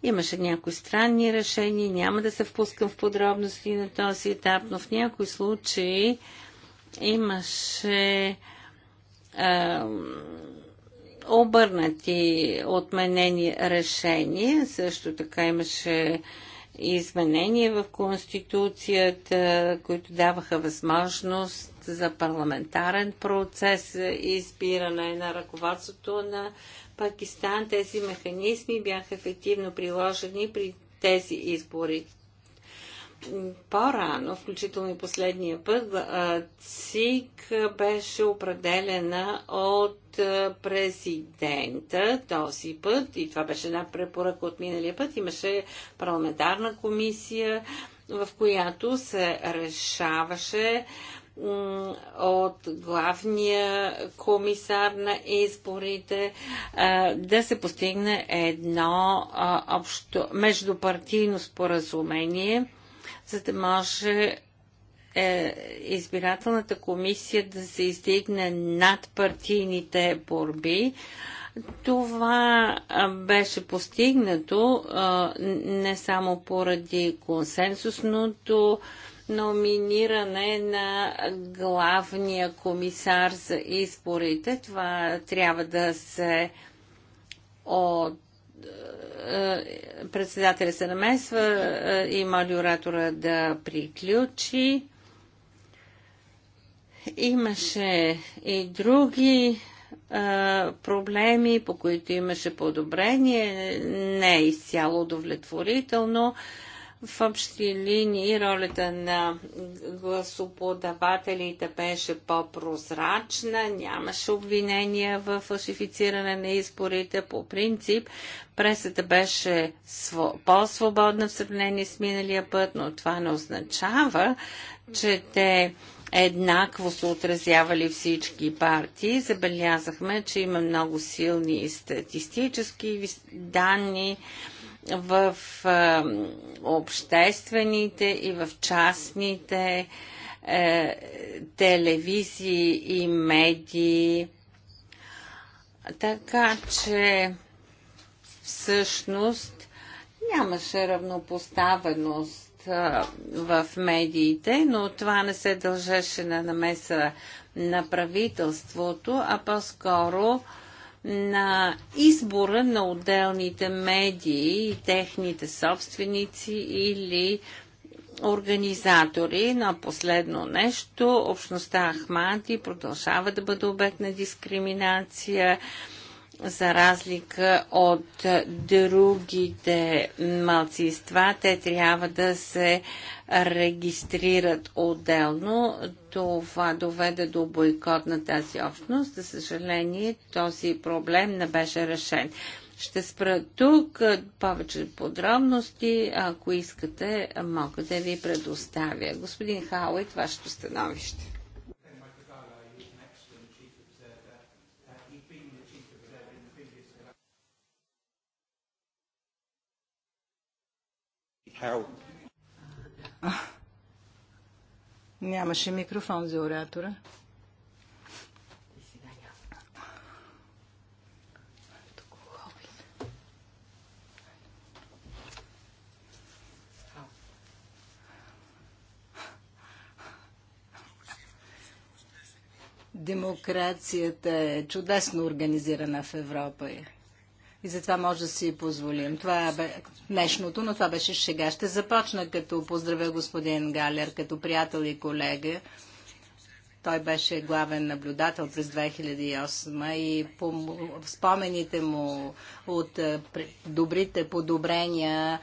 Имаше някои странни решения, няма да се впускам в подробности на този етап, но в някои случаи имаше а, обърнати отменени решения, също така имаше изменения в Конституцията, които даваха възможност за парламентарен процес, избиране на ръководството на Пакистан тези механизми бяха ефективно приложени при тези избори. По-рано, включително и последния път, ЦИК беше определена от президента този път, и това беше една препоръка от миналия път, имаше парламентарна комисия, в която се решаваше а, от главния комисар на изборите да се постигне едно общо междупартийно споразумение, за да може е, избирателната комисия да се издигне над партийните борби. Това беше постигнато не само поради консенсусното номиниране на главния комисар за изборите. Това трябва да се от е, председателя се намесва е, и малюратора оратора да приключи. Имаше и други е, проблеми, по които имаше подобрение, не е изцяло удовлетворително. В общи линии ролята на гласоподавателите беше по-прозрачна, нямаше обвинения в фалшифициране на изборите. По принцип, пресата беше по-свободна в сравнение с миналия път, но това не означава, че те еднакво са отразявали всички партии. Забелязахме, че има много силни статистически данни в а, обществените и в частните е, телевизии и медии. Така че всъщност нямаше равнопоставеност в медиите, но това не се дължеше на намеса на правителството, а по-скоро на избора на отделните медии, и техните собственици или организатори. На последно нещо, общността Ахмати продължава да бъде обект на дискриминация за разлика от другите малцинства, те трябва да се регистрират отделно. Това доведе до бойкот на тази общност. За съжаление, този проблем не беше решен. Ще спра тук повече подробности. Ако искате, мога да ви предоставя. Господин Хауит, вашето становище. how... нямаше микрофон за оратора. демокрацията е чудесно организирана в Европа. И затова може да си позволим. Това бе днешното, но това беше сега. Ще започна като поздравя господин Галер, като приятел и колега. Той беше главен наблюдател през 2008 и по спомените му от добрите подобрения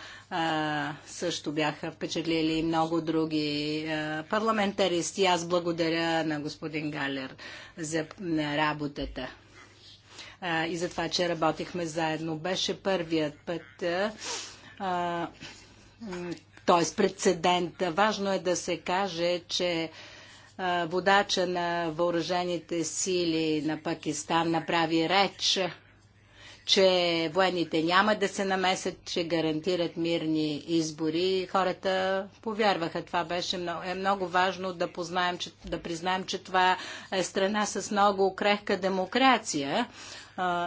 също бяха впечатлили много други парламентаристи. Аз благодаря на господин Галер за работата и за това, че работихме заедно. Беше първият път. т.е. прецедент. Важно е да се каже, че водача на въоръжените сили на Пакистан направи реч, че военните няма да се намесят, че гарантират мирни избори. Хората повярваха. Това беше много, е много важно да, познаем, че, да признаем, че това е страна с много крехка демокрация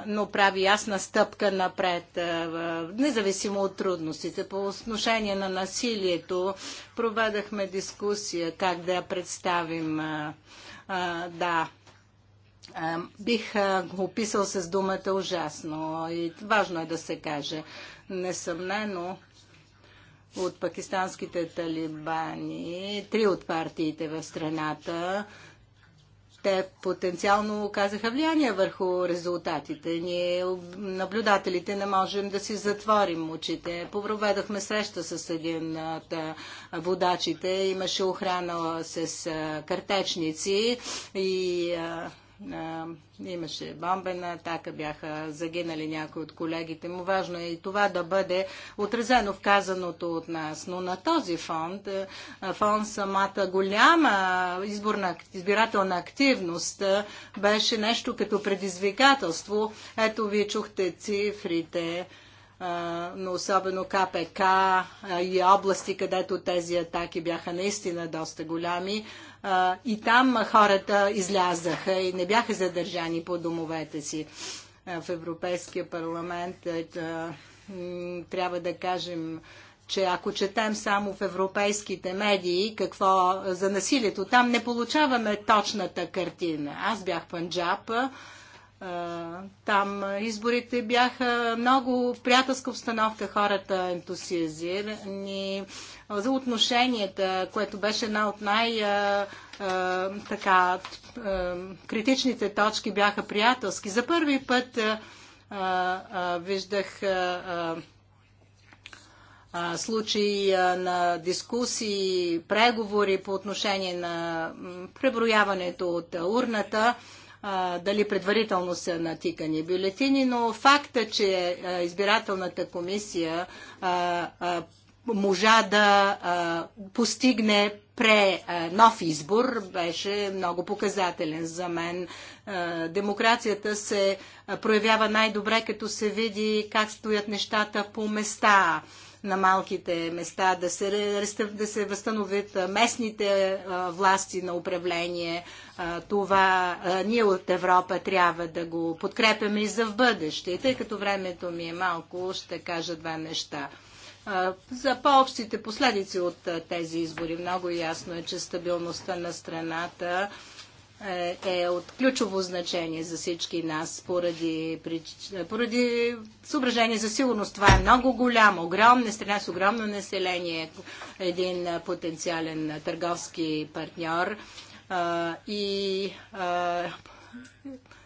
но прави ясна стъпка напред, независимо от трудностите. По отношение на насилието проведахме дискусия как да я представим. Да, бих го описал с думата ужасно и важно е да се каже. Несъмнено, от пакистанските талибани, три от партиите в страната, те потенциално оказаха влияние върху резултатите. Ние, наблюдателите, не можем да си затворим очите. Проведохме среща с един от водачите. Имаше охрана с картечници и а, имаше бомбена атака, бяха загинали някои от колегите му. Важно е и това да бъде отразено в казаното от нас. Но на този фонд, фонд самата голяма изборна, избирателна активност беше нещо като предизвикателство. Ето ви чухте цифрите но особено КПК и области, където тези атаки бяха наистина доста голями. А, и там хората излязаха и не бяха задържани по домовете си. А, в Европейския парламент а, трябва да кажем, че ако четем само в европейските медии какво за насилието, там не получаваме точната картина. Аз бях панджапа там изборите бяха много приятелска обстановка, хората ентусиазирани за отношенията, което беше една от най- така, критичните точки бяха приятелски. За първи път виждах случаи на дискусии, преговори по отношение на преброяването от урната а, дали предварително са натикани бюлетини, но факта, че а, избирателната комисия а, а, можа да а, постигне пре а, нов избор, беше много показателен за мен. А, демокрацията се проявява най-добре, като се види как стоят нещата по места. А, на малките места, да се, да се възстановят местните власти на управление. Това ние от Европа трябва да го подкрепяме и за в бъдеще. тъй като времето ми е малко, ще кажа два неща. За по-общите последици от тези избори много ясно е, че стабилността на страната е, е, от ключово значение за всички нас поради, поради съображение за сигурност. Това е много голямо, огромна страна с огромно население, един потенциален търговски партньор а, и а,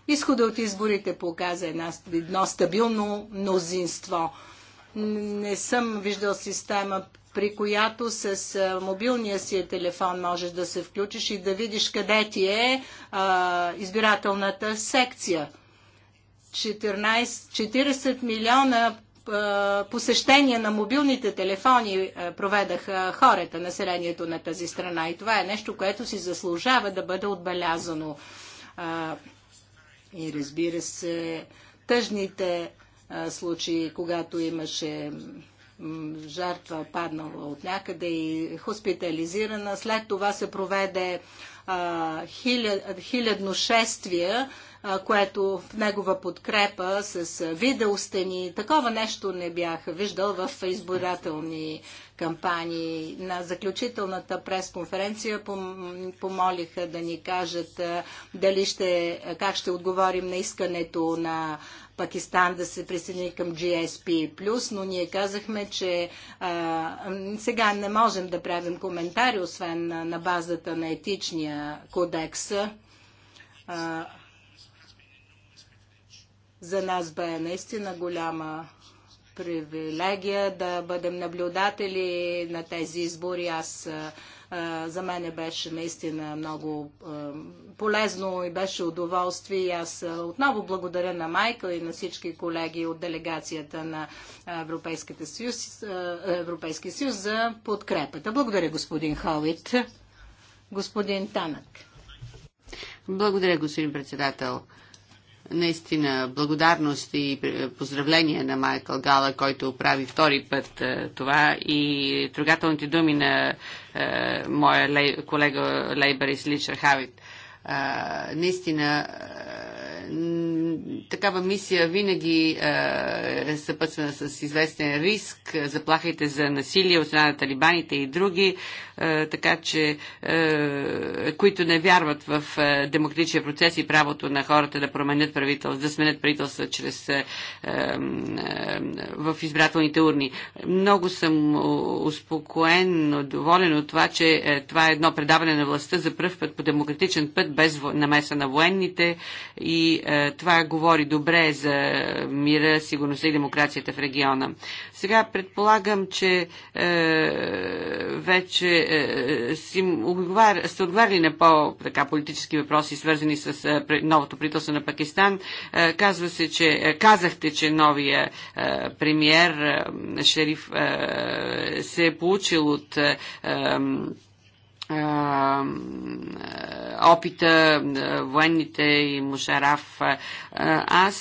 изхода от изборите показа една, едно стабилно мнозинство. Не съм виждал система при която с мобилния си телефон можеш да се включиш и да видиш къде ти е а, избирателната секция. 14, 40 милиона посещения на мобилните телефони проведаха хората, населението на тази страна. И това е нещо, което си заслужава да бъде отбелязано. И разбира се, тъжните случаи, когато имаше жертва паднала от някъде и хоспитализирана. След това се проведе а, хилед, хилядно шествие, а, което в негова подкрепа с видеостени. Такова нещо не бях виждал в избирателни кампании. На заключителната пресконференция помолиха да ни кажат дали ще, как ще отговорим на искането на Пакистан да се присъедини към GSP+, но ние казахме, че а, сега не можем да правим коментари, освен на, на базата на етичния кодекс. А, за нас бе наистина голяма привилегия да бъдем наблюдатели на тези избори. Аз за мене беше наистина много полезно и беше удоволствие. И аз отново благодаря на Майкъл и на всички колеги от делегацията на съюз, Европейския съюз за подкрепата. Благодаря, господин Ховит. Господин Танък. Благодаря, господин председател. Наистина, благодарност и поздравления на Майкъл Гала, който прави втори път е, това и трогателните думи на е, моя колега Лейбър и Сличър Хавит е, наистина такава мисия винаги е съпътствана с известен риск, заплахите за насилие от страна на талибаните и други, е, така че е, които не вярват в демократичния процес и правото на хората да променят правителство, да сменят правителства чрез е, е, в избирателните урни. Много съм успокоен, доволен от това, че е, това е едно предаване на властта за пръв път по демократичен път без намеса на военните и е, това говори добре за мира, сигурността и демокрацията в региона. Сега предполагам, че е, вече е, си сте отговарили на по-политически въпроси, свързани с е, новото правителство на Пакистан. Е, казва се, че е, казахте, че новия е, премьер е, Шериф е, се е получил от е, опита, военните и Мушараф. Аз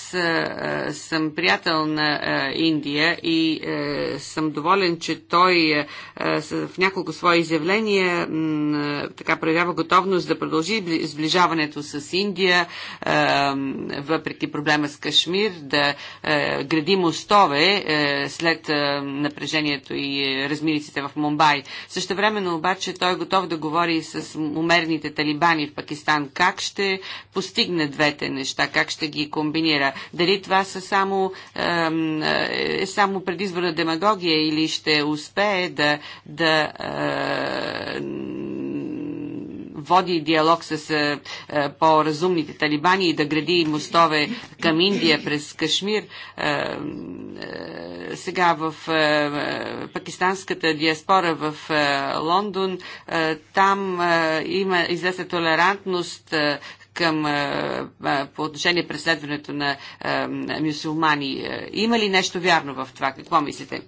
съм приятел на Индия и съм доволен, че той в няколко свои изявления така проявява готовност да продължи сближаването с Индия, въпреки проблема с Кашмир, да гради мостове след напрежението и размириците в Мумбай. Също времено обаче той е готов да да говори с умерните талибани в Пакистан. Как ще постигне двете неща? Как ще ги комбинира? Дали това са само, е, е само предизборна демагогия или ще успее да, да е, води диалог с е, е, по-разумните талибани и да гради мостове към Индия през Кашмир. Е, сега в пакистанската диаспора в Лондон, там има известна толерантност към, по отношение преследването на мюсюлмани. Има ли нещо вярно в това? Какво мислите?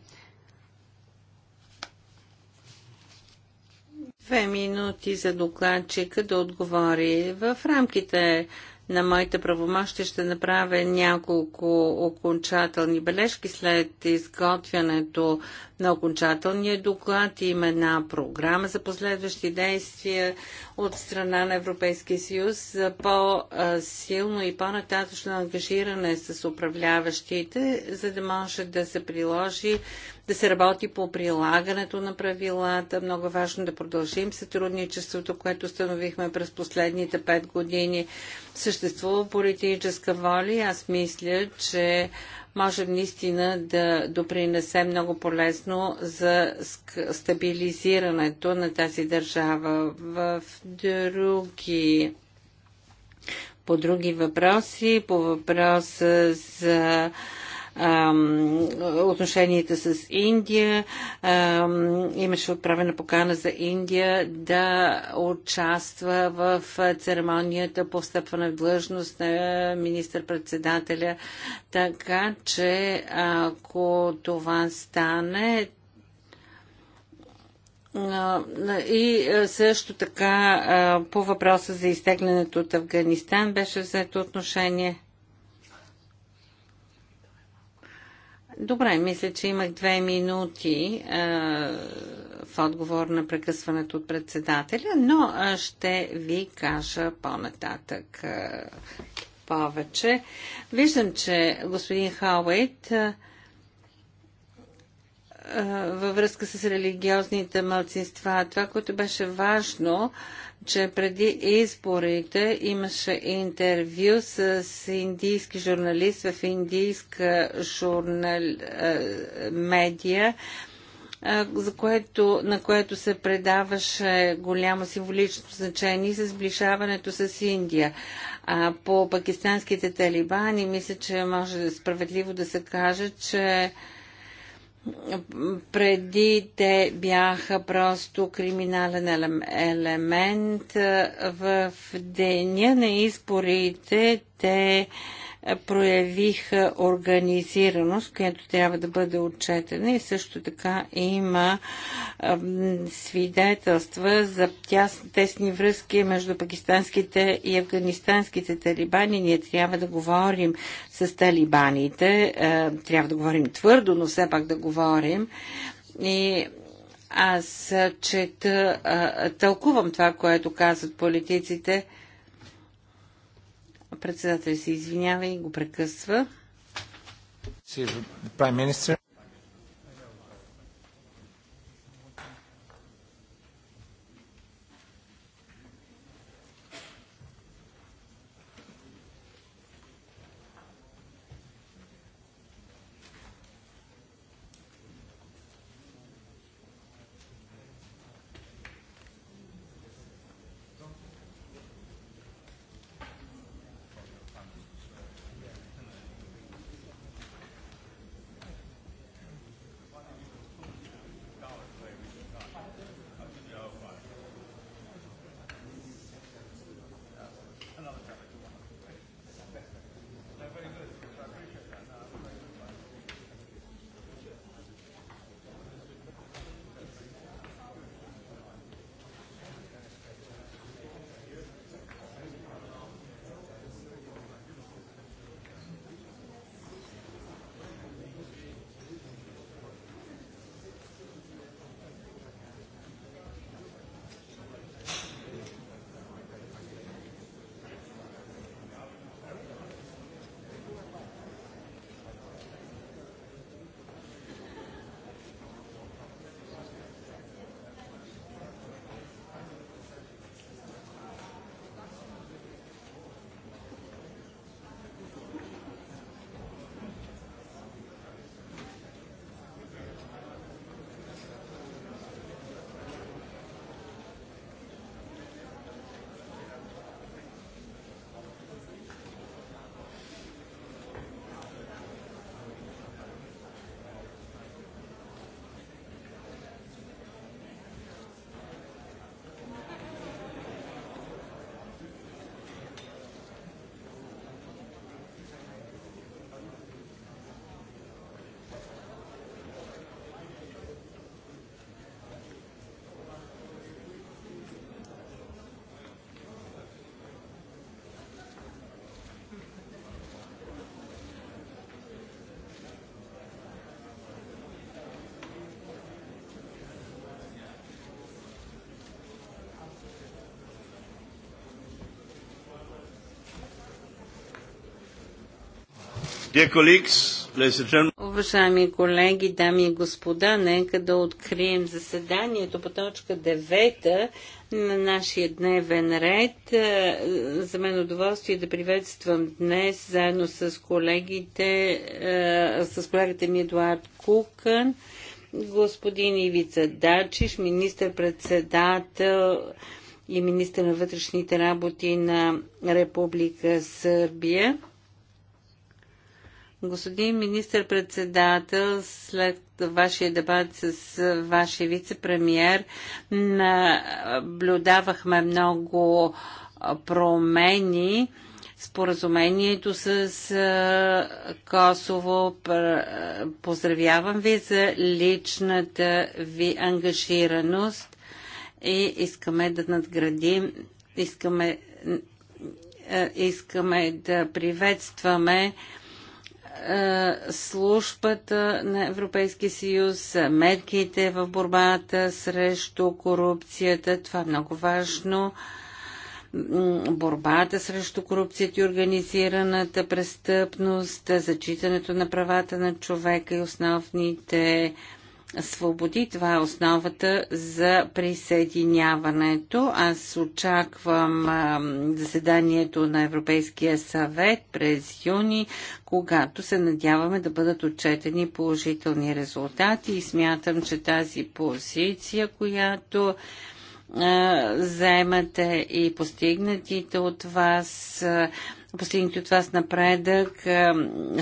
две минути за докладчика да отговори. В рамките на моите правомощи ще направя няколко окончателни бележки след изготвянето на окончателния доклад. Има една програма за последващи действия от страна на Европейския съюз за по-силно и по-нататъчно ангажиране с управляващите, за да може да се приложи да се работи по прилагането на правилата. Много е важно да продължим сътрудничеството, което установихме през последните пет години. Съществува политическа воля и аз мисля, че можем наистина да допринесе много полезно за стабилизирането на тази държава. В други по други въпроси, по въпроса за отношенията с Индия. Имаше отправена покана за Индия да участва в церемонията по встъпване в длъжност на министър-председателя. Така че ако това стане, и също така по въпроса за изтеглянето от Афганистан беше взето отношение. Добре, мисля, че имах две минути а, в отговор на прекъсването от председателя, но а, ще ви кажа по-нататък а, повече. Виждам, че господин Хауейт във връзка с религиозните мълцинства, това, което беше важно, че преди изборите имаше интервю с индийски журналист в индийска журнал, е, медия, е, за което, на което се предаваше голямо символично значение за сближаването с Индия. А по пакистанските талибани мисля, че може справедливо да се каже, че преди те бяха просто криминален елемент. В деня на изборите те е, проявиха организираност, която трябва да бъде отчетена и също така има е, свидетелства за тесни връзки между пакистанските и афганистанските талибани. Ние трябва да говорим с талибаните, е, трябва да говорим твърдо, но все пак да говорим. И аз чета, тълкувам това, което казват политиците – Председателя се извинява и го прекъсва. Уважаеми колеги, дами и господа, нека да открием заседанието по точка 9 на нашия дневен ред. Е, за мен е удоволствие да приветствам днес заедно с колегите, е, с колегата ми Едуард Кукън, господин Ивица Дачиш, министър-председател и министър на вътрешните работи на Република Сърбия. Господин министр-председател, след вашия дебат с вашия вице-премьер, наблюдавахме много промени. Споразумението с Косово. Поздравявам ви за личната ви ангажираност и искаме да надградим, искаме, искаме да приветстваме е, службата на Европейския съюз, е, мерките в борбата срещу корупцията. Това е много важно. Борбата срещу корупцията и организираната престъпност, зачитането на правата на човека и основните свободи. Това е основата за присъединяването. Аз очаквам заседанието на Европейския съвет през юни, когато се надяваме да бъдат отчетени положителни резултати и смятам, че тази позиция, която заемате и постигнатите от вас постигнати от вас напредък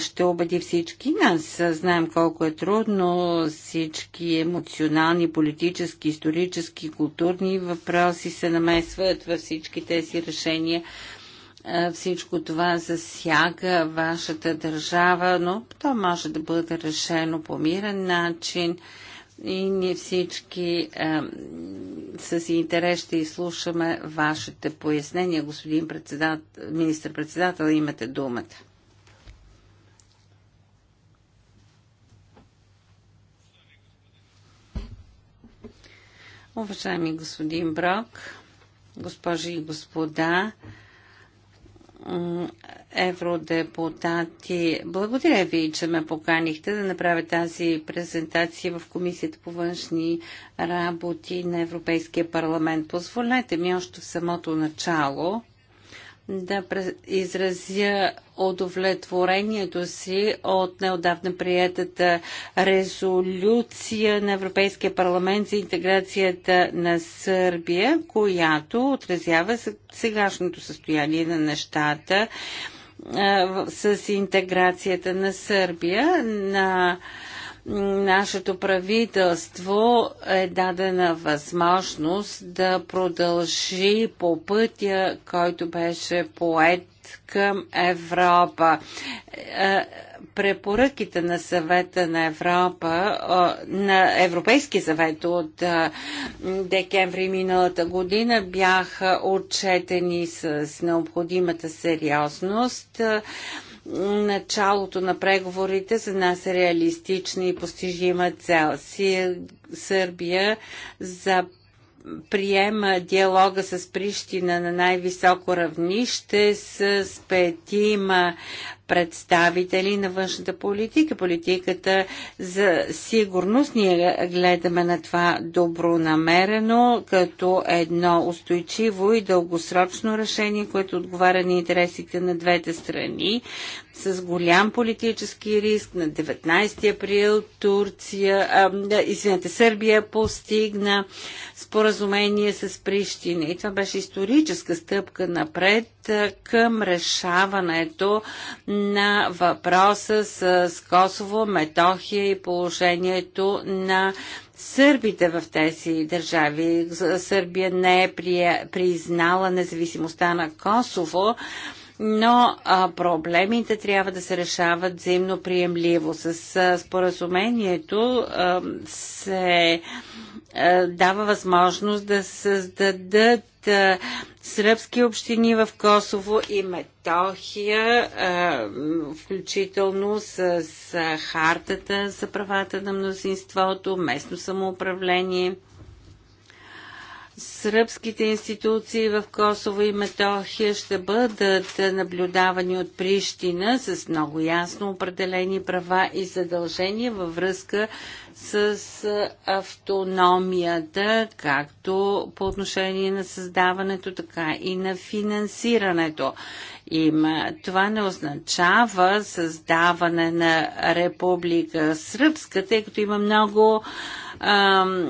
ще убеди всички нас. Знаем колко е трудно. Всички емоционални, политически, исторически, културни въпроси се намесват във всички тези решения. Всичко това засяга вашата държава, но то може да бъде решено по мирен начин и ние всички а, с интерес ще изслушаме вашите пояснения, господин председател, министр-председател, имате думата. Уважаеми господин Брок, госпожи и господа, евродепутати. Благодаря ви, че ме поканихте да направя тази презентация в Комисията по външни работи на Европейския парламент. Позволете ми още в самото начало да изразя удовлетворението си от неодавна приятата резолюция на Европейския парламент за интеграцията на Сърбия, която отразява сегашното състояние на нещата с интеграцията на Сърбия на нашето правителство е дадена възможност да продължи по пътя, който беше поет към Европа. Е, препоръките на съвета на Европа, на Европейски съвет от декември миналата година бяха отчетени с необходимата сериозност началото на преговорите за нас е реалистична и постижима цел. Сърбия за приема диалога с Прищина на най-високо равнище с петима представители на външната политика, политиката за сигурност. Ние гледаме на това добронамерено като едно устойчиво и дългосрочно решение, което отговаря на интересите на двете страни с голям политически риск. На 19 април Турция, а, извинете, Сърбия постигна споразумение с Прищина. И това беше историческа стъпка напред към решаването на въпроса с Косово, Метохия и положението на сърбите в тези държави. Сърбия не е признала независимостта на Косово но а, проблемите трябва да се решават взаимно приемливо. С а, споразумението а, се а, дава възможност да създадат а, сръбски общини в Косово и Метохия, а, включително с, с хартата за правата на мнозинството, местно самоуправление – сръбските институции в Косово и Метохия ще бъдат наблюдавани от Прищина с много ясно определени права и задължения във връзка с автономията, както по отношение на създаването, така и на финансирането им. Това не означава създаване на Република Сръбска, тъй като има много ам,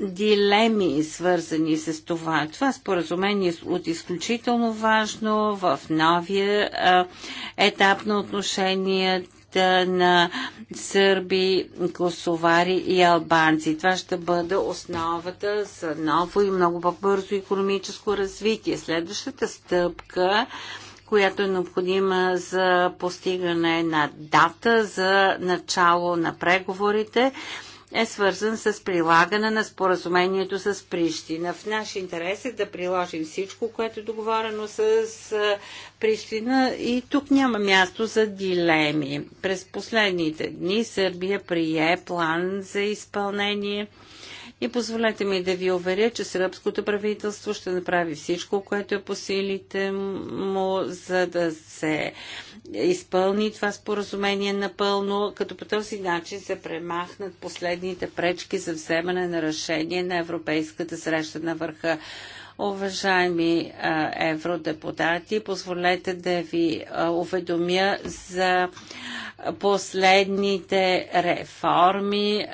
дилеми, свързани с това. Това споразумение е от изключително важно в новия а, етап на отношенията на сърби, косовари и албанци. Това ще бъде основата за ново и много по-бързо економическо развитие. Следващата стъпка която е необходима за постигане на дата за начало на преговорите, е свързан с прилагане на споразумението с Прищина. В наш интерес е да приложим всичко, което е договорено с Прищина и тук няма място за дилеми. През последните дни Сърбия прие план за изпълнение и позволете ми да ви уверя, че сръбското правителство ще направи всичко, което е по силите му, за да се изпълни това споразумение напълно, като по този начин се премахнат последните пречки за вземане на решение на Европейската среща на върха. Уважаеми а, евродепутати, позволете да ви а, уведомя за последните реформи,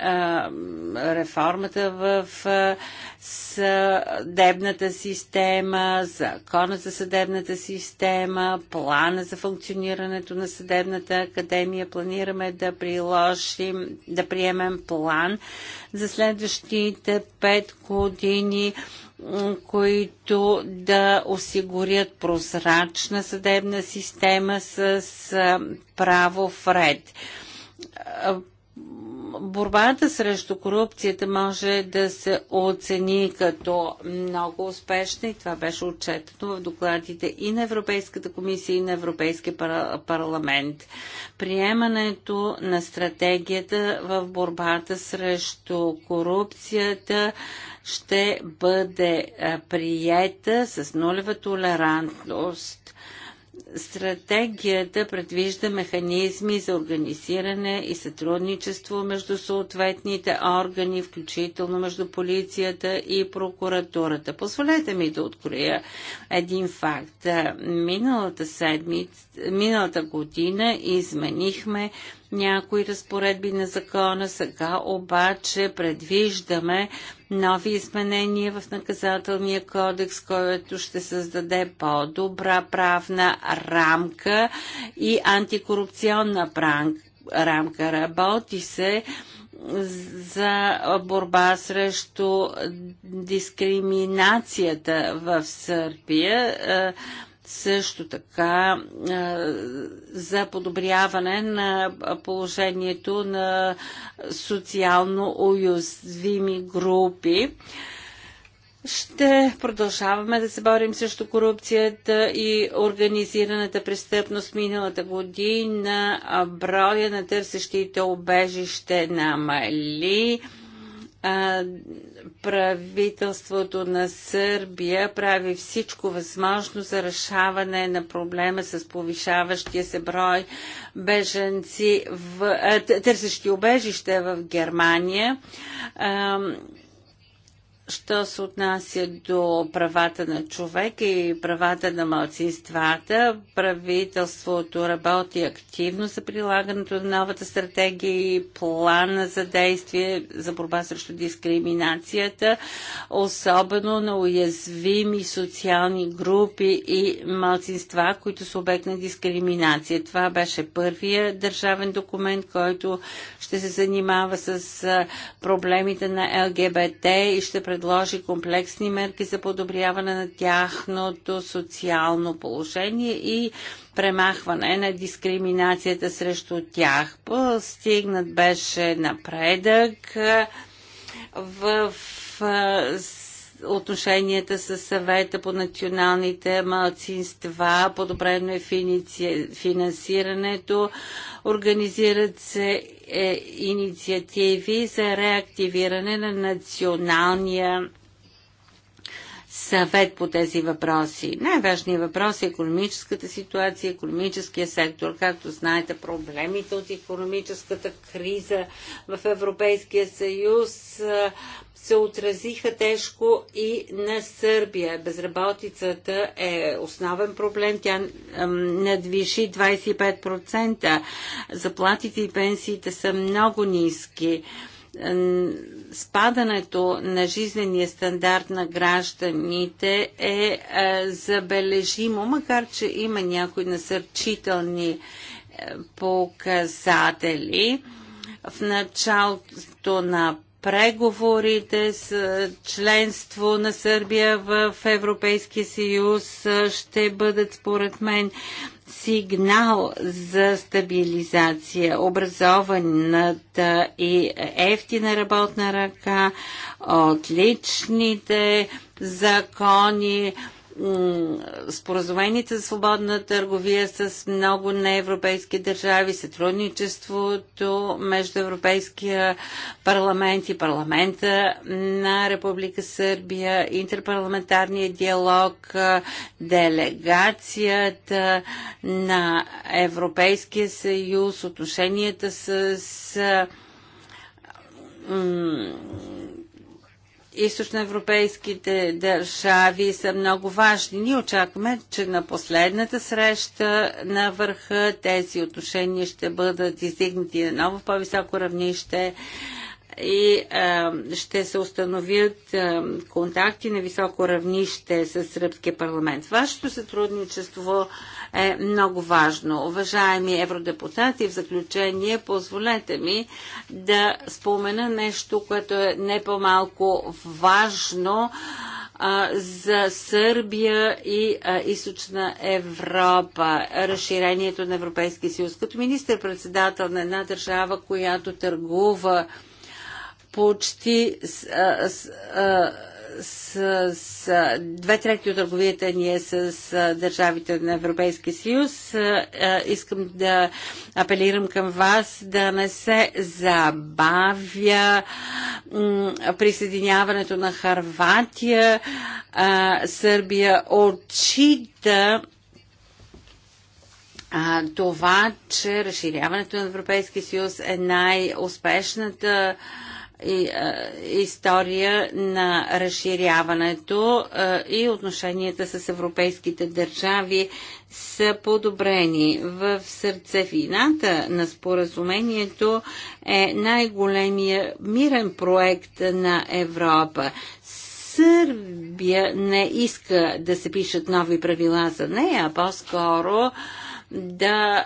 реформата в съдебната система, закона за съдебната система, плана за функционирането на съдебната академия. Планираме да приложим, да приемем план за следващите пет години които да осигурят прозрачна съдебна система с право в ред. Борбата срещу корупцията може да се оцени като много успешна и това беше отчетено в докладите и на Европейската комисия и на Европейския парламент. Приемането на стратегията в борбата срещу корупцията ще бъде приета с нулева толерантност. Стратегията предвижда механизми за организиране и сътрудничество между съответните органи, включително между полицията и прокуратурата. Позволете ми да откроя един факт. Миналата, седмица, миналата година изменихме някои разпоредби на закона. Сега обаче предвиждаме нови изменения в наказателния кодекс, който ще създаде по-добра правна рамка и антикорупционна рамка. Работи се за борба срещу дискриминацията в Сърбия също така за подобряване на положението на социално уязвими групи. Ще продължаваме да се борим срещу корупцията и организираната престъпност миналата година. Броя на търсещите обежище намали правителството на Сърбия прави всичко възможно за решаване на проблема с повишаващия се брой беженци, в, търсещи убежище в Германия. А, що се отнася до правата на човека и правата на малцинствата, правителството работи активно за прилагането на новата стратегия и плана за действие за борба срещу дискриминацията, особено на уязвими социални групи и малцинства, които са обект на дискриминация. Това беше първия държавен документ, който ще се занимава с проблемите на ЛГБТ и ще предложи комплексни мерки за подобряване на тяхното социално положение и премахване на дискриминацията срещу тях. Постигнат беше напредък в отношенията с съвета по националните малцинства, подобрено е финансирането, организират се е, инициативи за реактивиране на националния съвет по тези въпроси. Най-важният въпрос е економическата ситуация, економическия сектор. Както знаете, проблемите от економическата криза в Европейския съюз се отразиха тежко и на Сърбия. Безработицата е основен проблем. Тя надвиши 25%. Заплатите и пенсиите са много ниски спадането на жизнения стандарт на гражданите е, е забележимо, макар че има някои насърчителни е, показатели. В началото на преговорите с членство на Сърбия в Европейския съюз е, ще бъдат според мен сигнал за стабилизация, образованата и ефтина работна ръка, отличните закони, споразумените за свободна търговия с много неевропейски държави, сътрудничеството между Европейския парламент и парламента на Република Сърбия, интерпарламентарния диалог, делегацията на Европейския съюз, отношенията с източноевропейските държави са много важни. Ние очакваме, че на последната среща на върха тези отношения ще бъдат издигнати на ново по-високо равнище и а, ще се установят а, контакти на високо равнище с Сръбския парламент. Вашето сътрудничество е много важно. Уважаеми евродепутати, в заключение позволете ми да спомена нещо, което е не по-малко важно а, за Сърбия и а, източна Европа, разширението на Европейския съюз. Като министър-председател на една държава, която търгува почти с, а, с, а, с, а, две трети от търговията ни е с, а, държавите на Европейския съюз. Искам да апелирам към вас да не се забавя присъединяването на Харватия. А, Сърбия отчита това, че разширяването на Европейския съюз е най-успешната история на разширяването и отношенията с европейските държави са подобрени. В сърцевината на споразумението е най-големия мирен проект на Европа. Сърбия не иска да се пишат нови правила за нея, а по-скоро да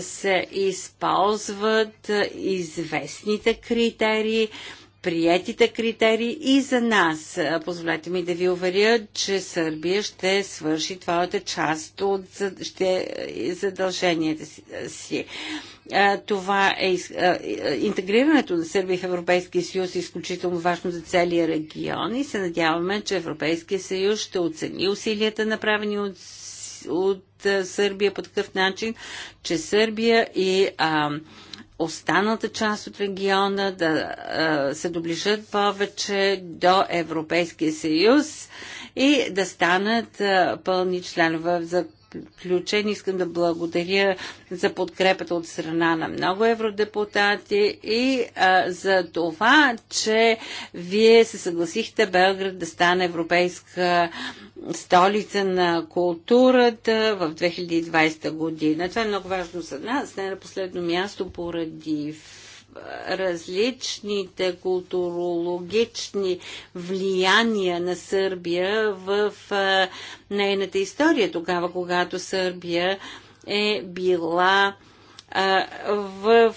се използват известните критерии, приятите критерии и за нас. Позволете ми да ви уверя, че Сърбия ще свърши твоята част от е, задълженията си. Това е интегрирането на Сърбия в Европейския съюз е изключително важно за целия регион и се надяваме, че Европейския съюз ще оцени усилията направени от от Сърбия по такъв начин, че Сърбия и а, останалата част от региона да а, се доближат повече до Европейския съюз и да станат а, пълни членове. За заключение искам да благодаря за подкрепата от страна на много евродепутати и а, за това, че вие се съгласихте Белград да стане европейска столица на културата в 2020 година. Това е много важно за нас, не на последно място поради различните културологични влияния на Сърбия в нейната история, тогава когато Сърбия е била в,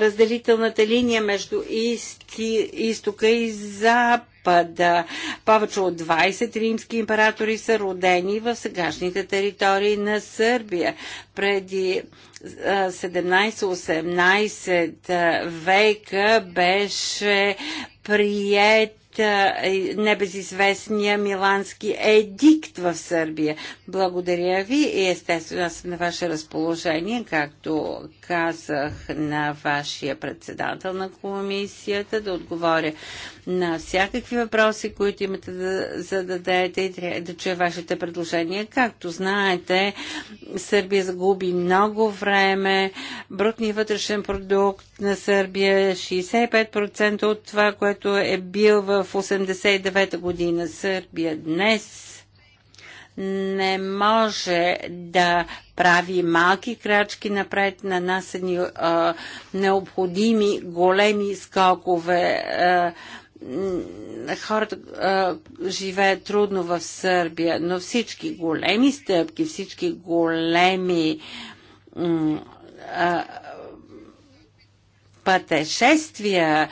разделителната линия между исти, изтока и запада. Повече от 20 римски императори са родени в сегашните територии на Сърбия. Преди 17-18 века беше прият небезизвестния милански едикт в Сърбия. Благодаря ви и естествено аз съм на ваше разположение, както казах на вашия председател на комисията, да отговоря на всякакви въпроси, които имате да зададете и да чуя вашите предложения. Както знаете, Сърбия загуби много време. Брутният вътрешен продукт на Сърбия е 65% от това, което е бил в 89-та година. Сърбия днес не може да прави малки крачки напред, на нас а, необходими големи скокове. А, хората а, живеят трудно в Сърбия, но всички големи стъпки, всички големи а, пътешествия,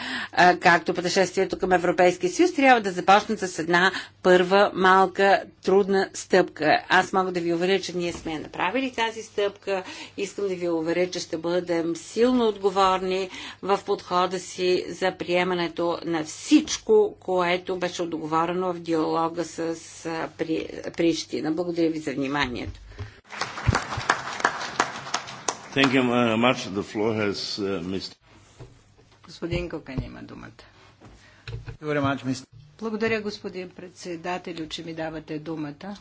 както пътешествието към Европейския съюз, трябва да започнат с една първа малка трудна стъпка. Аз мога да ви уверя, че ние сме направили тази стъпка. Искам да ви уверя, че ще бъдем силно отговорни в подхода си за приемането на всичко, което беше договорено в диалога с при, Прищина. Благодаря ви за вниманието. Thank you very uh, much. The floor has uh, Mr. Господин Кокан има думата. Благодаря, господин председател, че ми давате думата.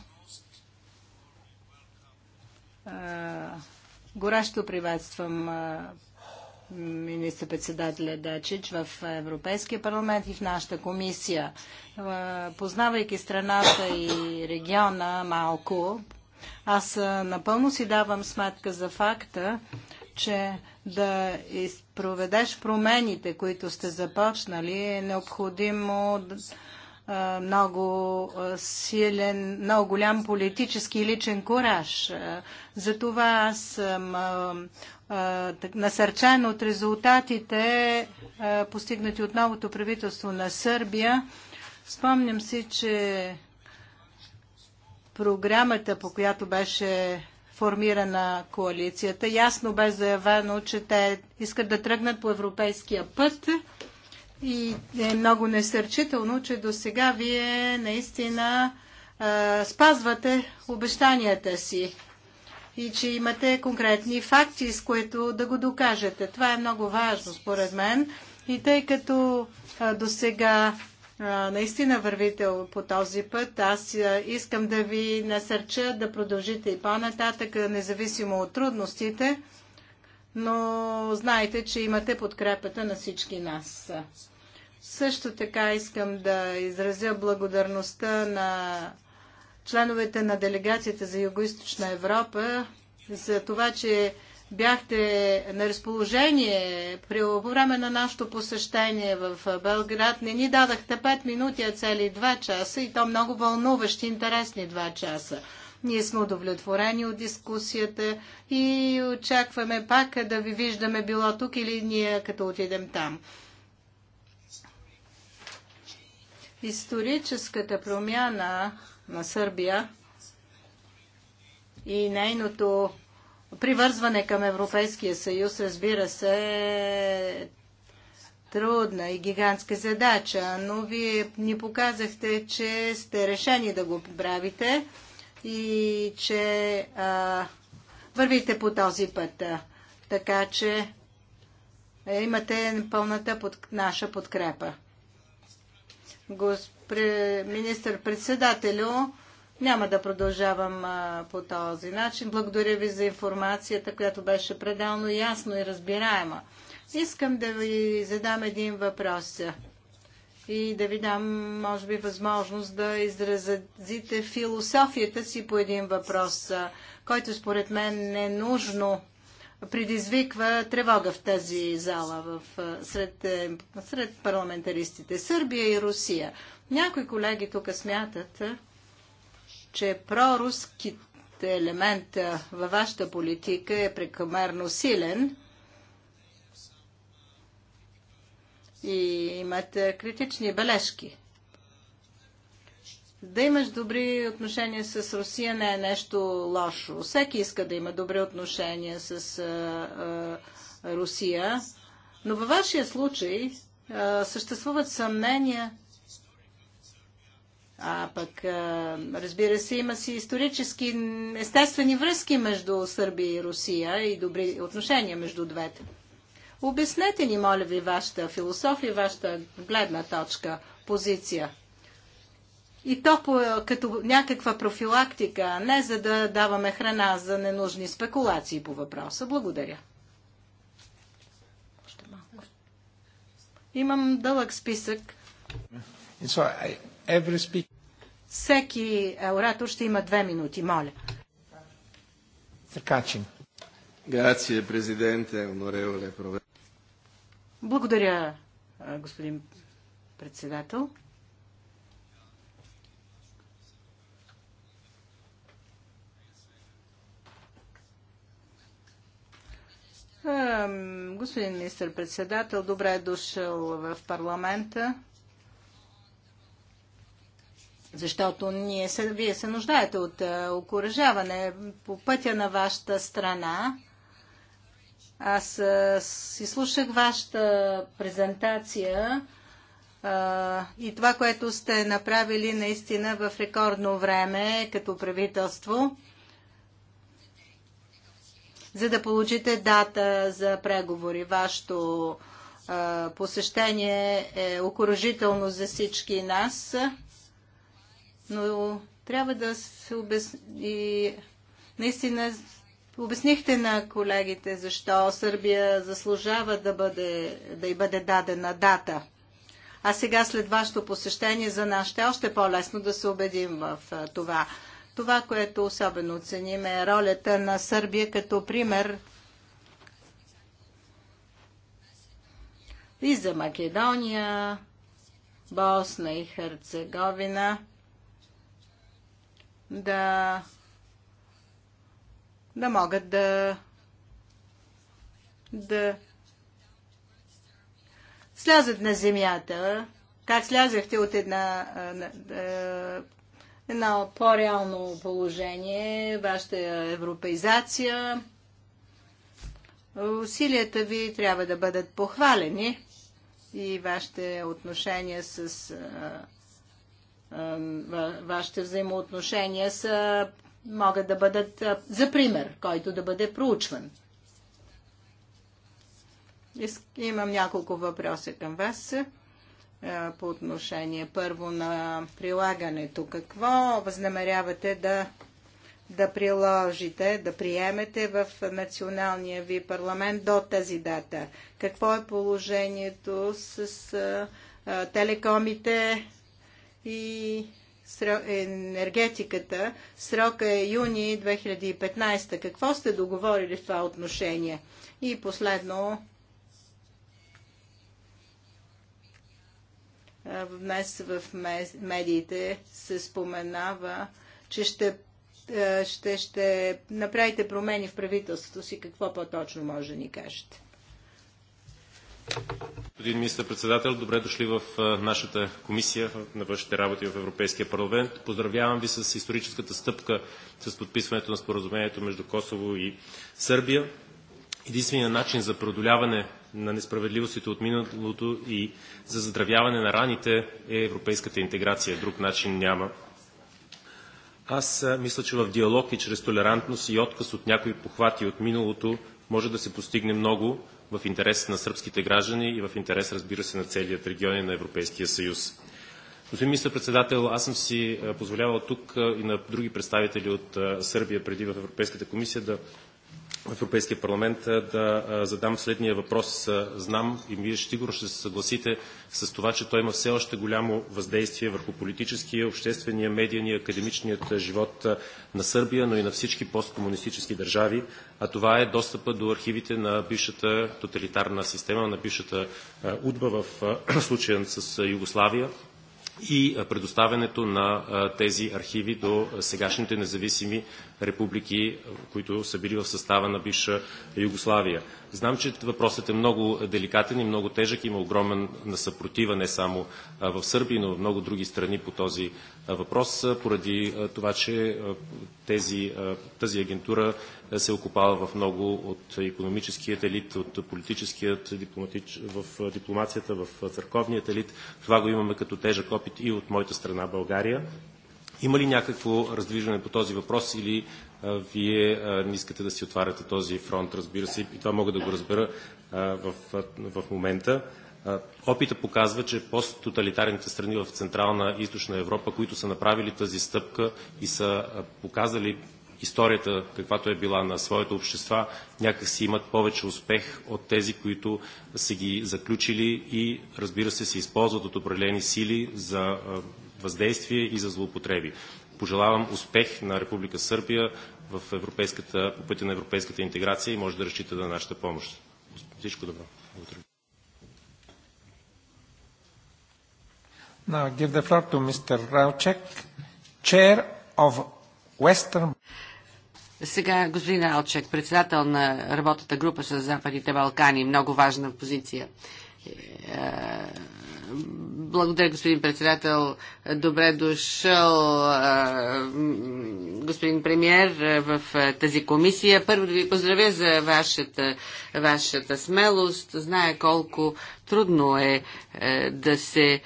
Горащо приветствам министър-председателя Дачич в Европейския парламент и в нашата комисия. Познавайки страната и региона малко, аз напълно си давам сметка за факта, че да из проведеш промените, които сте започнали, е необходимо много силен, много голям политически и личен кураж. Затова аз съм насърчен от резултатите, постигнати от новото правителство на Сърбия. Спомням си, че програмата, по която беше формирана коалицията. Ясно бе заявено, че те искат да тръгнат по европейския път и е много несърчително, че до сега вие наистина е, спазвате обещанията си и че имате конкретни факти, с които да го докажете. Това е много важно, според мен. И тъй като до сега наистина вървите по този път. Аз искам да ви насърча да продължите и по-нататък, независимо от трудностите, но знайте, че имате подкрепата на всички нас. Също така искам да изразя благодарността на членовете на делегацията за Юго-Источна Европа за това, че бяхте на разположение при, по време на нашето посещение в Белград. Не ни дадахте 5 минути, а цели 2 часа и то много вълнуващи, интересни 2 часа. Ние сме удовлетворени от дискусията и очакваме пак да ви виждаме било тук или ние като отидем там. Историческата промяна на Сърбия и нейното привързване към Европейския съюз, разбира се, е трудна и гигантска задача, но вие ни показахте, че сте решени да го правите и че а, вървите по този път. Така че е, имате пълната под, наша подкрепа. Министър-председателю, няма да продължавам а, по този начин. Благодаря ви за информацията, която беше пределно ясно и разбираема. Искам да ви задам един въпрос и да ви дам, може би, възможност да изразите философията си по един въпрос, който според мен не нужно предизвиква тревога в тази зала в, сред, е, сред парламентаристите. Сърбия и Русия. Някои колеги тук смятат, че проруските елемент във вашата политика е прекомерно силен и имате критични бележки. Да имаш добри отношения с Русия не е нещо лошо. Всеки иска да има добри отношения с а, а, Русия, но във вашия случай а, съществуват съмнения а пък, разбира се, има си исторически естествени връзки между Сърбия и Русия и добри отношения между двете. Обяснете ни, моля ви, вашата философия, вашата гледна точка, позиция. И то по, като някаква профилактика, не за да даваме храна за ненужни спекулации по въпроса. Благодаря. Имам дълъг списък. Всеки оратор ще има две минути, моля. Съркачин. Грация, президенте, оноревле, Благодаря, господин председател. Господин министр председател добре е дошъл в парламента защото ние се, вие се нуждаете от е, окоръжаване по пътя на вашата страна. Аз а, е, си слушах вашата презентация а, е, и това, което сте направили наистина в рекордно време като правителство, за да получите дата за преговори. Вашето а, посещение е окоръжително за всички нас но трябва да се обясни... Наистина обяснихте на колегите защо Сърбия заслужава да, бъде, да й бъде дадена дата. А сега след вашето посещение за нас ще е още по-лесно да се убедим в това. Това, което особено оценим е ролята на Сърбия като пример и за Македония, Босна и Херцеговина да, да могат да, да слязат на земята. Как слязахте от една, едно по-реално положение, вашата европеизация, усилията ви трябва да бъдат похвалени и вашите отношения с вашите взаимоотношения са, могат да бъдат за пример, който да бъде проучван. Имам няколко въпроса към вас по отношение първо на прилагането. Какво възнамерявате да, да приложите, да приемете в националния ви парламент до тази дата? Какво е положението с а, телекомите, и енергетиката. Срока е юни 2015. Какво сте договорили в това отношение? И последно, днес в медиите се споменава, че ще, ще, ще направите промени в правителството си. Какво по-точно може да ни кажете? Господин министър-председател, добре дошли в нашата комисия на вашите работи в Европейския парламент. Поздравявам ви с историческата стъпка с подписването на споразумението между Косово и Сърбия. Единственият начин за преодоляване на несправедливостите от миналото и за задравяване на раните е европейската интеграция. Друг начин няма. Аз мисля, че в диалог и чрез толерантност и отказ от някои похвати от миналото може да се постигне много, в интерес на сръбските граждани и в интерес, разбира се, на целият регион и на Европейския съюз. Господин министър-председател, аз съм си позволявал тук и на други представители от Сърбия преди в Европейската комисия да Европейския парламент е, да е, задам следния въпрос. Е, знам и вие сигурно ще се съгласите с това, че той има все още голямо въздействие върху политическия, обществения, медийния, академичният живот на Сърбия, но и на всички посткомунистически държави, а това е достъпа до архивите на бившата тоталитарна система, на бившата УДБА в случая с Югославия и предоставянето на тези архиви до сегашните независими републики, които са били в състава на бивша Югославия. Знам, че въпросът е много деликатен и много тежък. Има огромен съпротива не само в Сърбия, но и в много други страни по този въпрос, поради това, че тези, тази агентура се окупава в много от економическият елит, от политическият, дипломатич... в дипломацията, в църковният елит. Това го имаме като тежък опит и от моята страна България. Има ли някакво раздвижване по този въпрос или вие не искате да си отваряте този фронт, разбира се, и това мога да го разбера в, в момента. Опита показва, че посттоталитарните страни в Централна и Източна Европа, които са направили тази стъпка и са показали историята, каквато е била на своите общества, някак си имат повече успех от тези, които са ги заключили и, разбира се, се използват от определени сили за въздействие и за злоупотреби пожелавам успех на Република Сърбия в европейската, по пътя на европейската интеграция и може да разчита на нашата помощ. Всичко добро. Now give the floor to Mr. Raucek, chair of Western... Сега господин Алчек, председател на работата група с Западните Балкани, много важна позиция. Е, благодаря, господин председател. Добре дошъл, господин премьер, в тази комисия. Първо да ви поздравя за вашата, вашата смелост. Зная колко Трудно е, е да се е,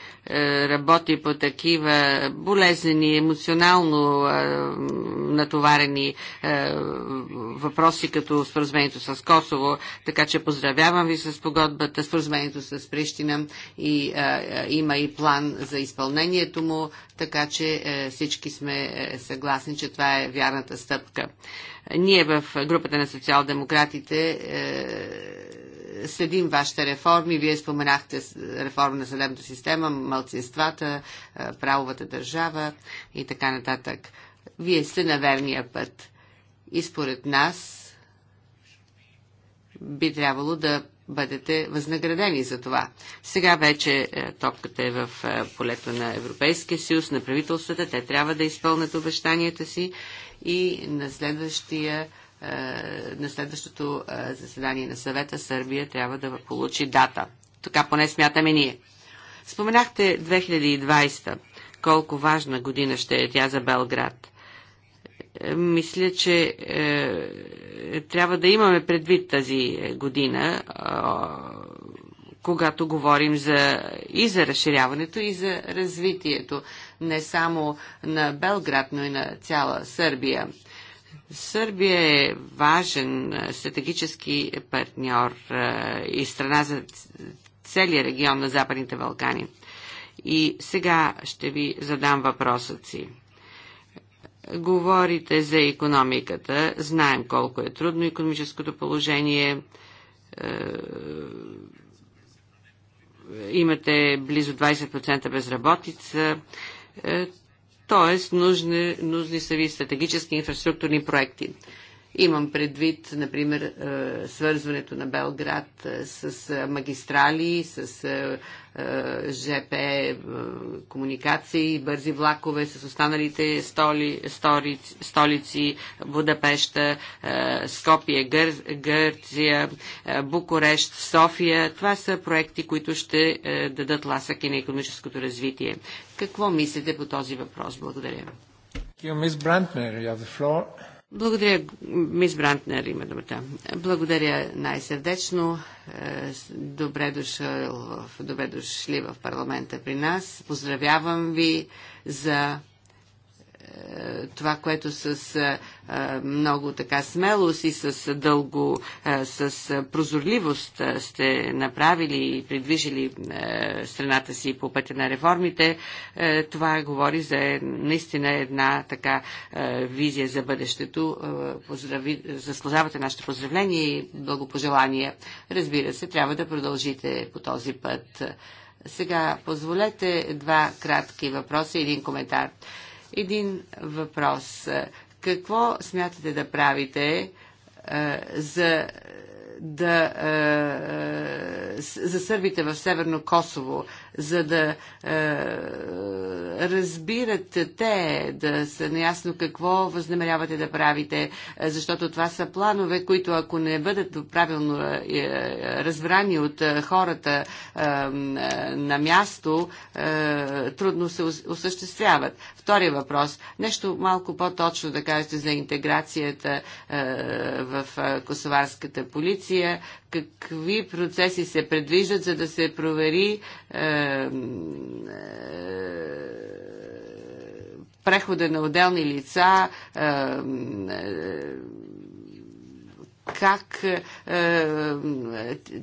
работи по такива болезнени, емоционално е, натоварени е, въпроси, като споразумението с Косово. Така че поздравявам ви с погодбата, споразумението с Прищина и е, е, има и план за изпълнението му, така че всички сме съгласни, че това е вярната стъпка. Ние в групата на социал-демократите следим вашите реформи. Вие споменахте реформа на съдебната система, малцинствата, е, правовата държава и така нататък. Вие сте на верния път. И според нас би трябвало да бъдете възнаградени за това. Сега вече е, топката е в е, полето на Европейския съюз, на правителствата. Те трябва да изпълнят обещанията си и на следващия е, на следващото е, заседание на съвета Сърбия трябва да получи дата. Така поне смятаме ние. Споменахте 2020. Колко важна година ще е тя за Белград. Е, мисля, че е, трябва да имаме предвид тази година, е, когато говорим за, и за разширяването, и за развитието не само на Белград, но и на цяла Сърбия. Сърбия е важен стратегически партньор и страна за целия регион на Западните Балкани. И сега ще ви задам въпросът си. Говорите за економиката. Знаем колко е трудно економическото положение. Е, имате близо 20% безработица. Е, Тоест, нужни, нужни са ви стратегически инфраструктурни проекти. Имам предвид, например, е, свързването на Белград е, с е, магистрали, с е, ЖП е, е, комуникации, бързи влакове с останалите столи, столи, столици, Будапешта, Скопия, Гър, Гърция, Букурещ, София. Това са проекти, които ще дадат ласък и на економическото развитие. Какво мислите по този въпрос? Благодаря. Благодаря, мис Брантнер има думата. Благодаря най-сърдечно. Е, добре, дошъл, добре дошли в парламента при нас. Поздравявам ви за това, което с а, много така смелост и с дълго, а, с прозорливост сте направили и придвижили а, страната си по пътя на реформите, а, това говори за е, наистина една така а, визия за бъдещето. А, поздрави, заслужавате нашите поздравления и благопожелания. Разбира се, трябва да продължите по този път. Сега позволете два кратки въпроса и един коментар. Един въпрос. Какво смятате да правите е, за да, е, е, за сърбите в Северно Косово, за да е, разбират те, да са наясно какво възнамерявате да правите, е, защото това са планове, които ако не бъдат правилно е, е разбрани от е, хората е, на място, е, трудно се осъществяват. Втория въпрос. Нещо малко по-точно да кажете за интеграцията е, в косоварската полиция. Какви процеси се предвиждат, за да се провери е, е, е, прехода на отделни лица, е, как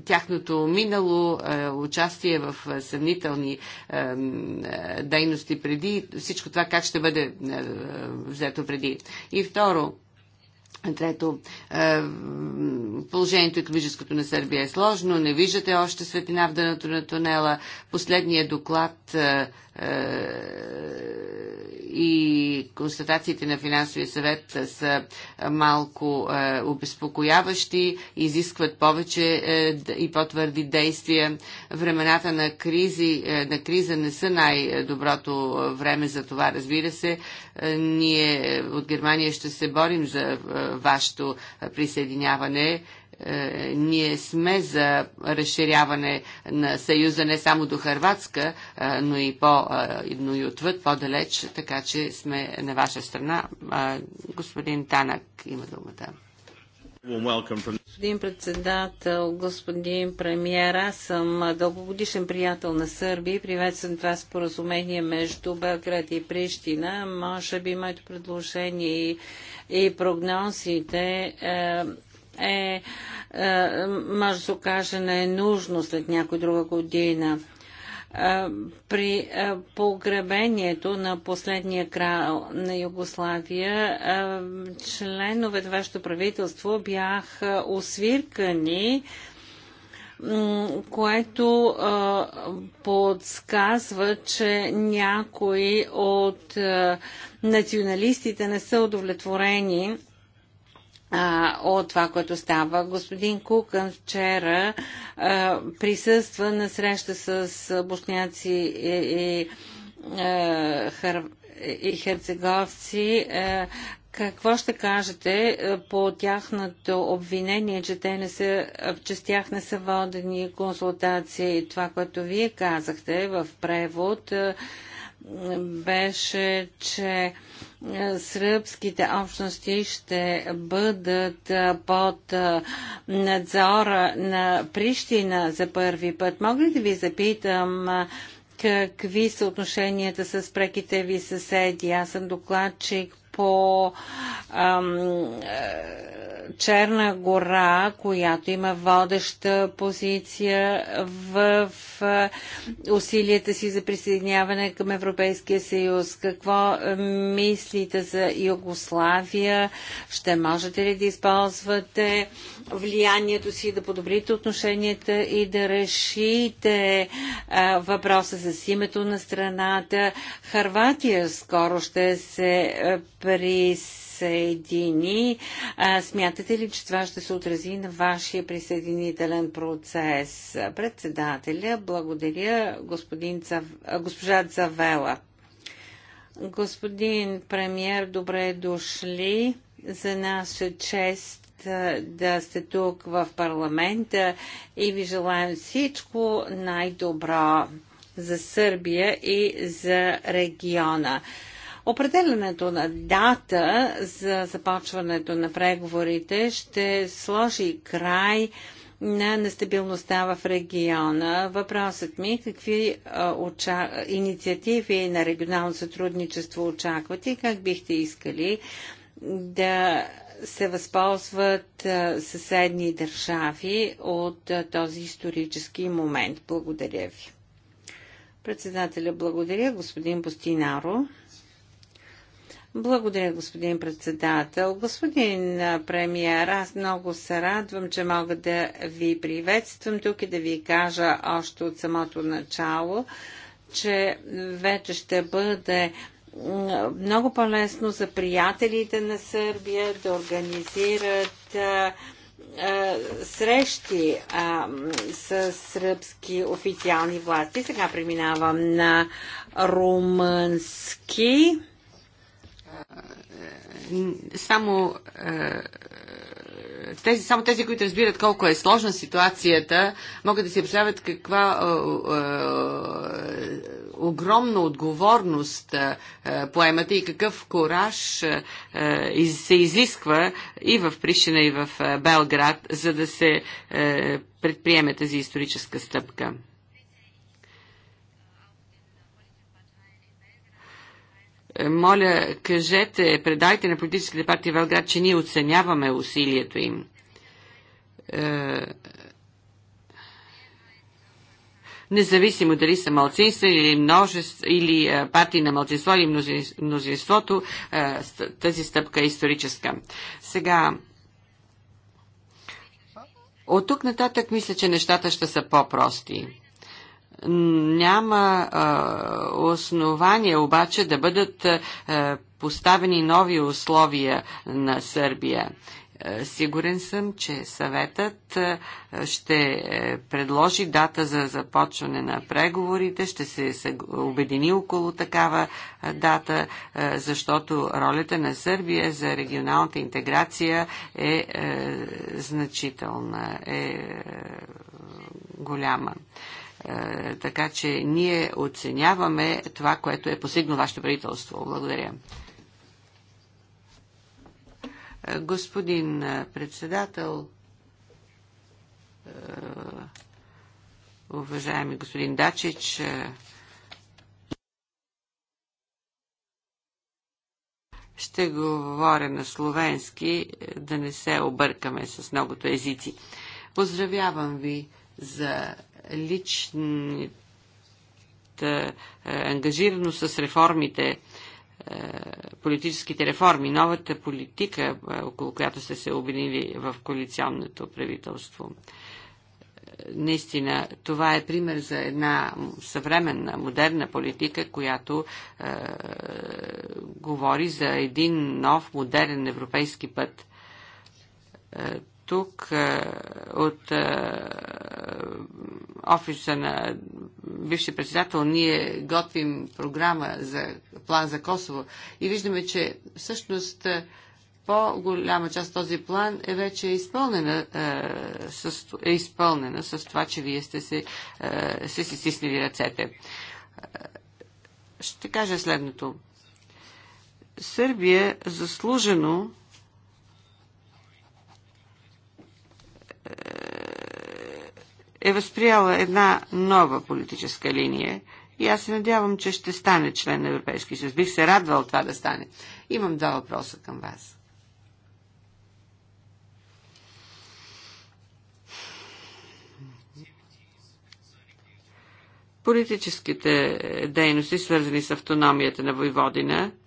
тяхното минало участие в съмнителни дейности преди, всичко това как ще бъде взето преди. И второ, Трето, е, положението економическото на Сърбия е сложно, не виждате още светлина в дъното на тунела. Последният доклад е, е, и констатациите на финансовия съвет са малко е, обезпокояващи, изискват повече е, и по-твърди действия. Времената на, кризи, на криза не са най-доброто време за това, разбира се. Ние от Германия ще се борим за вашето присъединяване е, ние сме за разширяване на Съюза не само до Харватска, е, но и, по, е, но и отвъд, по-далеч, така че сме на ваша страна. Господин Танак има думата. Господин председател, господин премьер, аз съм дългогодишен приятел на Сърбия приветствам това споразумение между Белград и Прищина. Може би моето предложение и, и прогнозите е, е, е може да се окаже, не е нужно след някой друга година. Е, при е, погребението на последния крал на Югославия е, членовете вашето правителство бяха освиркани което а, подсказва, че някои от а, националистите не са удовлетворени а, от това, което става. Господин Кукън вчера а, присъства на среща с босняци и, и, хър, и херцеговци. А, какво ще кажете по тяхното обвинение, че, те не са, че с тях не са водени консултации? Това, което вие казахте в превод, беше, че е, сръбските общности ще бъдат е, под е, надзора на Прищина за първи път. Мога ли да ви запитам какви са отношенията с преките ви съседи? Аз съм докладчик по ам, Черна гора, която има водеща позиция в, в усилията си за присъединяване към Европейския съюз. Какво мислите за Югославия? Ще можете ли да използвате влиянието си, да подобрите отношенията и да решите а, въпроса с името на страната. Харватия скоро ще се присъедини. А, смятате ли, че това ще се отрази на вашия присъединителен процес? Председателя, благодаря господин Цав... госпожа Завела. Господин премьер, добре дошли. За нас е чест да сте тук в парламента и ви желаем всичко най-добро за Сърбия и за региона. Определенето на дата за започването на преговорите ще сложи край на нестабилността в региона. Въпросът ми е какви оча... инициативи на регионално сътрудничество очаквате и как бихте искали да се възползват съседни държави от този исторически момент. Благодаря ви. Председателя, благодаря. Господин Бостинаро. Благодаря, господин председател. Господин премиер, аз много се радвам, че мога да ви приветствам тук и да ви кажа още от самото начало, че вече ще бъде много по-лесно за приятелите на Сърбия да организират а, а, срещи а, с сръбски официални власти. Сега преминавам на румънски. Само тези, само тези, които разбират колко е сложна ситуацията, могат да си представят каква огромна отговорност поемате и какъв кораж се изисква и в Прищина, и в Белград, за да се предприеме тази историческа стъпка. Моля, кажете, предайте на политическите партии в Белград, че ние оценяваме усилието им е, независимо дали са малцинствени или, множество, или партии на малцинство или мнозинството, тази стъпка е историческа. Сега, от тук нататък мисля, че нещата ще са по-прости няма а, основания обаче да бъдат а, поставени нови условия на Сърбия. Е, сигурен съм, че съветът е, ще е, предложи дата за започване на преговорите, ще се обедини около такава дата, защото ролята на Сърбия за регионалната интеграция е значителна, е голяма така че ние оценяваме това, което е постигнало вашето правителство. Благодаря. Господин председател, уважаеми господин Дачич, ще говоря на словенски, да не се объркаме с многото езици. Поздравявам ви за личната ангажираност с реформите политическите реформи, новата политика, около която сте се обвинили в коалиционното правителство. Наистина, това е пример за една съвременна, модерна политика, която е, говори за един нов, модерен европейски път тук е, от е, офиса на бивши председател ние готвим програма за план за Косово и виждаме, че всъщност е, по-голяма част от този план е вече изпълнена, е, изпълнена с това, че вие сте се, се си стиснили ръцете. Ще кажа следното. Сърбия заслужено е възприела една нова политическа линия и аз се надявам, че ще стане член на Европейски съюз. Бих се радвал това да стане. Имам два въпроса към вас. Политическите дейности, свързани с автономията на Войводина –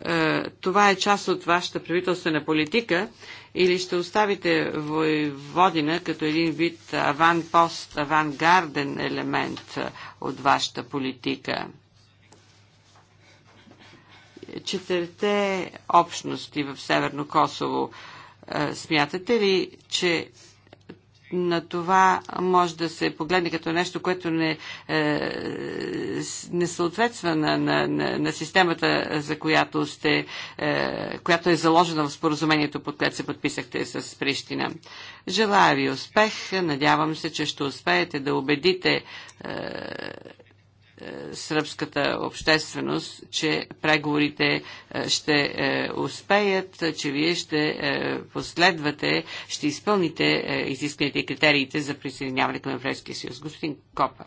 е, това е част от вашата правителствена политика или ще оставите Войводина като един вид аванпост, авангарден елемент е, от вашата политика? Четирите общности в Северно Косово, е, смятате ли, че на това може да се погледне като нещо, което не, е, не съответства на, на, на, на системата, за която, сте, е, която е заложена в споразумението, под което се подписахте с Прищина. Желая ви успех, надявам се, че ще успеете да убедите е, сръбската общественост, че преговорите е, ще е, успеят, че вие ще е, последвате, ще изпълните изисканите и критериите за присъединяване към Европейския съюз. Господин Копа.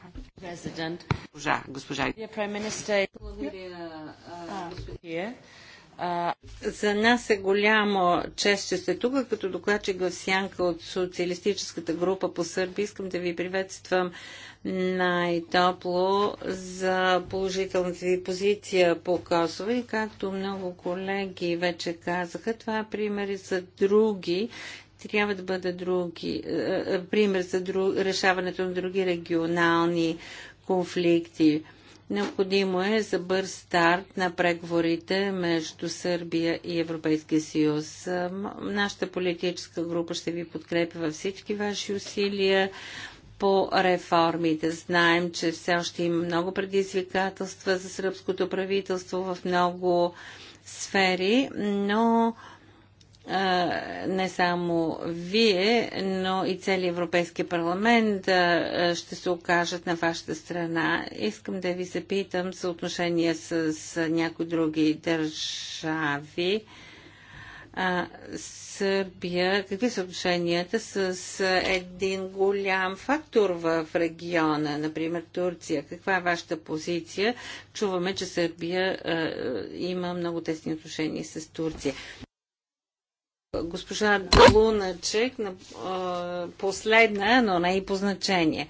Госпожа. госпожа. За нас е голямо чест, че сте тук, като докладчик в Сянка от социалистическата група по Сърби. Искам да ви приветствам най-топло за положителната ви позиция по Косово и както много колеги вече казаха, това е пример за други трябва да бъде други, е, е, пример за друг, решаването на други регионални конфликти. Необходимо е за бърз старт на преговорите между Сърбия и Европейския съюз. Нашата политическа група ще ви подкрепи във всички ваши усилия по реформите. Знаем, че все още има много предизвикателства за сръбското правителство в много сфери, но не само вие, но и целият Европейски парламент ще се окажат на вашата страна. Искам да ви запитам за отношения с някои други държави. Сърбия, какви са отношенията с един голям фактор в региона, например Турция? Каква е вашата позиция? Чуваме, че Сърбия има много тесни отношения с Турция госпожа Луначек, последна, но не и по значение.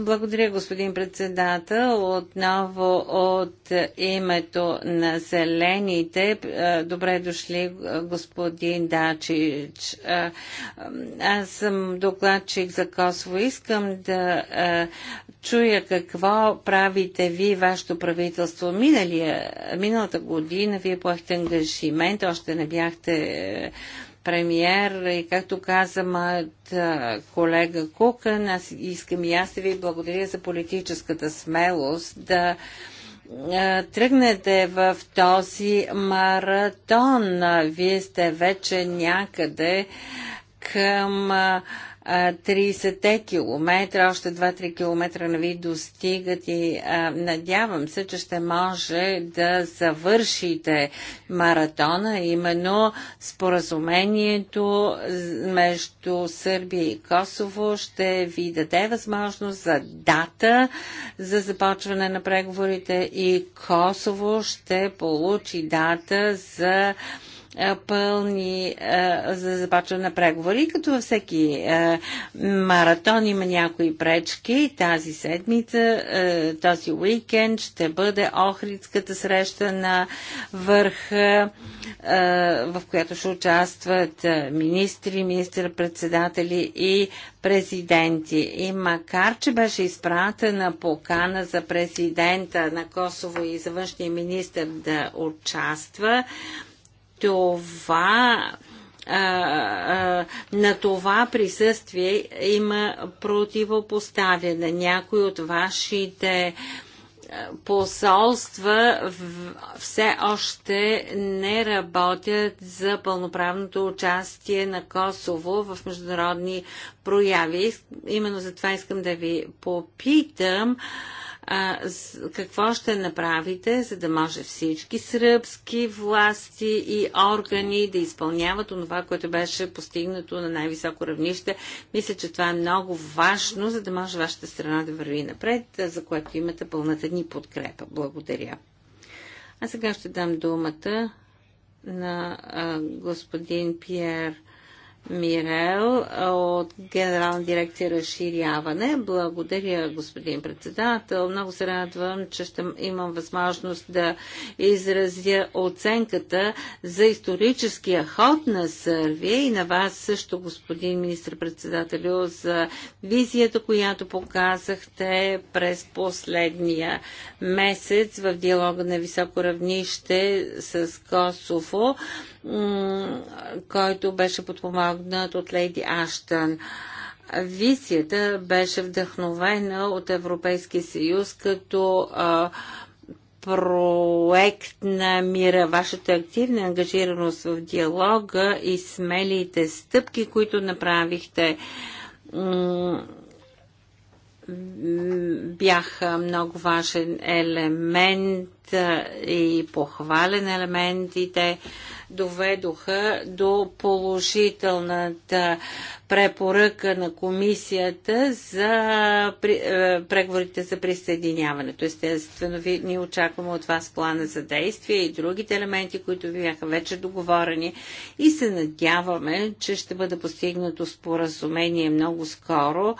Благодаря, господин председател. Отново от името на зелените. Добре дошли, господин Дачич. Аз съм докладчик за Косово. Искам да чуя какво правите ви, вашето правителство. Миналия, миналата година вие поехте ангажимент, още не бяхте премьер и както каза моят колега Кукън, аз искам и аз да ви благодаря за политическата смелост да тръгнете в този маратон. Вие сте вече някъде към а, 30-те километра, още 2-3 километра не ви достигат и а, надявам се, че ще може да завършите маратона, именно споразумението между Сърбия и Косово ще ви даде възможност за дата за започване на преговорите и Косово ще получи дата за пълни за започване на преговори. И като във всеки маратон има някои пречки. Тази седмица, този уикенд ще бъде Охридската среща на върха, в която ще участват министри, министър-председатели и президенти. И макар, че беше изпратена покана за президента на Косово и за външния министр да участва, това на това присъствие има противопоставяне. Някои от вашите посолства все още не работят за пълноправното участие на Косово в международни прояви. Именно за това искам да ви попитам. А, а, с, какво ще направите, за да може всички сръбски власти и органи да изпълняват това, което беше постигнато на най-високо равнище. Мисля, че това е много важно, за да може вашата страна да върви напред, за което имате пълната ни подкрепа. Благодаря. А сега ще дам думата на а, господин Пьер Мирел от Генерална дирекция разширяване. Благодаря, господин председател. Много се радвам, че ще имам възможност да изразя оценката за историческия ход на Сърбия и на вас също, господин министр-председател, за визията, която показахте през последния месец в диалога на високо равнище с Косово който беше подпомогнат от Лейди Аштън. Визията беше вдъхновена от Европейския съюз като а, проект на мира, вашата активна ангажираност в диалога и смелите стъпки, които направихте, бяха много важен елемент и похвален елемент и те доведоха до положителната препоръка на комисията за е, преговорите за присъединяването. Естествено, ви, ние очакваме от вас плана за действие и другите елементи, които ви бяха вече договорени и се надяваме, че ще бъде постигнато споразумение много скоро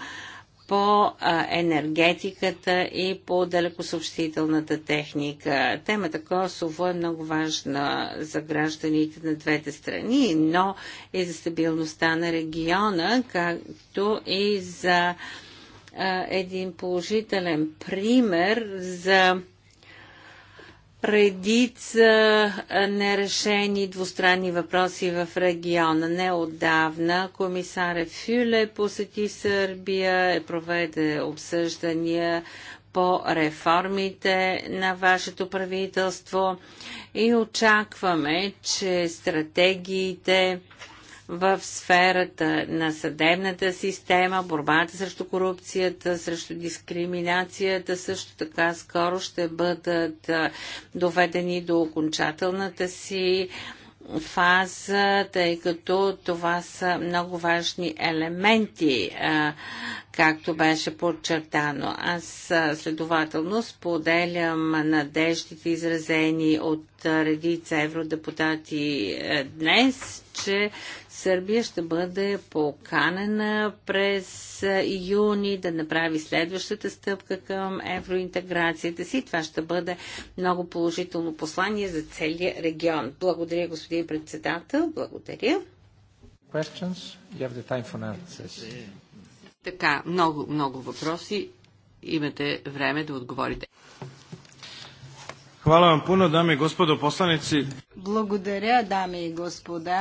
по енергетиката и по далекосъобщителната техника. Темата Косово е много важна за гражданите на двете страни, но и за стабилността на региона, както и за един положителен пример за редица нерешени двустранни въпроси в региона. Неотдавна комисаря Фюле посети Сърбия, е проведе обсъждания по реформите на вашето правителство и очакваме, че стратегиите в сферата на съдебната система, борбата срещу корупцията, срещу дискриминацията, също така скоро ще бъдат доведени до окончателната си фаза, тъй като това са много важни елементи, както беше подчертано. Аз следователно споделям надеждите, изразени от редица евродепутати днес, че Сърбия ще бъде поканена през юни да направи следващата стъпка към евроинтеграцията си. Това ще бъде много положително послание за целия регион. Благодаря, господин председател. Благодаря. Така, много, много въпроси. Имате време да отговорите. Hvala vam puno, dame i gospodo poslanici. Благодаря, дами и господа,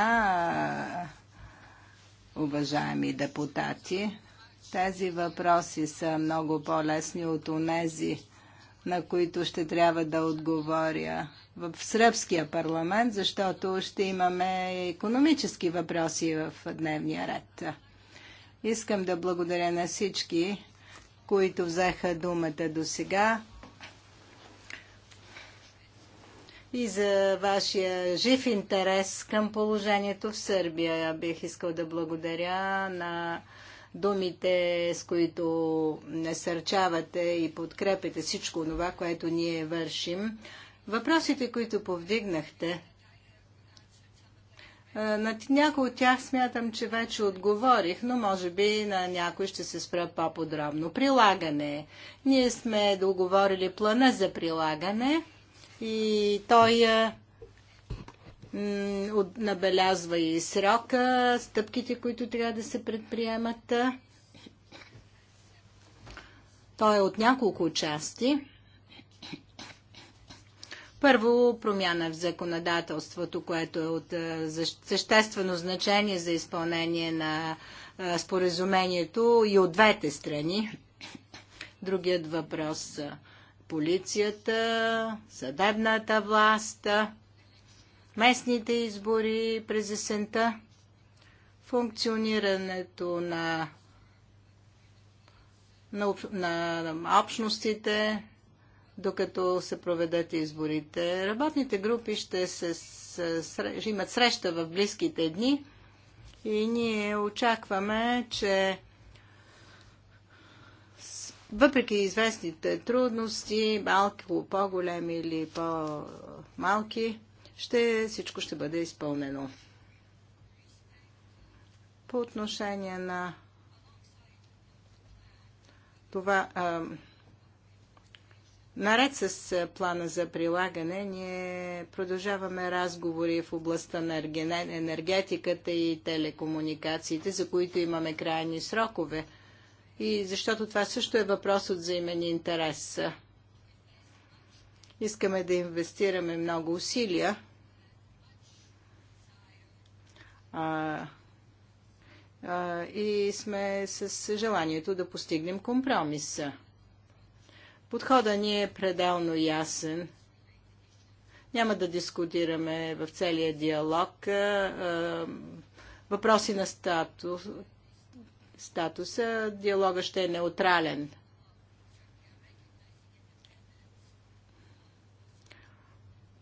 уважаеми депутати. Тези въпроси са много по-лесни от онези, на които ще трябва да отговоря в Сръбския парламент, защото ще имаме економически въпроси в дневния ред. Искам да благодаря на всички, които взеха думата до сега. и за вашия жив интерес към положението в Сърбия. Бих искал да благодаря на думите, с които насърчавате и подкрепите всичко това, което ние вършим. Въпросите, които повдигнахте, на някои от тях смятам, че вече отговорих, но може би на някой ще се спра по-подробно. Прилагане. Ние сме договорили плана за прилагане – и той е, набелязва и срока, стъпките, които трябва да се предприемат. Той е от няколко части. Първо, промяна в законодателството, което е от е, съществено значение за изпълнение на е, споразумението и от двете страни. Другият въпрос полицията, съдебната власт, местните избори през есента, функционирането на, на, на, на общностите, докато се проведат изборите. Работните групи ще се, ще имат среща в близките дни и ние очакваме, че въпреки известните трудности, малко по-големи или по-малки, ще, всичко ще бъде изпълнено. По отношение на това, а, наред с плана за прилагане, ние продължаваме разговори в областта на енергетиката и телекомуникациите, за които имаме крайни срокове – и защото това също е въпрос от взаимен интерес. Искаме да инвестираме много усилия. А, а, и сме с желанието да постигнем компромиса. Подхода ни е пределно ясен. Няма да дискутираме в целия диалог а, въпроси на статус, статуса, диалога ще е неутрален.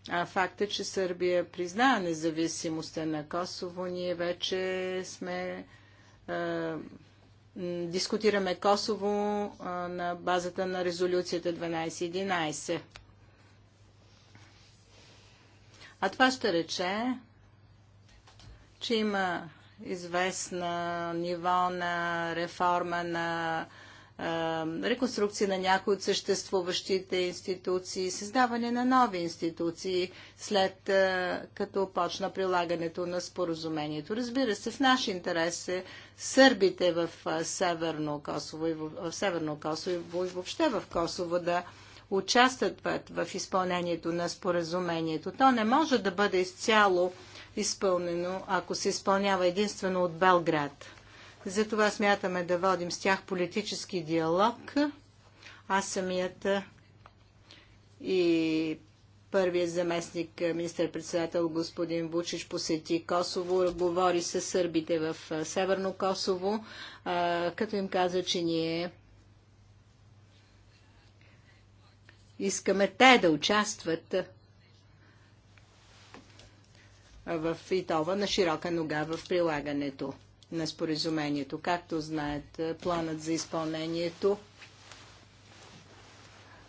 А факта, е, че Сърбия призна независимостта на Косово. Ние вече сме е, дискутираме Косово е, на базата на резолюцията 1211. А това ще рече, че има известна ниво на реформа на реконструкция на някои от съществуващите институции, създаване на нови институции, след като почна прилагането на споразумението. Разбира се, в наш интерес е сърбите в Северно Косово и в, в Северно Косово и въобще в Косово да участват в изпълнението на споразумението. То не може да бъде изцяло изпълнено, ако се изпълнява единствено от Белград. Затова смятаме да водим с тях политически диалог. Аз самият и първият заместник е, министър-председател господин Вучич посети Косово, говори с сърбите в е, Северно Косово, е, като им каза, че ние искаме те да участват в ИТОВА на широка нога в прилагането на споразумението. Както знаят, е, планът за изпълнението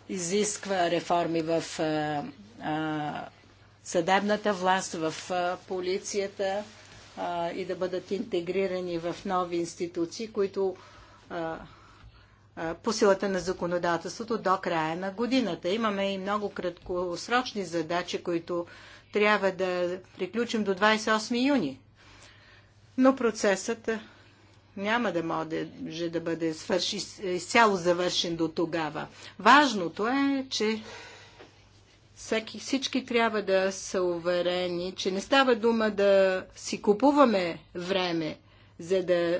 изисква реформи в е, е, съдебната власт, в полицията и да бъдат интегрирани в нови институции, които по силата на законодателството до края на годината. Имаме и много краткосрочни задачи, които трябва да приключим до 28 юни. Но процесът няма да може да бъде свърши, изцяло завършен до тогава. Важното е, че всеки, всички трябва да са уверени, че не става дума да си купуваме време, за да е,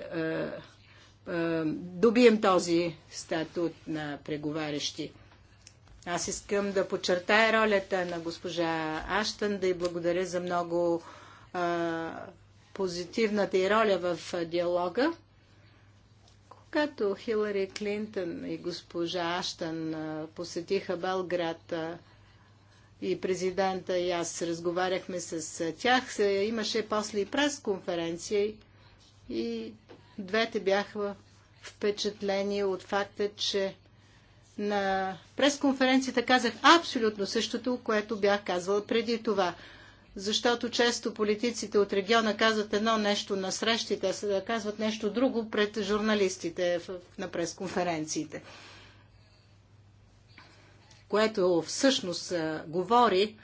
е, добием този статут на преговарящи. Аз искам да подчертая ролята на госпожа Аштън, да й благодаря за много а, позитивната й роля в диалога. Когато Хилари Клинтон и госпожа Аштън посетиха Белград и президента и аз разговаряхме с тях, имаше после и пресконференция и двете бяха впечатлени от факта, че на пресконференцията казах абсолютно същото, което бях казвала преди това. Защото често политиците от региона казват едно нещо на срещите, а казват нещо друго пред журналистите на пресконференциите. Което всъщност говори,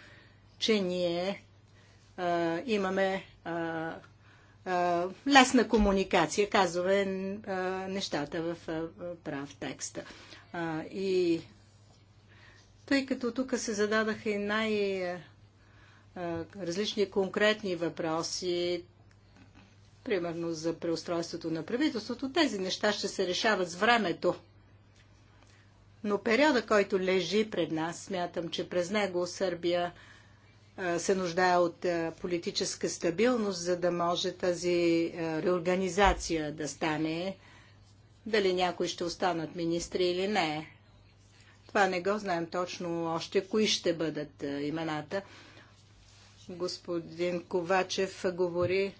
че ние а, имаме а, а, лесна комуникация, казваме нещата в прав текста. А, и тъй като тук се зададаха и най-различни конкретни въпроси, примерно за преустройството на правителството, тези неща ще се решават с времето. Но периода, който лежи пред нас, смятам, че през него Сърбия се нуждае от политическа стабилност, за да може тази реорганизация да стане дали някои ще останат министри или не. Това не го знаем точно още, кои ще бъдат е, имената. Господин Ковачев говори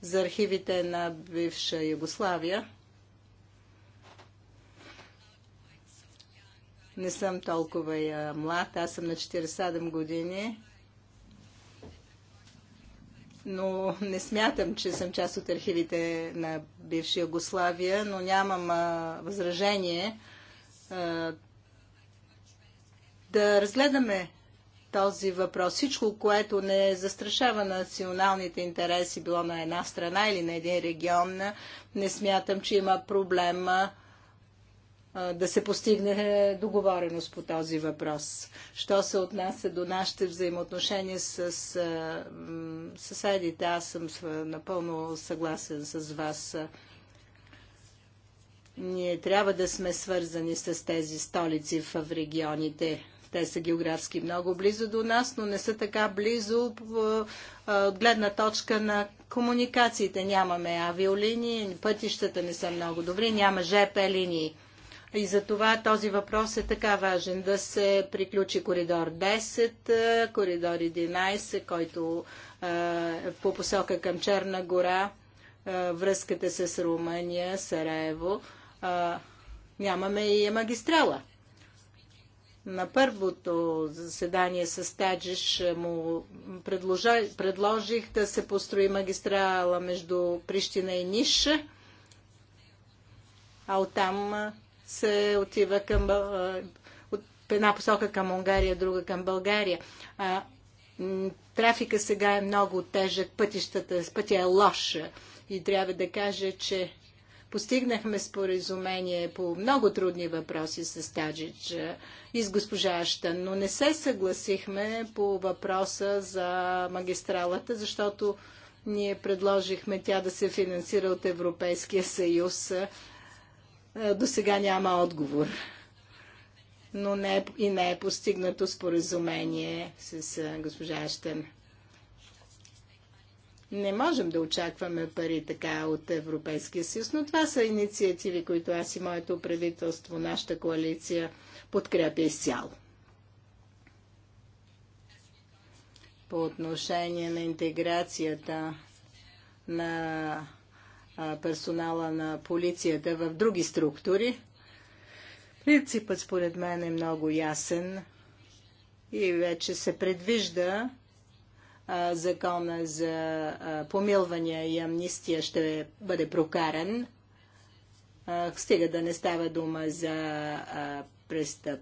за архивите на бивша Югославия. Не съм толкова е, млад, аз съм на 47 години но не смятам, че съм част от архивите на бивша Югославия, но нямам а, възражение а, да разгледаме този въпрос. Всичко, което не застрашава националните интереси, било на една страна или на един регион, не смятам, че има проблема да се постигне е, договореност по този въпрос. Що се отнася до нашите взаимоотношения с съседите, аз съм напълно съгласен с вас. Ние трябва да сме свързани с тези столици в регионите. Те са географски много близо до нас, но не са така близо от гледна точка на комуникациите. Нямаме авиолинии, пътищата не са много добри, няма ЖП линии и за това този въпрос е така важен. Да се приключи коридор 10, коридор 11, който по посока към Черна гора, връзката с Румъния, Сараево. Нямаме и магистрала. На първото заседание с Таджиш му предложих да се построи магистрала между Прищина и Ниша, а оттам се отива към от една посока към Унгария, друга към България. А, трафика сега е много тежък, пътищата, пътя е лоша. и трябва да кажа, че постигнахме споразумение по много трудни въпроси с Таджич и с госпожа Ашта, но не се съгласихме по въпроса за магистралата, защото ние предложихме тя да се финансира от Европейския съюз е, до сега няма отговор. Но не е, и не е постигнато споразумение с е, госпожа Аштен. Не можем да очакваме пари така от Европейския съюз, но това са инициативи, които аз и моето правителство, нашата коалиция подкрепя изцяло. По отношение на интеграцията на персонала на полицията в други структури. Принципът според мен е много ясен и вече се предвижда а, закона за а, помилвания и амнистия ще бъде прокаран. А, стига да не става дума за престъп...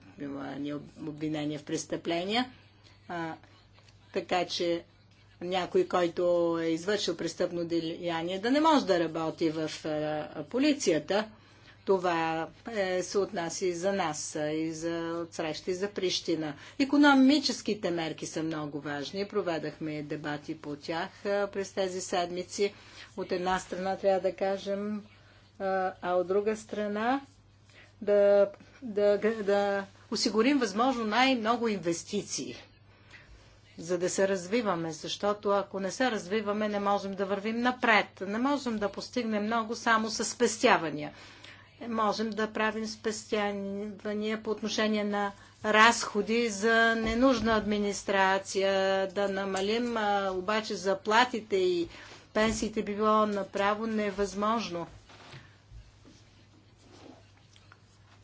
обвинения в престъпления. Така че някой, който е извършил престъпно деяние, да не може да работи в е, полицията. Това е, се отнася и за нас, е, и за отсреща, и за Прищина. Економическите мерки са много важни. Проведахме дебати по тях е, през тези седмици. От една страна трябва да кажем, а от друга страна да, да, да осигурим възможно най-много инвестиции за да се развиваме, защото ако не се развиваме, не можем да вървим напред. Не можем да постигнем много само с спестявания. Можем да правим спестявания по отношение на разходи за ненужна администрация, да намалим а, обаче заплатите и пенсиите би било направо невъзможно.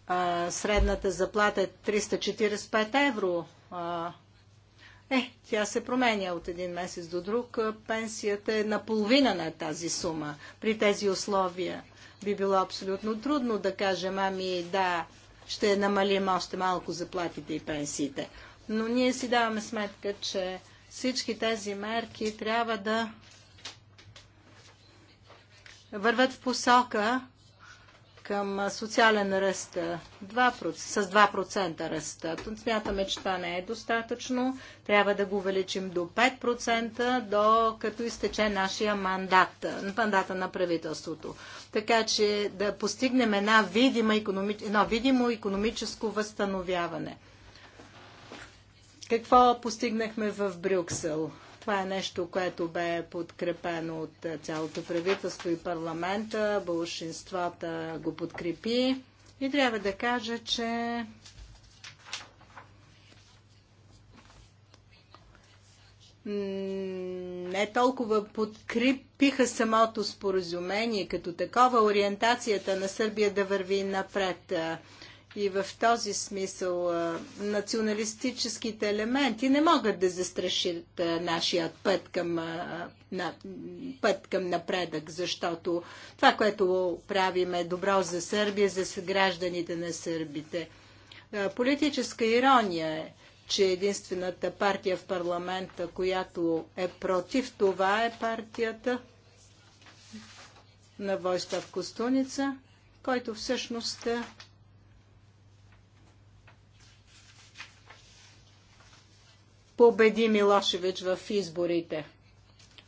А, средната заплата е 345 евро. А, е, тя се променя от един месец до друг. Пенсията е наполовина на тази сума. При тези условия би било абсолютно трудно да кажем, ами да, ще намалим още малко заплатите и пенсиите. Но ние си даваме сметка, че всички тези мерки трябва да върват в посока към социален ръст 2%, с 2% ръст. Смятаме, че това не е достатъчно. Трябва да го увеличим до 5%, до като изтече нашия мандат, мандата на правителството. Така че да постигнем една видима, едно видимо економическо възстановяване. Какво постигнахме в Брюксел? Това е нещо, което бе подкрепено от цялото правителство и парламента. Болшинствата го подкрепи. И трябва да кажа, че не толкова подкрепиха самото споразумение като такова, ориентацията на Сърбия да върви напред. И в този смисъл националистическите елементи не могат да застрашат нашия път към, на, път към напредък, защото това, което правим е добро за Сърбия, за гражданите на сърбите. Политическа ирония е, че единствената партия в парламента, която е против това е партията на Войстав Костуница, който всъщност победи Милошевич в изборите.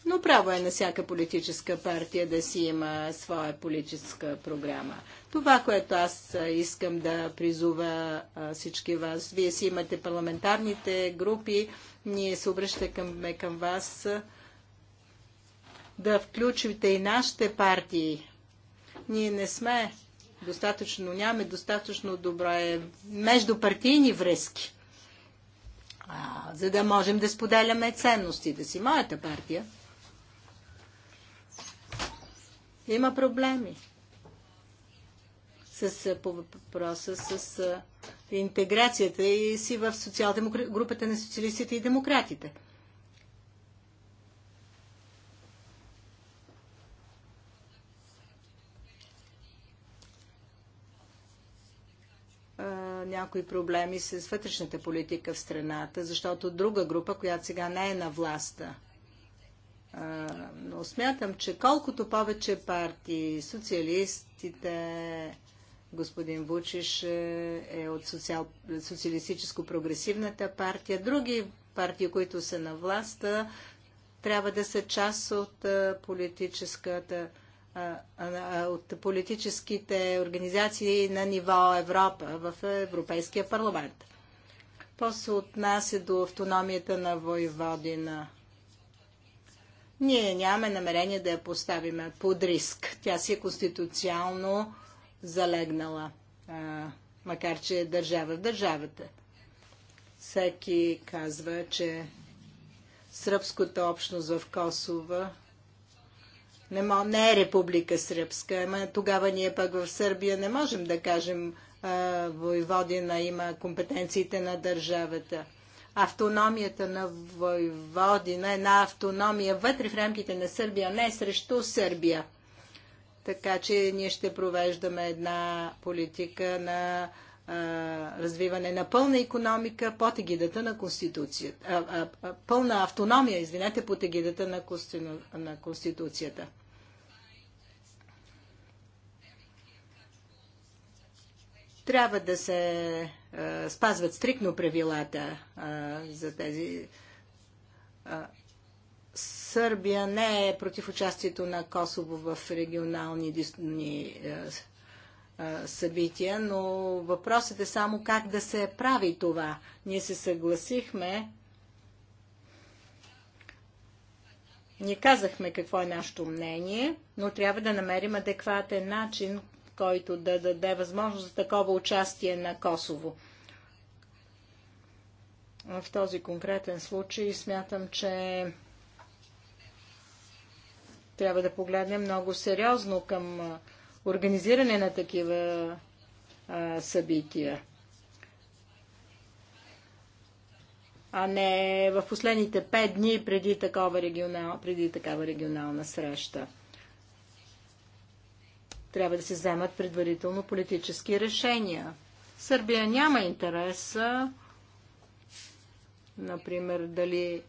Но право е на всяка политическа партия да си има своя политическа програма. Това, което аз искам да призува всички вас, вие си имате парламентарните групи, ние се обръщаме към вас да включите и нашите партии. Ние не сме достатъчно, нямаме достатъчно добре междупартийни връзки а, за да можем да споделяме ценностите си. Моята партия има проблеми с, по въпроса с интеграцията и си в социал групата на социалистите и демократите. някои проблеми с вътрешната политика в страната, защото друга група, която сега не е на властта. Но смятам, че колкото повече партии, социалистите, господин Вучиш е, е от социал, социалистическо-прогресивната партия, други партии, които са на властта, трябва да са част от политическата от политическите организации на ниво Европа в Европейския парламент. от нас отнася до автономията на Войводина. Ние нямаме намерение да я поставиме под риск. Тя си е конституционно залегнала, макар че е държава в държавата. Всеки казва, че сръбската общност в Косово не, не е Република Сръбска, ама тогава ние пък в Сърбия не можем да кажем а, Войводина има компетенциите на държавата. Автономията на Войводина, една автономия вътре в рамките на Сърбия, не срещу Сърбия. Така че ние ще провеждаме една политика на развиване на пълна економика под егидата на Конституцията. А, а, пълна автономия, извинете, под егидата на, конститу... на Конституцията. Трябва да се а, спазват стрикно правилата а, за тези. А, Сърбия не е против участието на Косово в регионални дис събития, но въпросът е само как да се прави това. Ние се съгласихме, ние казахме какво е нашето мнение, но трябва да намерим адекватен начин, който да даде възможност за такова участие на Косово. В този конкретен случай смятам, че трябва да погледнем много сериозно към организиране на такива а, събития. А не в последните пет дни преди, такова регионал, преди такава регионална среща. Трябва да се вземат предварително политически решения. Сърбия няма интереса, например, дали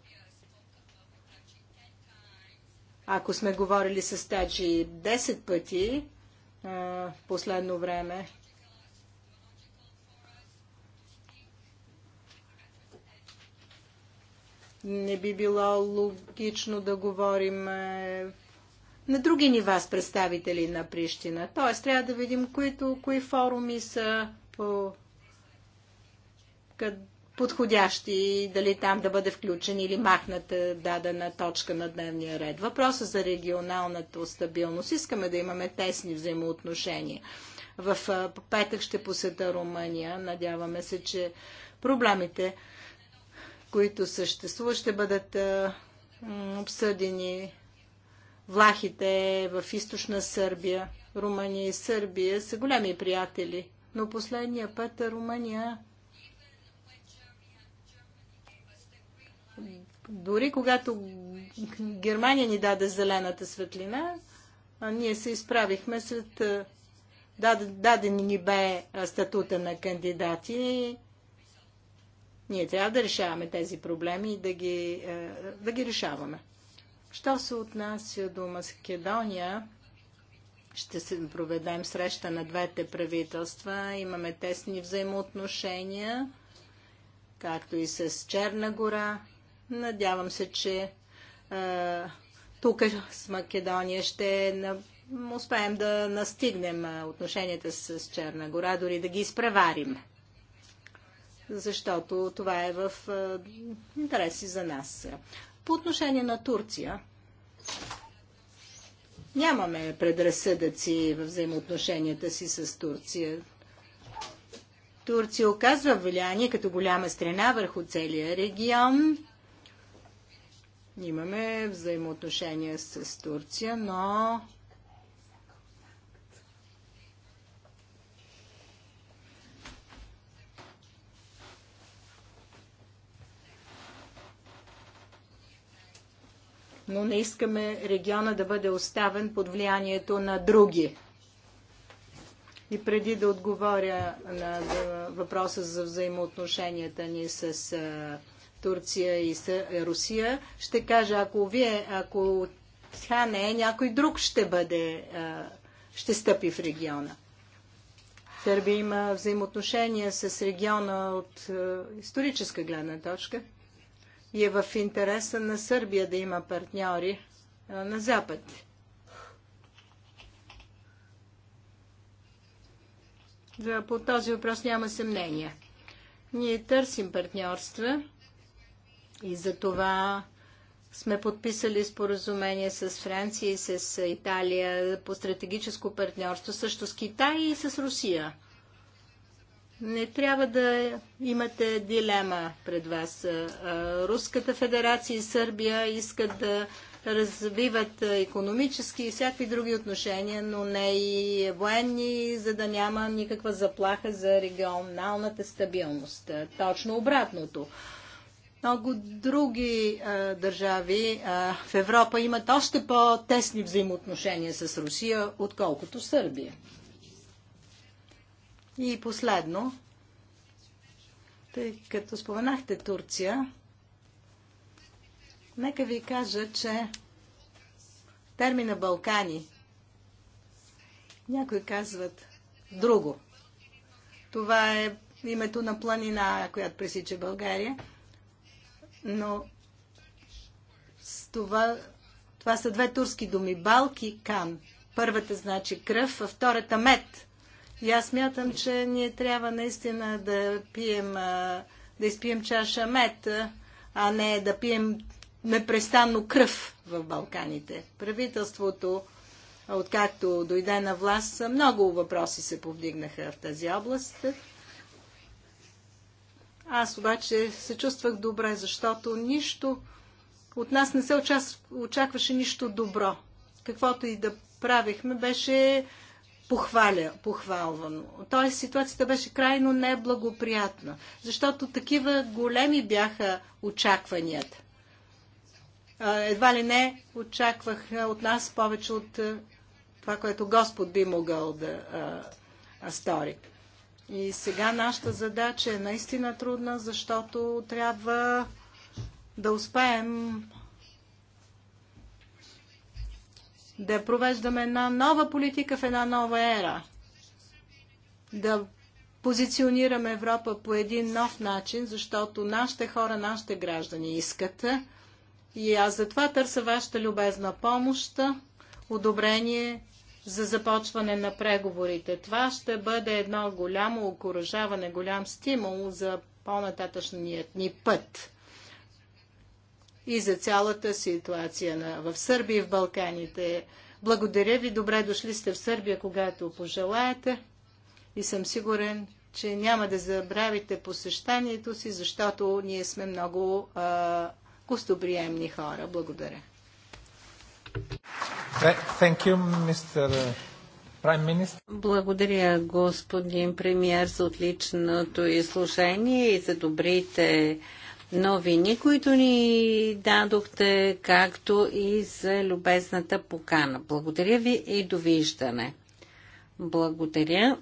ако сме говорили с Таджи 10 пъти, в последно време. Не би било логично да говорим на други нива с представители на Прищина. Т.е. трябва да видим които, кои форуми са по къде подходящи, дали там да бъде включен или махната дадена точка на дневния ред. Въпроса за регионалната стабилност. Искаме да имаме тесни взаимоотношения. В петък ще посета Румъния. Надяваме се, че проблемите, които съществуват, ще бъдат обсъдени. Влахите в източна Сърбия, Румъния и Сърбия са големи приятели, но последния път Румъния Дори когато Германия ни даде зелената светлина, ние се изправихме след даден ни бе статута на кандидати. Ние трябва да решаваме тези проблеми и да ги, да ги решаваме. Що се отнася до Македония, ще се проведем среща на двете правителства. Имаме тесни взаимоотношения, както и с Черна гора. Надявам се, че тук с Македония ще успеем да настигнем отношенията с Черна гора, дори да ги изпреварим. Защото това е в интереси за нас. По отношение на Турция, нямаме предразсъдъци в взаимоотношенията си с Турция. Турция оказва влияние като голяма страна върху целия регион Имаме взаимоотношения с Турция, но но не искаме региона да бъде оставен под влиянието на други. И преди да отговоря на въпроса за взаимоотношенията ни с Турция и е, Русия, ще кажа, ако вие, ако тя не е, някой друг ще бъде, ще стъпи в региона. Сърби има взаимоотношения с региона от историческа гледна точка и е в интереса на Сърбия да има партньори на Запад. по този въпрос няма съмнение. Ние търсим партньорства и за това сме подписали споразумение с Франция и с Италия по стратегическо партньорство, също с Китай и с Русия. Не трябва да имате дилема пред вас. Руската федерация и Сърбия искат да развиват економически и всякакви други отношения, но не и военни, за да няма никаква заплаха за регионалната стабилност. Точно обратното. Много други а, държави а, в Европа имат още по-тесни взаимоотношения с Русия, отколкото Сърбия. И последно, тъй като споменахте Турция, нека ви кажа, че термина Балкани, някои казват друго. Това е името на планина, която пресича България но с това, това са две турски думи. Балки, кан. Първата значи кръв, а втората мед. И аз мятам, че ние трябва наистина да пием, да изпием чаша мед, а не да пием непрестанно кръв в Балканите. Правителството, откакто дойде на власт, много въпроси се повдигнаха в тази област. Аз обаче се чувствах добре, защото нищо от нас не се очакваше нищо добро. Каквото и да правихме, беше похваля, похвалвано. Тоест ситуацията беше крайно неблагоприятна, защото такива големи бяха очакванията. Едва ли не очаквах от нас повече от това, което Господ би могъл да а, а, стори. И сега нашата задача е наистина трудна, защото трябва да успеем да провеждаме една нова политика в една нова ера. Да позиционираме Европа по един нов начин, защото нашите хора, нашите граждани искат. И аз затова търся вашата любезна помощ, одобрение за започване на преговорите. Това ще бъде едно голямо окоръжаване, голям стимул за по-нататъчният ни път и за цялата ситуация на, в Сърбия и в Балканите. Благодаря ви, добре дошли сте в Сърбия, когато пожелаете и съм сигурен, че няма да забравите посещанието си, защото ние сме много а, гостоприемни хора. Благодаря. You, uh, Благодаря, господин премьер, за отличното изслушение и за добрите новини, които ни дадохте, както и за любезната покана. Благодаря ви и довиждане. Благодаря.